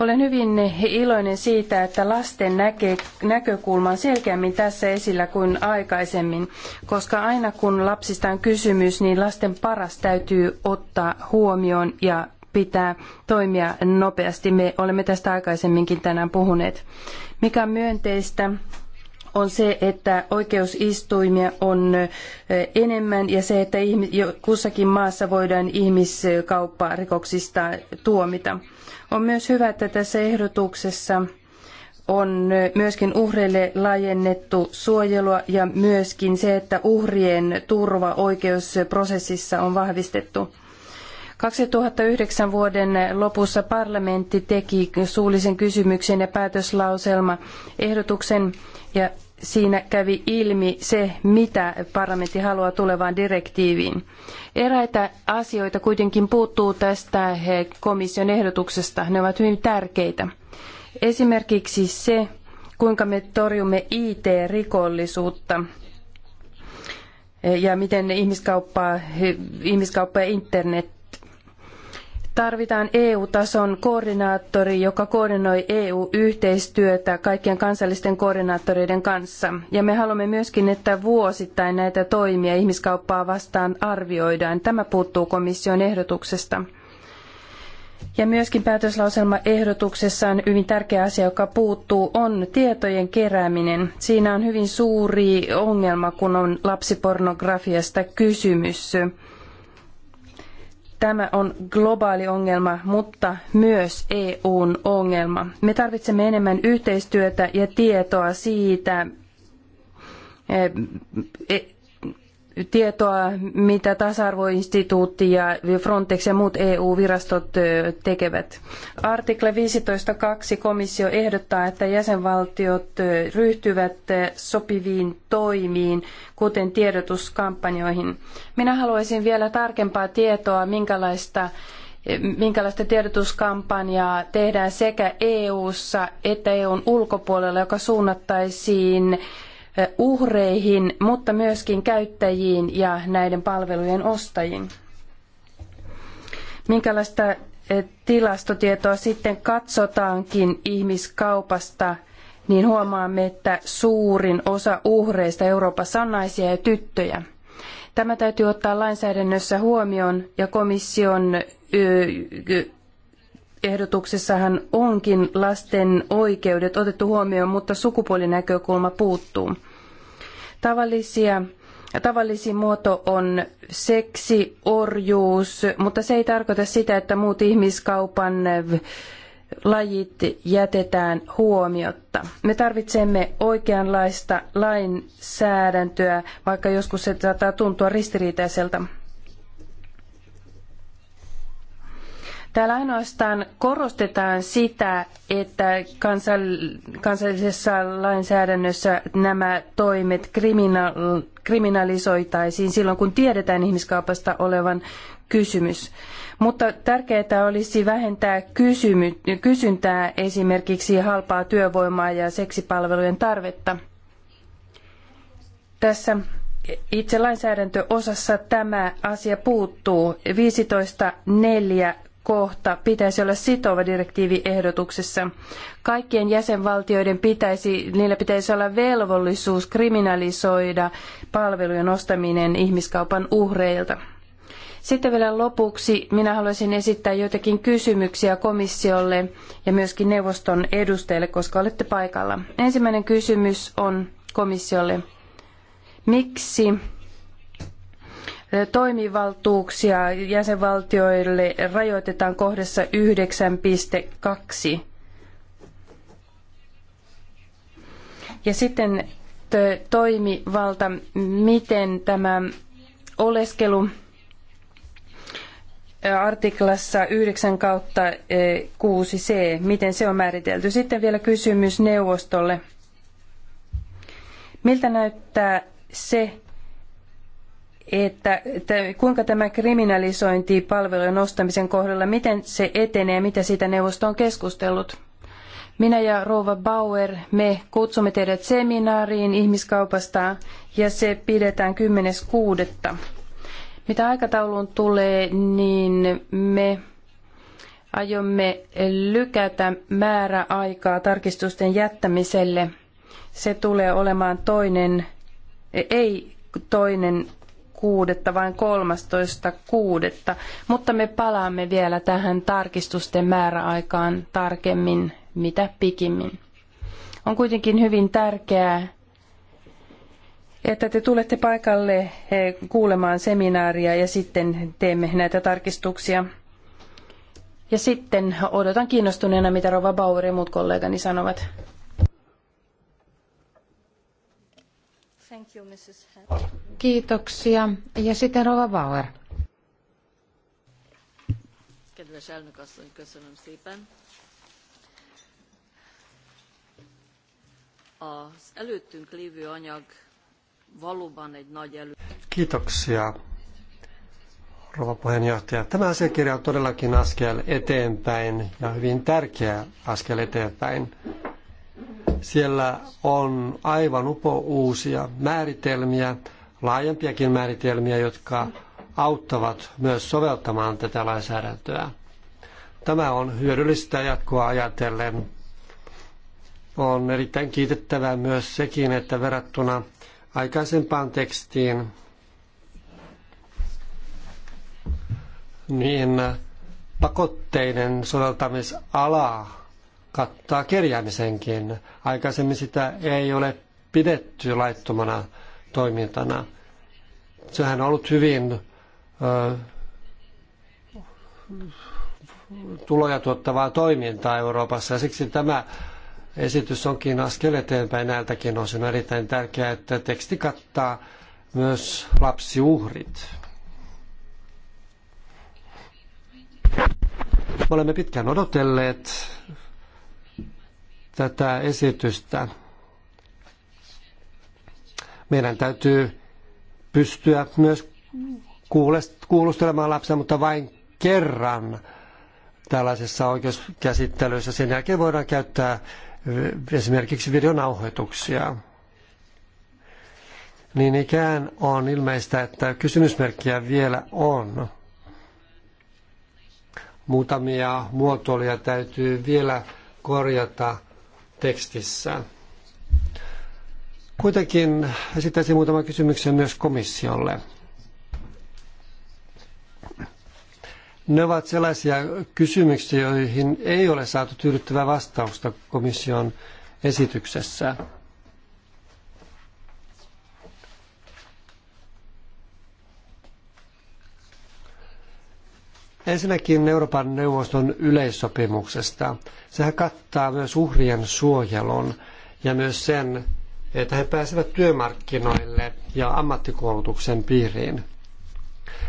Olen hyvin iloinen siitä, että lasten näke, näkökulma on selkeämmin tässä esillä kuin aikaisemmin, koska aina kun lapsista on kysymys, niin lasten paras täytyy ottaa huomioon ja pitää toimia nopeasti. Me olemme tästä aikaisemminkin tänään puhuneet. Mikä on myönteistä on se, että oikeusistuimia on eh, enemmän ja se, että kussakin maassa voidaan ihmiskauppaa rikoksista tuomita. On myös hyvä, että tässä ehdotuksessa on myöskin uhreille laajennettu suojelua ja myöskin se, että uhrien turva oikeusprosessissa on vahvistettu. 2009 vuoden lopussa parlamentti teki suullisen kysymyksen ja päätöslauselma ehdotuksen ja siinä kävi ilmi se, mitä parlamentti haluaa tulevaan direktiiviin. Eräitä asioita kuitenkin puuttuu tästä komission ehdotuksesta. Ne ovat hyvin tärkeitä. Esimerkiksi se, kuinka me torjumme IT-rikollisuutta ja miten ihmiskauppa, ihmiskauppa ja internet Tarvitaan EU-tason koordinaattori, joka koordinoi EU-yhteistyötä kaikkien kansallisten koordinaattoreiden kanssa. Ja me haluamme myöskin, että vuosittain näitä toimia ihmiskauppaa vastaan arvioidaan. Tämä puuttuu komission ehdotuksesta. Ja myöskin päätöslauselmaehdotuksessa on hyvin tärkeä asia, joka puuttuu, on tietojen kerääminen. Siinä on hyvin suuri ongelma, kun on lapsipornografiasta kysymys. Tämä on globaali ongelma, mutta myös EUn ongelma. Me tarvitsemme enemmän yhteistyötä ja tietoa siitä, eh, tietoa, mitä tasa-arvoinstituutti ja Frontex ja muut EU-virastot tekevät. Artikla 15.2 komissio ehdottaa, että jäsenvaltiot ryhtyvät sopiviin toimiin, kuten tiedotuskampanjoihin. Minä haluaisin vielä tarkempaa tietoa, minkälaista minkälaista tiedotuskampanjaa tehdään sekä EU-ssa että EUn ulkopuolella, joka suunnattaisiin uhreihin, mutta myöskin käyttäjiin ja näiden palvelujen ostajiin. Minkälaista tilastotietoa sitten katsotaankin ihmiskaupasta, niin huomaamme, että suurin osa uhreista Euroopassa on naisia ja tyttöjä. Tämä täytyy ottaa lainsäädännössä huomioon ja komission ehdotuksessahan onkin lasten oikeudet otettu huomioon, mutta sukupuolinäkökulma puuttuu. Tavallisia Tavallisin muoto on seksi, orjuus, mutta se ei tarkoita sitä, että muut ihmiskaupan lajit jätetään huomiotta. Me tarvitsemme oikeanlaista lainsäädäntöä, vaikka joskus se saattaa tuntua ristiriitaiselta. Täällä ainoastaan korostetaan sitä, että kansallisessa lainsäädännössä nämä toimet kriminalisoitaisiin silloin, kun tiedetään ihmiskaupasta olevan kysymys. Mutta tärkeää olisi vähentää kysyntää esimerkiksi halpaa työvoimaa ja seksipalvelujen tarvetta. Tässä itse lainsäädäntöosassa tämä asia puuttuu. 15.4 kohta pitäisi olla sitova direktiiviehdotuksessa. Kaikkien jäsenvaltioiden pitäisi, niillä pitäisi olla velvollisuus kriminalisoida palvelujen ostaminen ihmiskaupan uhreilta. Sitten vielä lopuksi minä haluaisin esittää joitakin kysymyksiä komissiolle ja myöskin neuvoston edustajille, koska olette paikalla. Ensimmäinen kysymys on komissiolle. Miksi toimivaltuuksia jäsenvaltioille rajoitetaan kohdassa 9.2. Ja sitten toimivalta, miten tämä oleskelu artiklassa 9 kautta 6c, eh, miten se on määritelty. Sitten vielä kysymys neuvostolle. Miltä näyttää se, että, että kuinka tämä kriminalisointi palvelujen nostamisen kohdalla, miten se etenee, mitä siitä neuvosto on keskustellut? Minä ja Rouva Bauer, me kutsumme teidät seminaariin ihmiskaupasta ja se pidetään 10.6. Mitä aikatauluun tulee, niin me aiomme lykätä määräaikaa tarkistusten jättämiselle. Se tulee olemaan toinen, ei toinen kuudetta, vain 13 kuudetta. Mutta me palaamme vielä tähän tarkistusten määräaikaan tarkemmin, mitä pikimmin. On kuitenkin hyvin tärkeää, että te tulette paikalle eh, kuulemaan seminaaria ja sitten teemme näitä tarkistuksia. Ja sitten odotan kiinnostuneena, mitä Rova Bauer ja muut kollegani sanovat.
Thank you, Mrs. Head.
Kiitoksia. Ja sitten Rova Bauer.
Kedves elnökasszony, köszönöm szépen. Az előttünk
lévő anyag valóban egy nagy elő...
Kiitoksia, Rova puheenjohtaja. Tämä asiakirja on todellakin askel eteenpäin ja hyvin tärkeä askel eteenpäin. Siellä on aivan upo uusia määritelmiä, laajempiakin määritelmiä, jotka auttavat myös soveltamaan tätä lainsäädäntöä. Tämä on hyödyllistä jatkoa ajatellen. On erittäin kiitettävää myös sekin, että verrattuna aikaisempaan tekstiin, niin pakotteiden soveltamisala kattaa kerjäämisenkin. Aikaisemmin sitä ei ole pidetty laittomana toimintana. Sehän on ollut hyvin ö, tuloja tuottavaa toimintaa Euroopassa ja siksi tämä esitys onkin askel eteenpäin näiltäkin osin. On erittäin tärkeää, että teksti kattaa myös lapsiuhrit. Me olemme pitkään odotelleet tätä esitystä. Meidän täytyy pystyä myös kuulustelemaan lapsia, mutta vain kerran tällaisessa oikeuskäsittelyssä. Sen jälkeen voidaan käyttää esimerkiksi videonauhoituksia. Niin ikään on ilmeistä, että kysymysmerkkiä vielä on. Muutamia muotoilia täytyy vielä korjata tekstissään. Kuitenkin esittäisin muutaman kysymyksen myös komissiolle. Ne ovat sellaisia kysymyksiä, joihin ei ole saatu tyydyttävää vastausta komission esityksessä. Ensinnäkin Euroopan neuvoston yleissopimuksesta. Sehän kattaa myös uhrien suojelun ja myös sen, että he pääsevät työmarkkinoille ja ammattikoulutuksen piiriin.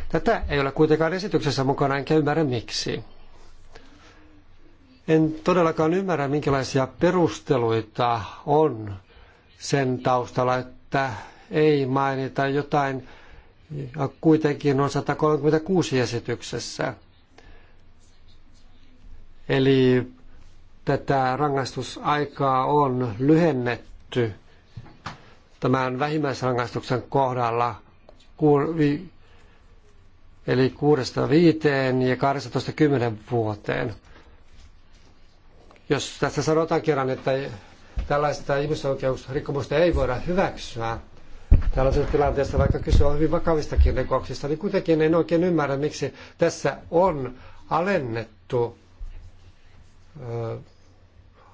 Tätä ei ole kuitenkaan esityksessä mukana, enkä ymmärrä miksi. En todellakaan ymmärrä, minkälaisia perusteluita on sen taustalla, että ei mainita jotain, kuitenkin on 136 esityksessä. Eli tätä rangaistusaikaa on lyhennetty tämän vähimmäisrangaistuksen kohdalla eli kuudesta viiteen ja 12 kymmenen vuoteen. Jos tässä sanotaan kerran, että tällaista ihmisoikeusrikkomusta ei voida hyväksyä tällaisessa tilanteessa, vaikka kyse on hyvin vakavistakin rikoksista, niin kuitenkin en oikein ymmärrä, miksi tässä on alennettu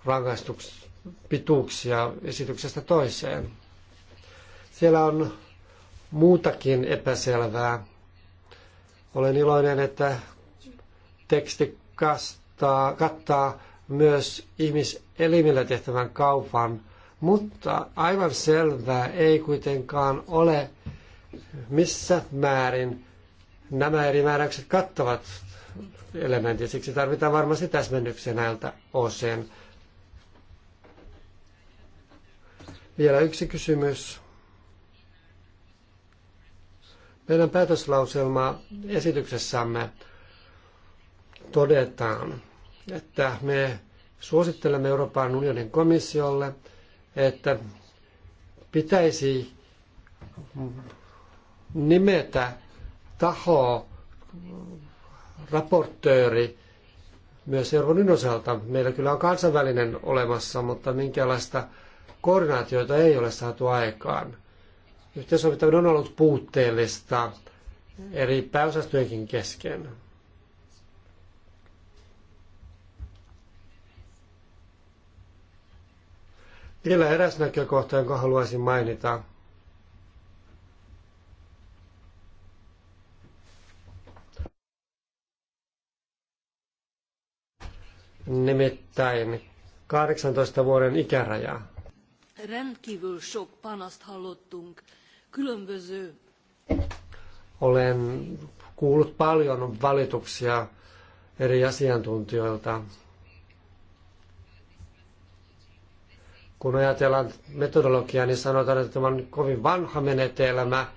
rangaistuspituuksia esityksestä toiseen. Siellä on muutakin epäselvää. Olen iloinen, että teksti kastaa, kattaa myös ihmiselimillä tehtävän kaupan, mutta aivan selvää ei kuitenkaan ole, missä määrin nämä eri määräykset kattavat elementin. Siksi tarvitaan varmasti täsmennyksiä näiltä osin. Vielä yksi kysymys. Meidän päätöslauselma esityksessämme todetaan, että me suosittelemme Euroopan unionin komissiolle, että pitäisi nimetä taho raportööri myös Euroopan osalta. Meillä kyllä on kansainvälinen olemassa, mutta minkälaista koordinaatioita ei ole saatu aikaan. Yhteensovittaminen on ollut puutteellista eri pääosastojenkin kesken. Vielä eräs näkökohta, jonka haluaisin mainita, nimittäin 18 vuoden ikärajaa.
Rendkívül sok
panast hallottunk különböző.
Olen kuullut paljon valituksia eri asiantuntijoilta. Kun ajatellaan metodologiaa, niin sanotaan, että tämä on kovin vanha menetelmä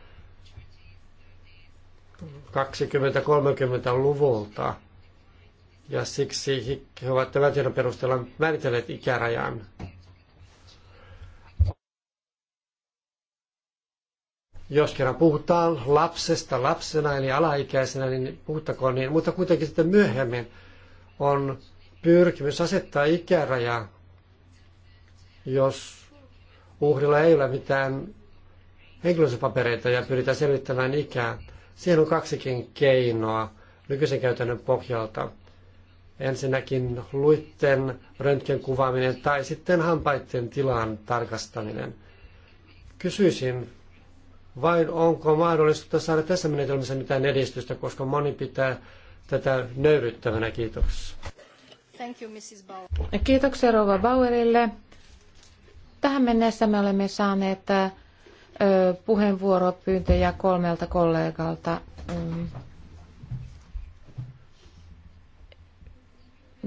20-30-luvulta – ja siksi he ovat tämän tiedon perusteella määritelleet ikärajan. Jos kerran puhutaan lapsesta lapsena eli alaikäisenä, niin puhuttakoon niin. Mutta kuitenkin sitten myöhemmin on pyrkimys asettaa ikäraja, jos uhrilla ei ole mitään henkilöllisyyspapereita ja pyritään selvittämään ikää. Siihen on kaksikin keinoa nykyisen käytännön pohjalta ensinnäkin luitten röntgenkuvaaminen tai sitten hampaiden tilan tarkastaminen. Kysyisin vai onko mahdollisuutta saada tässä menetelmässä mitään edistystä, koska moni pitää tätä nöyryttävänä. Kiitos.
Thank you, Mrs. Bauer.
Kiitoksia Rouva Bauerille. Tähän mennessä me olemme saaneet puheenvuoropyyntöjä kolmelta kollegalta. Mm.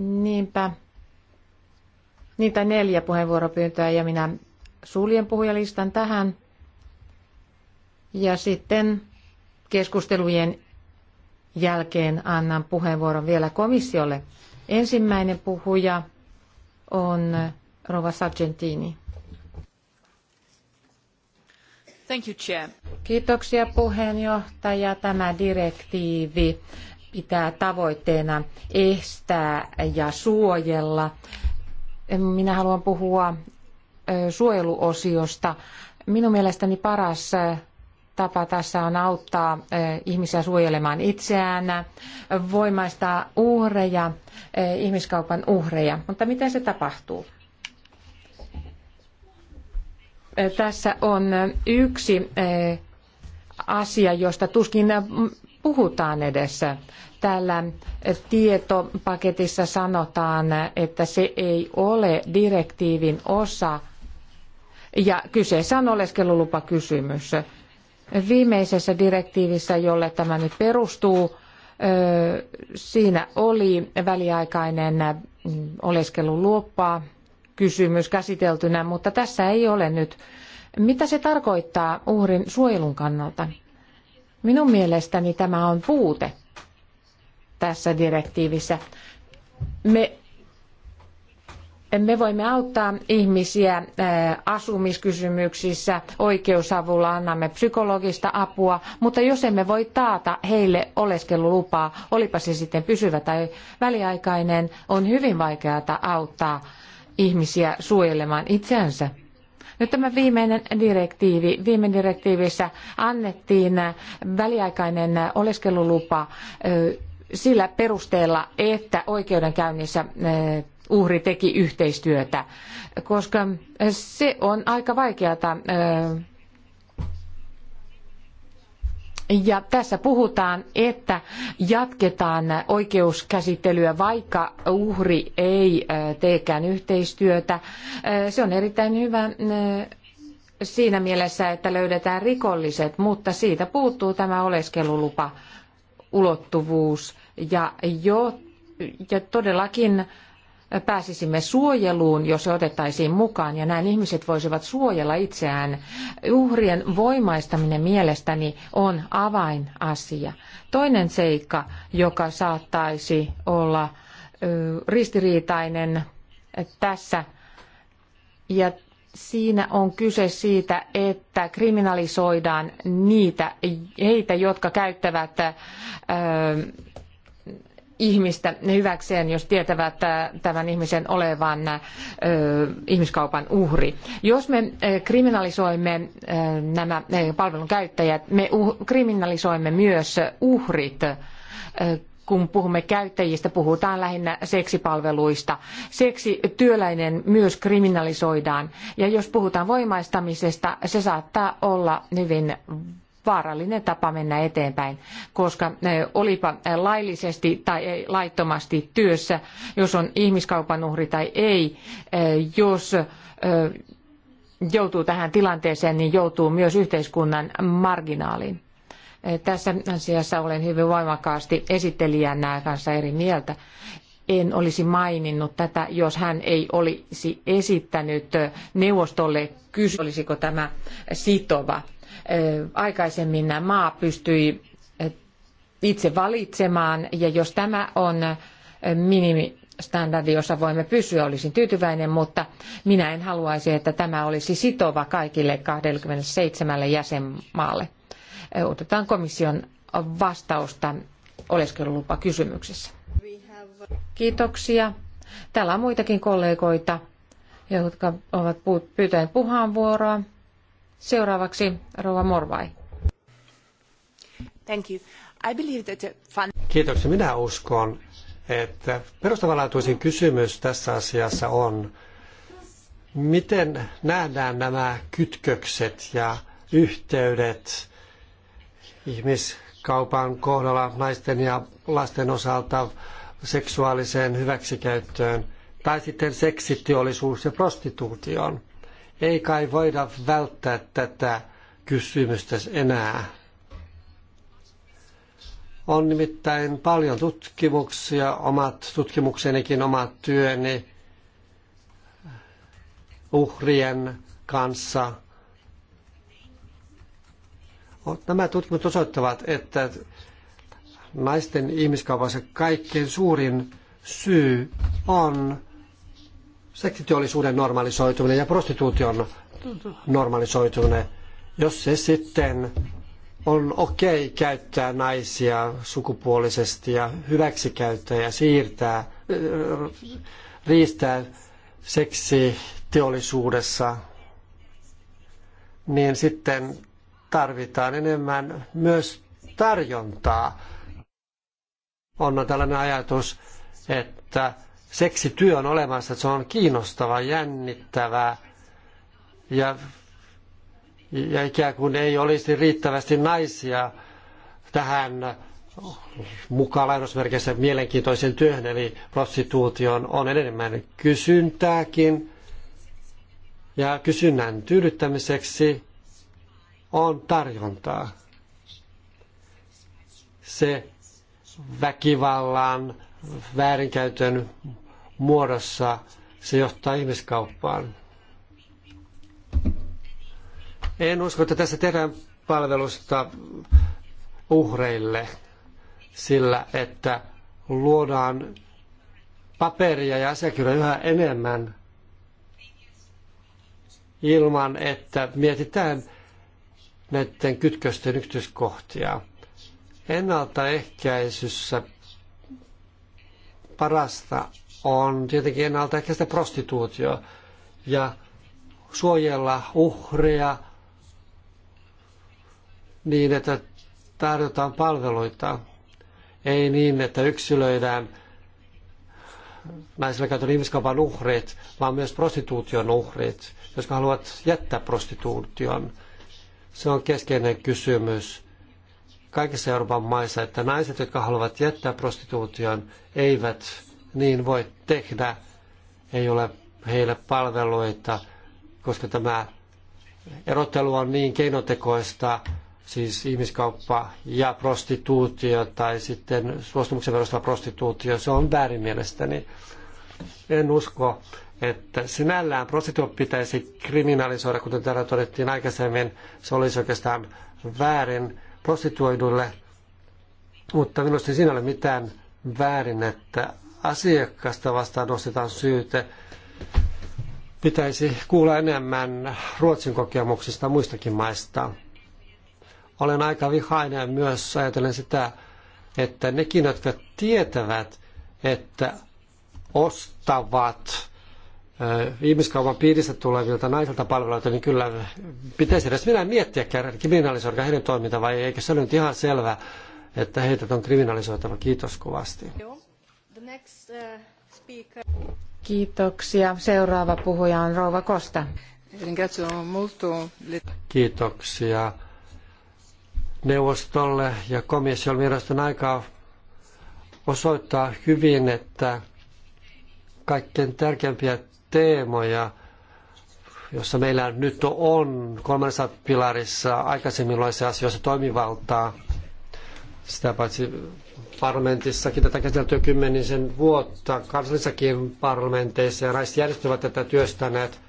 Niinpä. Niitä neljä puheenvuoropyyntöä ja minä suljen puhujalistan tähän. Ja sitten keskustelujen jälkeen annan puheenvuoron vielä komissiolle. Ensimmäinen puhuja on Rova Sargentini. Thank you, Chair. Kiitoksia puheenjohtaja. Tämä direktiivi pitää tavoitteena estää ja suojella. Minä haluan puhua suojeluosiosta. Minun mielestäni paras tapa tässä on auttaa ihmisiä suojelemaan itseään, voimaistaa uhreja, ihmiskaupan uhreja. Mutta miten se tapahtuu? Tässä on yksi asia, josta tuskin puhutaan edessä. Täällä tietopaketissa sanotaan, että se ei ole direktiivin osa ja kyseessä on oleskelulupakysymys. Viimeisessä direktiivissä, jolle tämä nyt perustuu, siinä oli väliaikainen oleskelulupa kysymys käsiteltynä, mutta tässä ei ole nyt. Mitä se tarkoittaa uhrin suojelun kannalta? Minun mielestäni tämä on puute tässä direktiivissä. Me me voimme auttaa ihmisiä asumiskysymyksissä, oikeusavulla annamme psykologista apua, mutta jos emme voi taata heille oleskelulupaa, olipa se sitten pysyvä tai väliaikainen, on hyvin vaikeata auttaa ihmisiä suojelemaan itseänsä. Nyt tämä viimeinen direktiivi. Viime direktiivissä annettiin väliaikainen oleskelulupa sillä perusteella, että oikeudenkäynnissä uhri teki yhteistyötä, koska se on aika vaikeata ja tässä puhutaan, että jatketaan oikeuskäsittelyä, vaikka uhri ei äh, teekään yhteistyötä. Äh, se on erittäin hyvä äh, siinä mielessä, että löydetään rikolliset, mutta siitä puuttuu tämä oleskelulupa ulottuvuus ja, jo, ja todellakin pääsisimme suojeluun, jos se otettaisiin mukaan, ja näin ihmiset voisivat suojella itseään. Uhrien voimaistaminen mielestäni on avainasia. Toinen seikka, joka saattaisi olla ristiriitainen tässä, ja siinä on kyse siitä, että kriminalisoidaan niitä, heitä, jotka käyttävät ihmistä hyväkseen, jos tietävät äh, tämän ihmisen olevan äh, ihmiskaupan uhri. Jos me äh, kriminalisoimme nämä palvelun käyttäjät, me kriminalisoimme myös uhrit kun puhumme käyttäjistä, puhutaan lähinnä seksipalveluista. Seksityöläinen myös kriminalisoidaan. Ja jos puhutaan voimaistamisesta, se saattaa olla hyvin vaarallinen tapa mennä eteenpäin, koska olipa laillisesti tai laittomasti työssä, jos on ihmiskaupan uhri tai ei, jos joutuu tähän tilanteeseen, niin joutuu myös yhteiskunnan marginaaliin. Tässä asiassa olen hyvin voimakkaasti esittelijänä kanssa eri mieltä. En olisi maininnut tätä, jos hän ei olisi esittänyt neuvostolle kysymys, olisiko tämä sitova aikaisemmin maa pystyi itse valitsemaan, ja jos tämä on minimistandardi, jossa voimme pysyä, olisin tyytyväinen, mutta minä en haluaisi, että tämä olisi sitova kaikille 27 jäsenmaalle. Otetaan komission vastausta oleskelulupakysymyksessä. Kiitoksia. Täällä on muitakin kollegoita, jotka ovat pyytäneet puheenvuoroa. Seuraavaksi Rova Morvai. Thank you. I believe that the uh,
Kiitoksia. Minä uskon, että perustavanlaatuisin kysymys tässä asiassa on, miten nähdään nämä kytkökset ja yhteydet ihmiskaupan kohdalla naisten ja lasten osalta seksuaaliseen hyväksikäyttöön tai sitten seksitiolisuus ja prostituutioon. Ei kai voida välttää tätä kysymystä enää. On nimittäin paljon tutkimuksia, omat tutkimuksenikin, omat työni uhrien kanssa. Nämä tutkimukset osoittavat, että naisten ihmiskaupassa kaikkein suurin syy on seksiteollisuuden normalisoituminen ja prostituution normalisoituminen, jos se sitten on okei okay käyttää naisia sukupuolisesti ja hyväksikäyttää ja siirtää, äh, riistää seksiteollisuudessa, niin sitten tarvitaan enemmän myös tarjontaa. On tällainen ajatus, että seksityö on olemassa, että se on kiinnostava, jännittävää ja, ja ikään kuin ei olisi riittävästi naisia tähän mukaan lainausmerkeissä mielenkiintoisen työhön, eli prostituution on enemmän kysyntääkin. Ja kysynnän tyydyttämiseksi on tarjontaa. Se väkivallan, väärinkäytön muodossa se johtaa ihmiskauppaan. En usko, että tässä tehdään palvelusta uhreille sillä, että luodaan paperia ja asiakirjoja yhä enemmän ilman, että mietitään näiden kytkösten yksityiskohtia. Ennaltaehkäisyssä parasta on tietenkin ennaltaehkäistä prostituutio ja suojella uhreja niin, että tarjotaan palveluita. Ei niin, että yksilöidään naisilla käytön ihmiskaupan uhreet, vaan myös prostituution uhreet, jotka haluavat jättää prostituution. Se on keskeinen kysymys kaikissa Euroopan maissa, että naiset, jotka haluavat jättää prostituution, eivät niin voi tehdä. Ei ole heille palveluita, koska tämä erottelu on niin keinotekoista, siis ihmiskauppa ja prostituutio tai sitten suostumuksen verosta prostituutio, se on väärin mielestäni. En usko, että sinällään prostituo pitäisi kriminalisoida, kuten täällä todettiin aikaisemmin, se olisi oikeastaan väärin prostituoidulle, mutta minusta ei siinä ole mitään väärin, että asiakasta vastaan nostetaan syyte. Pitäisi kuulla enemmän Ruotsin kokemuksista muistakin maista. Olen aika vihainen myös ajatellen sitä, että nekin, jotka tietävät, että ostavat ihmiskaupan piiristä tulevilta naisilta palveluita, niin kyllä pitäisi edes minä miettiä kriminalisoida heidän toiminta vai eikö se ole nyt ihan selvä, että heitä on kriminalisoitava. Kiitos kovasti. Joo. Kiitoksia.
Seuraava puhuja on Rouva Kosta.
Kiitoksia neuvostolle ja komission viraston aikaa osoittaa hyvin, että kaikkein tärkeimpiä teemoja, jossa meillä nyt on kolmannessa pilarissa aikaisemmin asioissa toimivaltaa, sitä paitsi Parlamentissa, tätä käsiteltyä kymmenisen vuotta, kansallisissakin parlamenteissa ja naisjärjestöt ovat tätä työstäneet.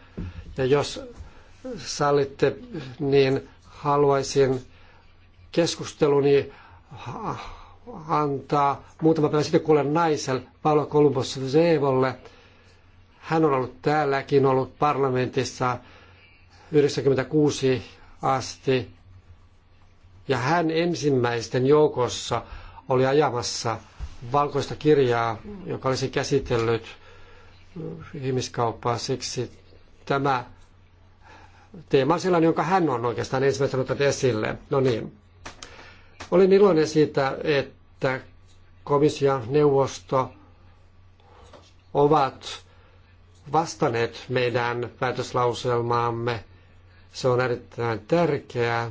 Ja jos sallitte, niin haluaisin keskusteluni antaa muutama päivä sitten kuulen naisel Paula Kolumbus Zevolle. Hän on ollut täälläkin ollut parlamentissa 96 asti ja hän ensimmäisten joukossa oli ajamassa valkoista kirjaa, joka olisi käsitellyt ihmiskauppaa. Siksi tämä teema on sellainen, jonka hän on oikeastaan ensimmäisenä ottanut esille. No niin. Olin iloinen siitä, että komission neuvosto ovat vastanneet meidän päätöslauselmaamme. Se on erittäin tärkeää.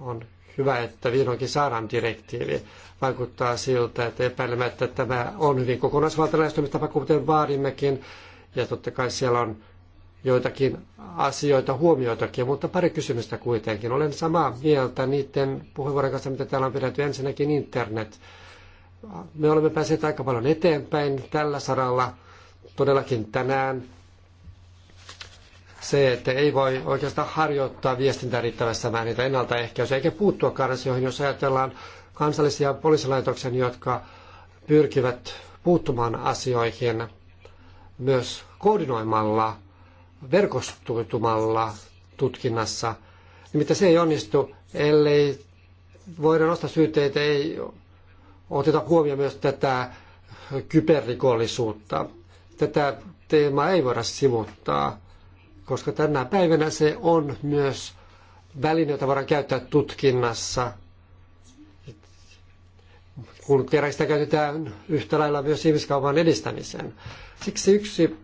On Hyvä, että vihdoinkin saadaan direktiivi. Vaikuttaa siltä, että epäilemättä tämä on hyvin kokonaisvaltainen lähestymistapa, kuten vaadimmekin. Ja totta kai siellä on joitakin asioita, huomioitakin, mutta pari kysymystä kuitenkin. Olen samaa mieltä niiden puheenvuorojen kanssa, mitä täällä on pidetty. Ensinnäkin internet. Me olemme päässeet aika paljon eteenpäin tällä saralla todellakin tänään se, että ei voi oikeastaan harjoittaa viestintää riittävässä määrin tai ennaltaehkäisyä, eikä puuttua karsioihin, jos ajatellaan kansallisia poliisilaitoksen, jotka pyrkivät puuttumaan asioihin myös koordinoimalla, verkostoitumalla tutkinnassa. Nimittäin se ei onnistu, ellei voida nostaa syytteitä, ei oteta huomioon myös tätä kyberrikollisuutta. Tätä teemaa ei voida sivuttaa koska tänä päivänä se on myös väline, jota voidaan käyttää tutkinnassa. Kun kerran sitä käytetään yhtä lailla myös ihmiskaupan edistämiseen. Siksi yksi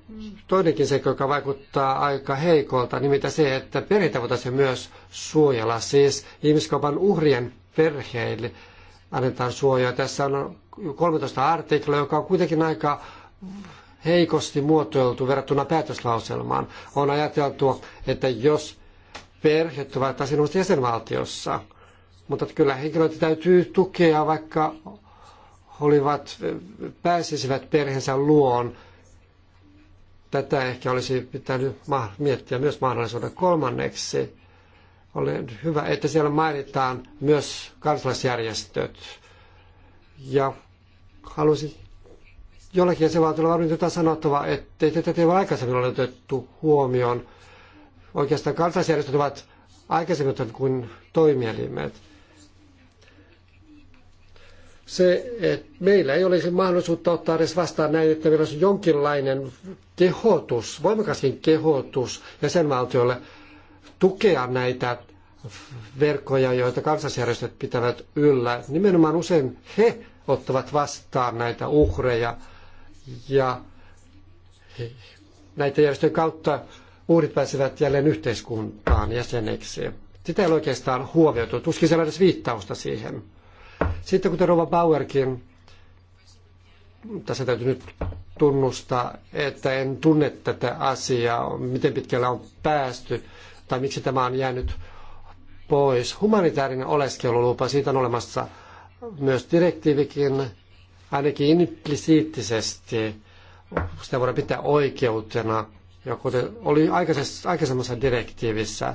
toinenkin seikka, joka vaikuttaa aika heikolta, nimittäin se, että perheitä voitaisiin myös suojella. Siis ihmiskaupan uhrien perheille annetaan suojaa. Tässä on 13 artikla, joka on kuitenkin aika heikosti muotoiltu verrattuna päätöslauselmaan. On ajateltu, että jos perheet ovat asianomassa jäsenvaltiossa, mutta kyllä henkilöitä täytyy tukea, vaikka olivat, pääsisivät perheensä luon. Tätä ehkä olisi pitänyt miettiä myös mahdollisuuden kolmanneksi. On hyvä, että siellä mainitaan myös kansalaisjärjestöt. Ja halusin jollakin jäsenvaltiolla varmaan jotain sanottavaa, ettei tätä ei ole aikaisemmin ole otettu huomioon. Oikeastaan kansalaisjärjestöt ovat aikaisemmin kuin toimielimet. Se, että meillä ei olisi mahdollisuutta ottaa edes vastaan näin, että meillä olisi jonkinlainen kehotus, voimakaskin kehotus jäsenvaltiolle tukea näitä verkkoja, joita kansalaisjärjestöt pitävät yllä. Nimenomaan usein he ottavat vastaan näitä uhreja – ja näitä järjestöjen kautta uudet pääsevät jälleen yhteiskuntaan jäseneksi. Sitä ei ole oikeastaan huomioitu, tuskin siellä edes viittausta siihen. Sitten kuten Rova Bauerkin, tässä täytyy nyt tunnustaa, että en tunne tätä asiaa, miten pitkällä on päästy tai miksi tämä on jäänyt pois. Humanitaarinen oleskelulupa, siitä on olemassa myös direktiivikin, ainakin implisiittisesti sitä voidaan pitää oikeutena, ja kuten oli aikaisemmassa direktiivissä.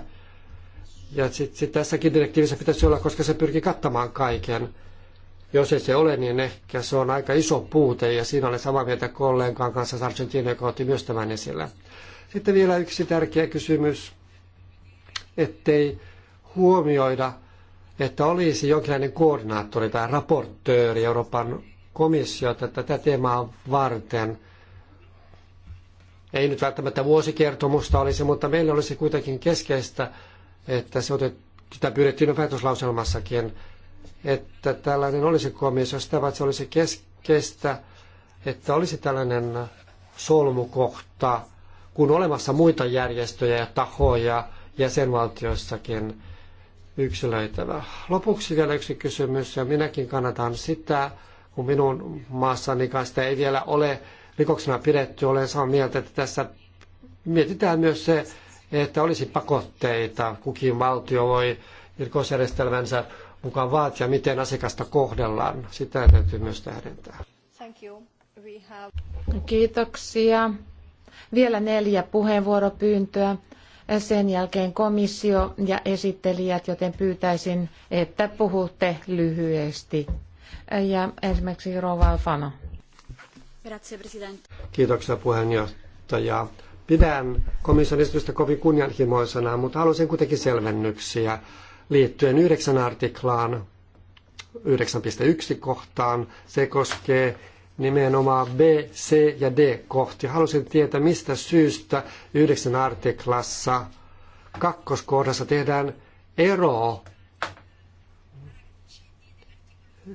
Ja sitten sit tässäkin direktiivissä pitäisi olla, koska se pyrkii kattamaan kaiken. Jos ei se ole, niin ehkä se on aika iso puute, ja siinä olen samaa mieltä kollegan kanssa Sargent joka otti myös tämän esille. Sitten vielä yksi tärkeä kysymys, ettei huomioida, että olisi jonkinlainen koordinaattori tai raportööri Euroopan komissiota tätä teemaa varten. Ei nyt välttämättä vuosikertomusta olisi, mutta meillä olisi kuitenkin keskeistä, että se otettiin, sitä pyydettiin päätöslauselmassakin, että tällainen olisi komissio, sitä että se olisi keskeistä, että olisi tällainen solmukohta, kun olemassa muita järjestöjä ja tahoja jäsenvaltioissakin yksilöitävä. Lopuksi vielä yksi kysymys, ja minäkin kannatan sitä, kun minun maassani sitä ei vielä ole rikoksena pidetty, olen samaa mieltä, että tässä mietitään myös se, että olisi pakotteita. Kukin valtio voi rikosjärjestelmänsä mukaan vaatia, miten asiakasta kohdellaan. Sitä täytyy myös tähdentää. Kiitoksia. Vielä
neljä puheenvuoropyyntöä. Sen jälkeen komissio ja esittelijät, joten pyytäisin, että puhutte lyhyesti ja ensimmäiseksi Rova Alfano.
Kiitoksia puheenjohtaja. Pidän komission esitystä kovin kunnianhimoisena, mutta haluaisin kuitenkin selvennyksiä liittyen yhdeksän artiklaan, 9.1 kohtaan. Se koskee nimenomaan B, C ja D kohti. Halusin tietää, mistä syystä yhdeksän artiklassa kakkoskohdassa tehdään ero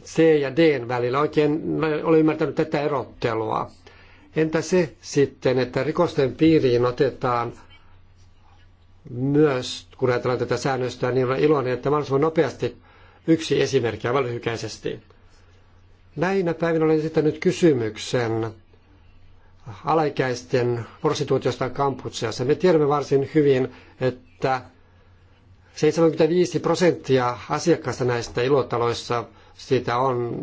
C ja D välillä. Oikein olen ymmärtänyt tätä erottelua. Entä se sitten, että rikosten piiriin otetaan myös, kun ajatellaan tätä säännöstä, niin olen iloinen, että mahdollisimman nopeasti yksi esimerkki aivan lyhykäisesti. Näinä päivinä olen esittänyt kysymyksen alaikäisten prostituutiosta Kamputseassa. Me tiedämme varsin hyvin, että 75 prosenttia asiakkaista näistä ilotaloissa siitä on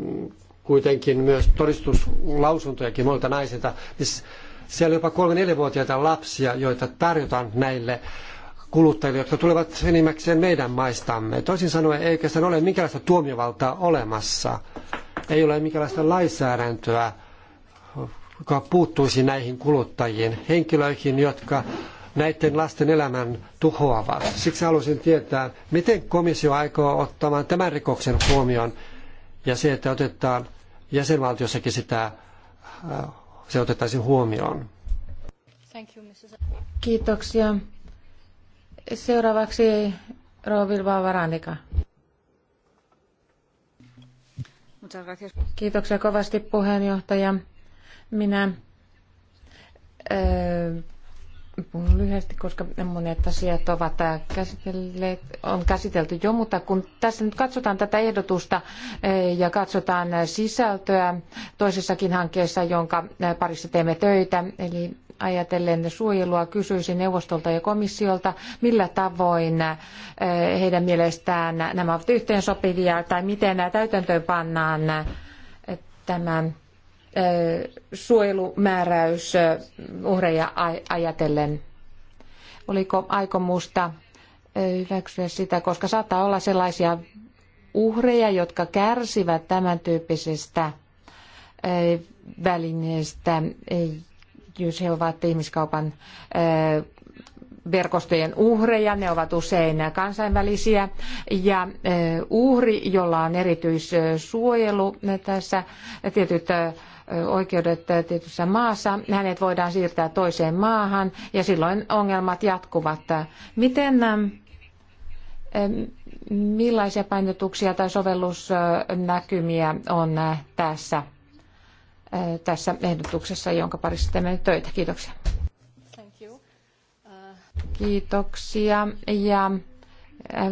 kuitenkin myös todistuslausuntojakin muilta naisilta. Siis siellä on jopa kolme 4 vuotiaita lapsia, joita tarjotaan näille kuluttajille, jotka tulevat enimmäkseen meidän maistamme. Toisin sanoen ei oikeastaan ole minkäänlaista tuomiovaltaa olemassa. Ei ole minkäänlaista lainsäädäntöä, joka puuttuisi näihin kuluttajiin, henkilöihin, jotka näiden lasten elämän tuhoavat. Siksi haluaisin tietää, miten komissio aikoo ottamaan tämän rikoksen huomioon ja se, että otetaan jäsenvaltiossakin sitä, äh, se otettaisiin huomioon.
Kiitoksia. Seuraavaksi Rovilva Varanika. Kiitoksia kovasti puheenjohtaja. Minä äh, Puhun lyhyesti, koska monet asiat ovat äh, käsitelleet, on käsitelty jo, mutta kun tässä nyt katsotaan tätä ehdotusta äh, ja katsotaan äh, sisältöä toisessakin hankkeessa, jonka parissa teemme töitä, eli ajatellen suojelua kysyisin neuvostolta ja komissiolta, millä tavoin heidän mielestään nämä ovat yhteensopivia tai miten täytäntöön pannaan tämän suojelumääräys uhreja ajatellen? Oliko aikomusta hyväksyä sitä, koska saattaa olla sellaisia uhreja, jotka kärsivät tämän tyyppisestä välineestä, e, jos he ovat ihmiskaupan verkostojen uhreja, ne ovat usein kansainvälisiä, ja uhri, jolla on erityissuojelu tässä, tietyt oikeudet tietyssä maassa, hänet voidaan siirtää toiseen maahan ja silloin ongelmat jatkuvat. Miten Millaisia painotuksia tai sovellusnäkymiä on tässä, tässä ehdotuksessa, jonka parissa teemme nyt töitä? Kiitoksia. Uh, Kiitoksia. Ja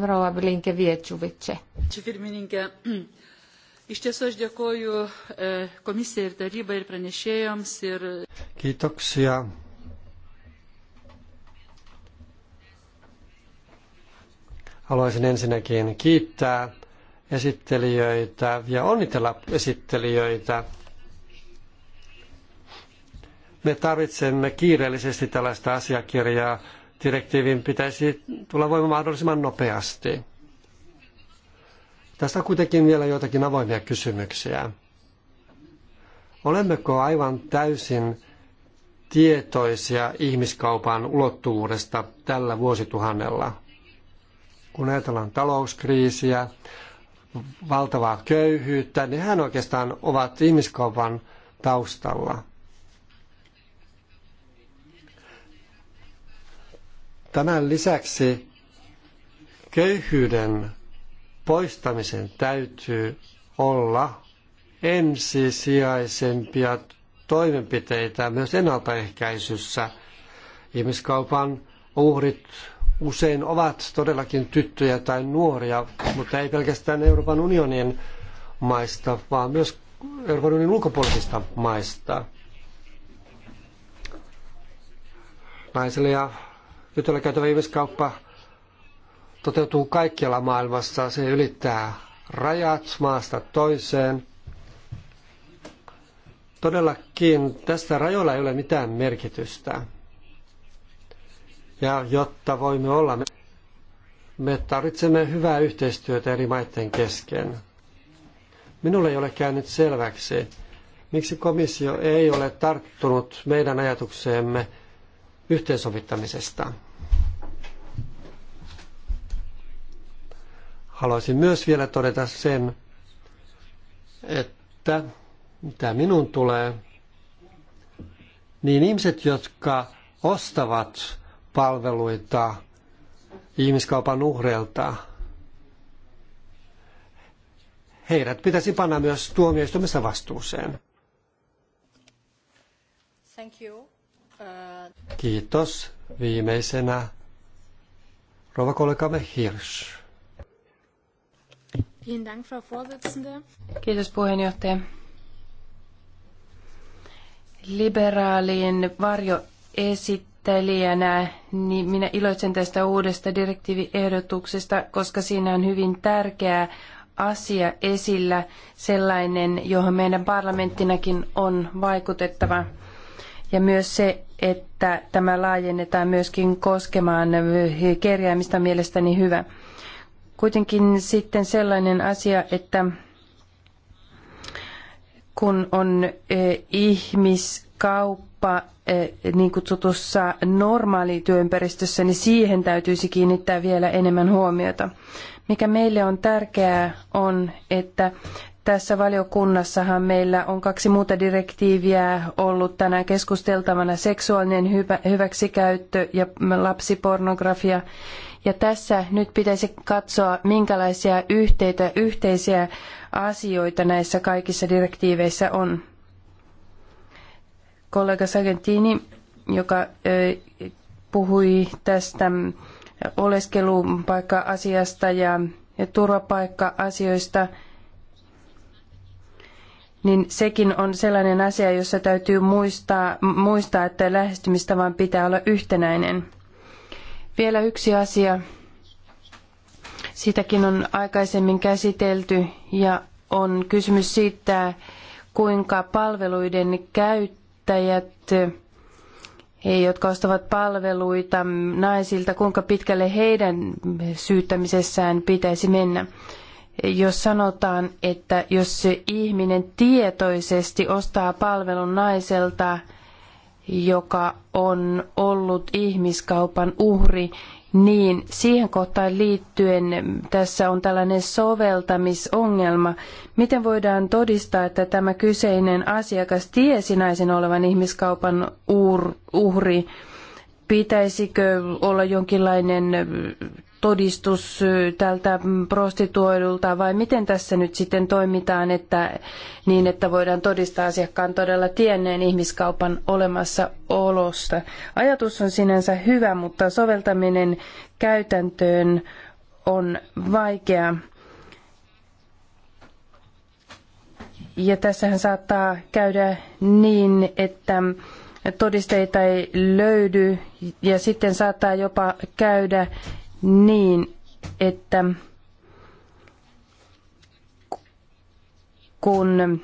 Rova Blinke
Vietsuvice.
Iš tiesų aš dėkoju e, komisijai ir tarybai ir pranešėjams. Ir...
Kiitoksia. Haluaisin ensinnäkin kiittää esittelijöitä ja onnitella esittelijöitä. Me tarvitsemme kiireellisesti tällaista asiakirjaa. Direktiivin pitäisi tulla voimaan mahdollisimman nopeasti. Tässä on kuitenkin vielä joitakin avoimia kysymyksiä. Olemmeko aivan täysin tietoisia ihmiskaupan ulottuvuudesta tällä vuosituhannella? Kun ajatellaan talouskriisiä, valtavaa köyhyyttä, niin hän oikeastaan ovat ihmiskaupan taustalla. Tämän lisäksi köyhyyden poistamisen täytyy olla ensisijaisempia toimenpiteitä myös ennaltaehkäisyssä. Ihmiskaupan uhrit usein ovat todellakin tyttöjä tai nuoria, mutta ei pelkästään Euroopan unionin maista, vaan myös Euroopan unionin ulkopuolisista maista. Naisille ja tytölle käytävä ihmiskauppa toteutuu kaikkialla maailmassa. Se ylittää rajat maasta toiseen. Todellakin tästä rajoilla ei ole mitään merkitystä. Ja jotta voimme olla, me tarvitsemme hyvää yhteistyötä eri maiden kesken. Minulle ei ole käynyt selväksi, miksi komissio ei ole tarttunut meidän ajatukseemme yhteensovittamisesta. Haluaisin myös vielä todeta sen, että mitä minun tulee, niin ihmiset, jotka ostavat palveluita ihmiskaupan uhreilta, heidät pitäisi panna myös tuomioistuimessa vastuuseen.
Thank you. Uh...
Kiitos. Viimeisenä rouva kollegamme Hirsch.
Kiitos puheenjohtaja. Liberaalien varjoesittelijänä niin minä iloitsen tästä uudesta direktiiviehdotuksesta, koska siinä on hyvin tärkeä asia esillä, sellainen, johon meidän parlamenttinakin on vaikutettava. Ja myös se, että tämä laajennetaan myöskin koskemaan kerjäämistä mielestäni hyvä kuitenkin sitten sellainen asia, että kun on e, ihmiskauppa e, niin kutsutussa normaalityöympäristössä, niin siihen täytyisi kiinnittää vielä enemmän huomiota. Mikä meille on tärkeää on, että tässä valiokunnassahan meillä on kaksi muuta direktiiviä ollut tänään keskusteltavana, seksuaalinen hyväksikäyttö ja lapsipornografia. Ja tässä nyt pitäisi katsoa, minkälaisia yhteitä, yhteisiä asioita näissä kaikissa direktiiveissä on. Kollega Sargentini, joka puhui tästä oleskelupaikka-asiasta ja turvapaikka-asioista, niin sekin on sellainen asia, jossa täytyy muistaa, muistaa että lähestymistavan pitää olla yhtenäinen. Vielä yksi asia. Sitäkin on aikaisemmin käsitelty ja on kysymys siitä, kuinka palveluiden käyttäjät, jotka ostavat palveluita naisilta, kuinka pitkälle heidän syyttämisessään pitäisi mennä. Jos sanotaan, että jos ihminen tietoisesti ostaa palvelun naiselta, joka on ollut ihmiskaupan uhri, niin siihen kohtaan liittyen tässä on tällainen soveltamisongelma. Miten voidaan todistaa, että tämä kyseinen asiakas tiesi naisen olevan ihmiskaupan uhri? Pitäisikö olla jonkinlainen todistus tältä prostituoidulta vai miten tässä nyt sitten toimitaan että, niin, että voidaan todistaa asiakkaan todella tienneen ihmiskaupan olemassaolosta. Ajatus on sinänsä hyvä, mutta soveltaminen käytäntöön on vaikea. Ja tässähän saattaa käydä niin, että todisteita ei löydy ja sitten saattaa jopa käydä niin, että kun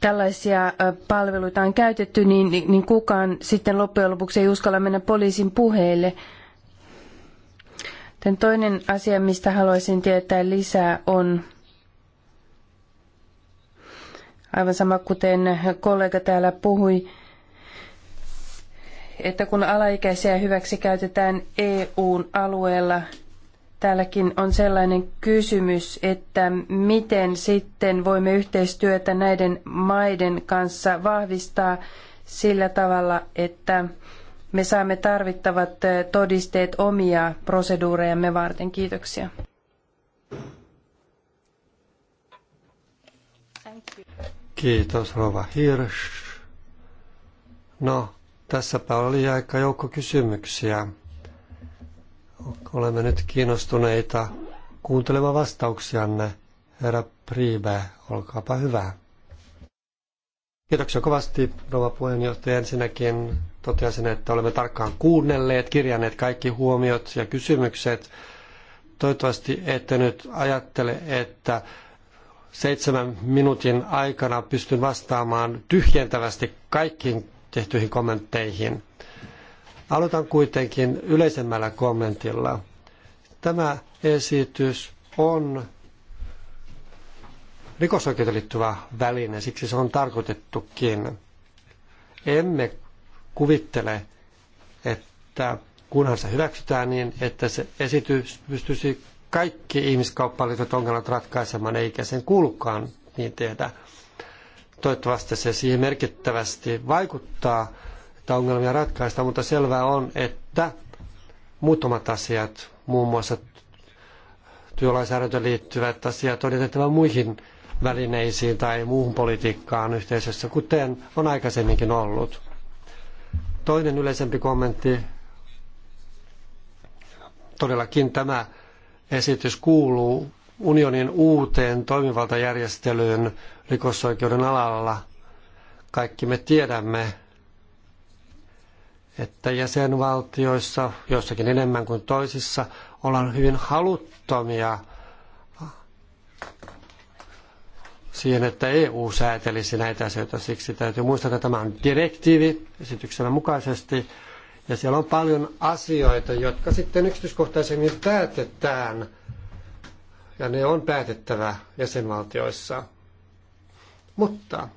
tällaisia palveluita on käytetty, niin, niin, niin kukaan sitten loppujen lopuksi ei uskalla mennä poliisin puheille. Tän toinen asia, mistä haluaisin tietää lisää, on aivan sama kuten kollega täällä puhui, että kun alaikäisiä hyväksi käytetään EUn alueella, täälläkin on sellainen kysymys, että miten sitten voimme yhteistyötä näiden maiden kanssa vahvistaa sillä tavalla, että me saamme tarvittavat todisteet omia proseduurejamme varten. Kiitoksia.
Kiitos, Rova Hirsch. No, Tässäpä oli aika joukko kysymyksiä. Olemme nyt kiinnostuneita kuuntelemaan vastauksianne. Herra Priibe, olkaapa hyvä. Kiitoksia kovasti, rouva puheenjohtaja. Ensinnäkin toteasin, että olemme tarkkaan kuunnelleet, kirjanneet kaikki huomiot ja kysymykset. Toivottavasti ette nyt ajattele, että seitsemän minuutin aikana pystyn vastaamaan tyhjentävästi kaikkiin tehtyihin kommentteihin. Aloitan kuitenkin yleisemmällä kommentilla. Tämä esitys on rikosoikeuteen liittyvä väline, siksi se on tarkoitettukin. Emme kuvittele, että kunhan se hyväksytään niin, että se esitys pystyisi kaikki ihmiskauppalliset ongelmat ratkaisemaan, eikä sen kuulukaan niin tehdä. Toivottavasti se siihen merkittävästi vaikuttaa, että ongelmia ratkaistaan, mutta selvää on, että muutamat asiat, muun muassa työlainsäädäntöön liittyvät asiat, on jätettävä muihin välineisiin tai muuhun politiikkaan yhteisössä, kuten on aikaisemminkin ollut. Toinen yleisempi kommentti. Todellakin tämä esitys kuuluu unionin uuteen toimivaltajärjestelyyn rikosoikeuden alalla. Kaikki me tiedämme, että jäsenvaltioissa, joissakin enemmän kuin toisissa, ollaan hyvin haluttomia siihen, että EU säätelisi näitä asioita. Siksi täytyy muistaa, että tämä on direktiivi esityksen mukaisesti. Ja siellä on paljon asioita, jotka sitten yksityiskohtaisemmin päätetään. Ja ne on päätettävä jäsenvaltioissa. Mutta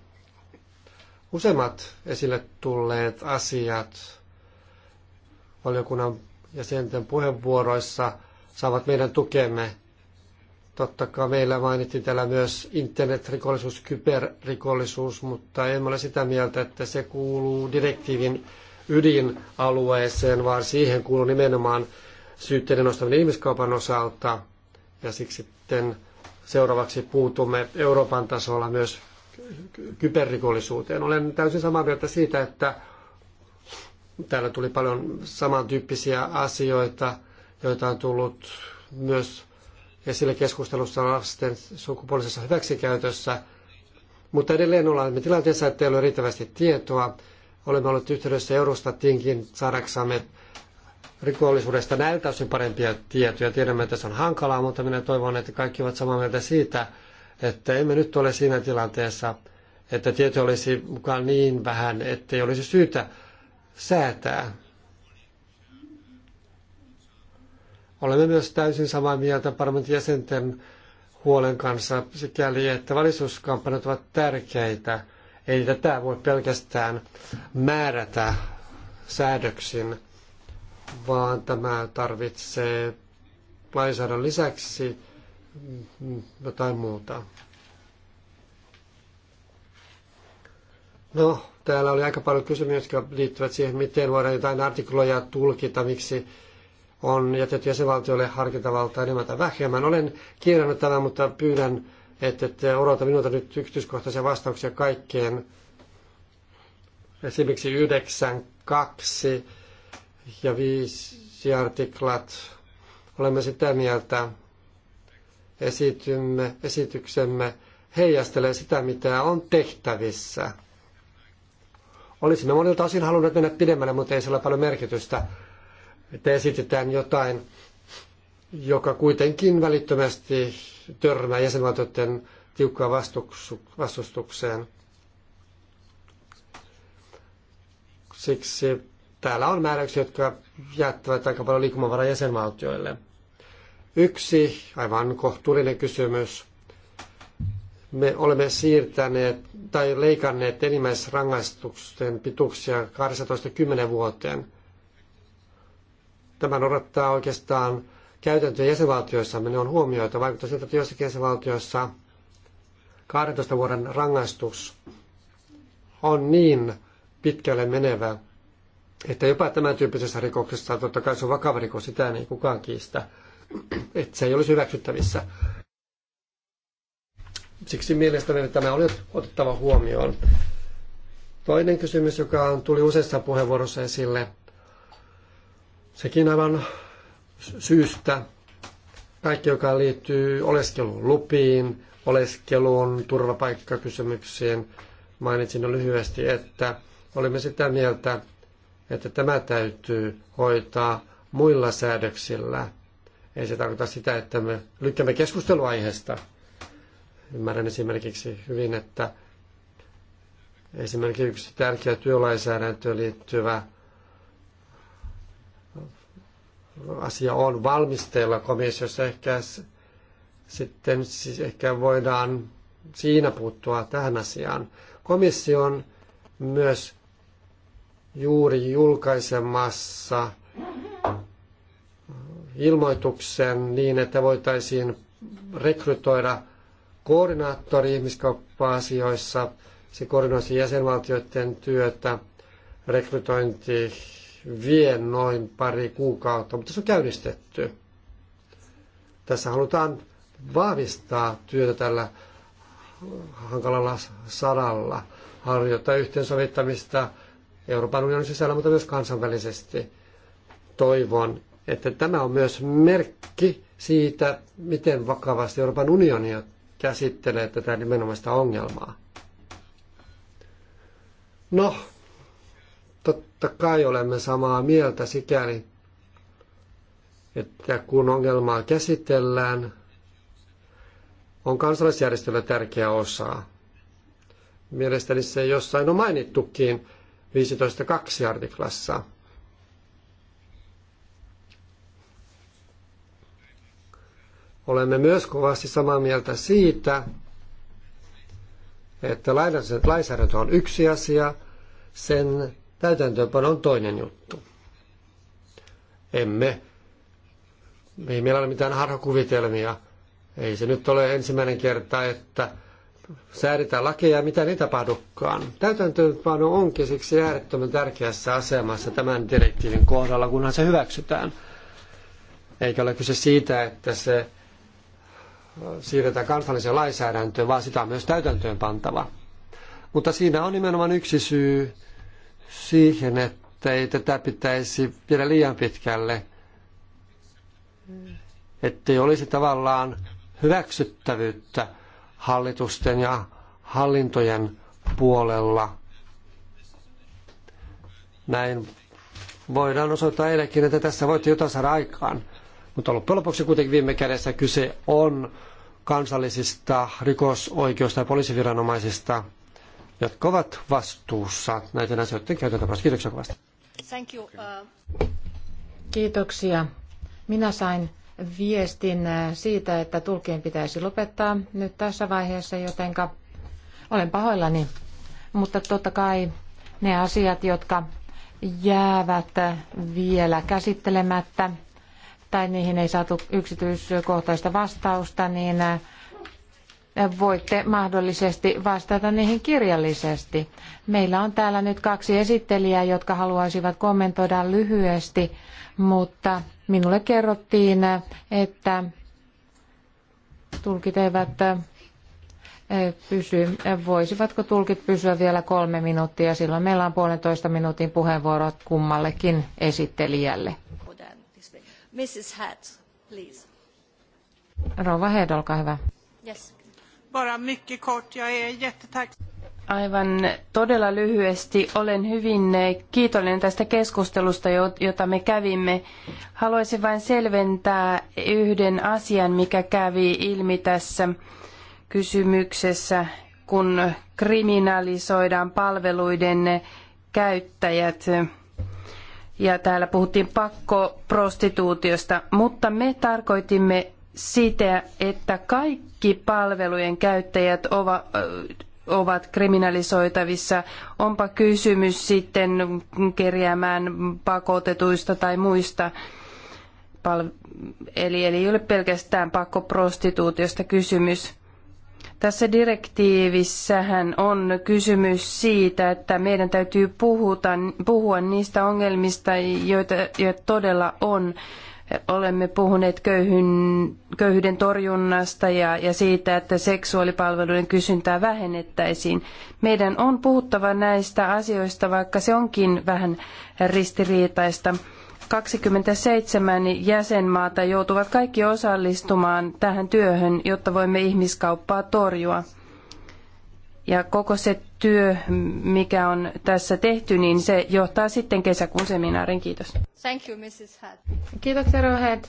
useimmat esille tulleet asiat valiokunnan jäsenten puheenvuoroissa saavat meidän tukemme. Totta kai meillä mainittiin täällä myös internetrikollisuus, kyberrikollisuus, mutta en ole sitä mieltä, että se kuuluu direktiivin ydinalueeseen, vaan siihen kuuluu nimenomaan syytteiden nostaminen ihmiskaupan osalta. Ja siksi sitten seuraavaksi puutumme Euroopan tasolla myös kyberrikollisuuteen. Olen täysin samaa mieltä siitä, että täällä tuli paljon samantyyppisiä asioita, joita on tullut myös esille keskustelussa lasten sukupuolisessa hyväksikäytössä. Mutta edelleen olemme tilanteessa, että ei ole riittävästi tietoa. Olemme olleet yhteydessä Eurostatinkin saadaksamme rikollisuudesta näiltä osin parempia tietoja. Tiedämme, että se on hankalaa, mutta minä toivon, että kaikki ovat samaa mieltä siitä, että emme nyt ole siinä tilanteessa, että tieto olisi mukaan niin vähän, ettei olisi syytä säätää. Olemme myös täysin samaa mieltä parlamentin jäsenten huolen kanssa sikäli, että valistuskampanjat ovat tärkeitä. Ei tätä voi pelkästään määrätä säädöksin, vaan tämä tarvitsee lainsäädännön lisäksi Mm-hmm. jotain muuta. No, täällä oli aika paljon kysymyksiä, jotka liittyvät siihen, miten voidaan jotain artikloja tulkita, miksi on jätetty jäsenvaltiolle harkintavaltaa enemmän tai vähemmän. Olen kirjannut tämän, mutta pyydän, että ette odota minulta nyt yksityiskohtaisia vastauksia kaikkeen. Esimerkiksi 9, 2 ja 5 artiklat. Olemme sitä mieltä, esitymme, esityksemme heijastelee sitä, mitä on tehtävissä. Olisimme monilta osin halunneet mennä pidemmälle, mutta ei sillä ole paljon merkitystä, että esitetään jotain, joka kuitenkin välittömästi törmää jäsenvaltioiden tiukkaan vastustukseen. Siksi täällä on määräyksiä, jotka jättävät aika paljon liikkumavaraa jäsenvaltioille. Yksi aivan kohtuullinen kysymys. Me olemme siirtäneet tai leikanneet enimmäisrangaistuksen pituksia 12-10 vuoteen. Tämä odottaa oikeastaan käytäntöjä jäsenvaltioissa. Ne on huomioita. Vaikuttaa siltä, että joissakin jäsenvaltioissa 12 vuoden rangaistus on niin pitkälle menevä, että jopa tämän tyyppisessä rikoksessa, totta kai se on vakava rikos, sitä ei kukaan kiistä, että se ei olisi hyväksyttävissä. Siksi mielestäni tämä oli otettava huomioon. Toinen kysymys, joka tuli useissa puheenvuorossa esille, sekin aivan syystä, kaikki joka liittyy oleskelun lupiin, oleskeluun, turvapaikkakysymyksiin, mainitsin lyhyesti, että olimme sitä mieltä, että tämä täytyy hoitaa muilla säädöksillä – ei se tarkoita sitä, että me lykkäämme keskusteluaiheesta. Ymmärrän esimerkiksi hyvin, että esimerkiksi yksi tärkeä työlainsäädäntöön liittyvä asia on valmisteilla komissiossa. Ehkä sitten siis ehkä voidaan siinä puuttua tähän asiaan. Komissio on myös juuri julkaisemassa ilmoituksen niin, että voitaisiin rekrytoida koordinaattori ihmiskauppa-asioissa. Se koordinoisi jäsenvaltioiden työtä. Rekrytointi vie noin pari kuukautta, mutta se on käynnistetty. Tässä halutaan vahvistaa työtä tällä hankalalla saralla, harjoittaa yhteensovittamista Euroopan unionin sisällä, mutta myös kansainvälisesti. Toivon, että tämä on myös merkki siitä, miten vakavasti Euroopan unioni käsittelee tätä nimenomaista ongelmaa. No, totta kai olemme samaa mieltä sikäli, että kun ongelmaa käsitellään, on kansalaisjärjestöllä tärkeä osa. Mielestäni se jossain on mainittukin 15.2 artiklassa. Olemme myös kovasti samaa mieltä siitä, että lainsäädäntö on yksi asia, sen täytäntöönpano on toinen juttu. Emme, ei meillä ole mitään harhakuvitelmia. Ei se nyt ole ensimmäinen kerta, että säädetään lakeja mitä ei tapahdukaan. Täytäntöönpano onkin siksi äärettömän tärkeässä asemassa tämän direktiivin kohdalla, kunhan se hyväksytään. Eikä ole kyse siitä, että se siirretä kansalliseen lainsäädäntöön, vaan sitä on myös täytäntöön pantava. Mutta siinä on nimenomaan yksi syy siihen, että ei tätä pitäisi viedä liian pitkälle, ettei olisi tavallaan hyväksyttävyyttä hallitusten ja hallintojen puolella. Näin voidaan osoittaa eilenkin, että tässä voitte jotain saada aikaan. Mutta loppujen lopuksi kuitenkin viime kädessä kyse on kansallisista rikosoikeus- tai poliisiviranomaisista, jotka ovat vastuussa näiden asioiden käytäntöpäivästä. Kiitoksia kovasti.
Thank you. Uh...
Kiitoksia. Minä sain viestin uh, siitä, että tulkien pitäisi lopettaa nyt tässä vaiheessa, joten olen pahoillani. Mutta totta kai ne asiat, jotka jäävät uh, vielä käsittelemättä, tai niihin ei saatu yksityiskohtaista vastausta, niin voitte mahdollisesti vastata niihin kirjallisesti. Meillä on täällä nyt kaksi esittelijää, jotka haluaisivat kommentoida lyhyesti, mutta minulle kerrottiin, että tulkit eivät pysy. Voisivatko tulkit pysyä vielä kolme minuuttia? Silloin meillä on puolentoista minuutin puheenvuorot kummallekin esittelijälle.
Mrs. Hatt, please.
Rouva Head, olkaa hyvä.
Yes. Bara mycket kort. Jag är jättetacksam.
Aivan
todella lyhyesti. Olen hyvin eh, kiitollinen tästä keskustelusta, jota me kävimme. Haluaisin vain selventää yhden asian, mikä kävi ilmi tässä kysymyksessä, kun kriminalisoidaan palveluiden käyttäjät ja täällä puhuttiin pakkoprostituutiosta, mutta me tarkoitimme sitä, että kaikki palvelujen käyttäjät ovat ovat kriminalisoitavissa, onpa kysymys sitten kerjäämään pakotetuista tai muista. Pal- eli, eli ei ole pelkästään pakkoprostituutiosta kysymys. Tässä direktiivissähän on kysymys siitä, että meidän täytyy puhuta, puhua niistä ongelmista, joita, joita todella on. Olemme puhuneet köyhyn, köyhyyden torjunnasta ja, ja siitä, että seksuaalipalveluiden kysyntää vähennettäisiin. Meidän on puhuttava näistä asioista, vaikka se onkin vähän ristiriitaista. 27 jäsenmaata joutuvat kaikki osallistumaan tähän työhön, jotta voimme ihmiskauppaa torjua. Ja koko se työ, mikä on tässä tehty, niin se johtaa sitten kesäkuun seminaarin. Kiitos.
Thank
you, Mrs. Head. Kiitoksia, Rohed.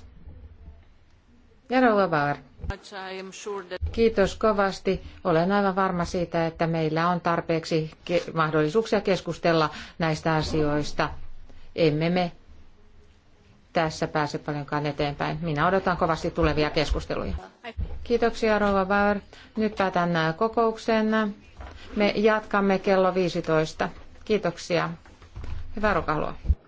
Kiitos kovasti. Olen aivan varma siitä, että meillä on tarpeeksi mahdollisuuksia keskustella näistä asioista. Emme me tässä pääse paljonkaan eteenpäin. Minä odotan kovasti tulevia keskusteluja. Kiitoksia Rova Bauer. Nyt päätän äh, kokouksen. Me jatkamme kello 15. Kiitoksia. Hyvää ruokahalua.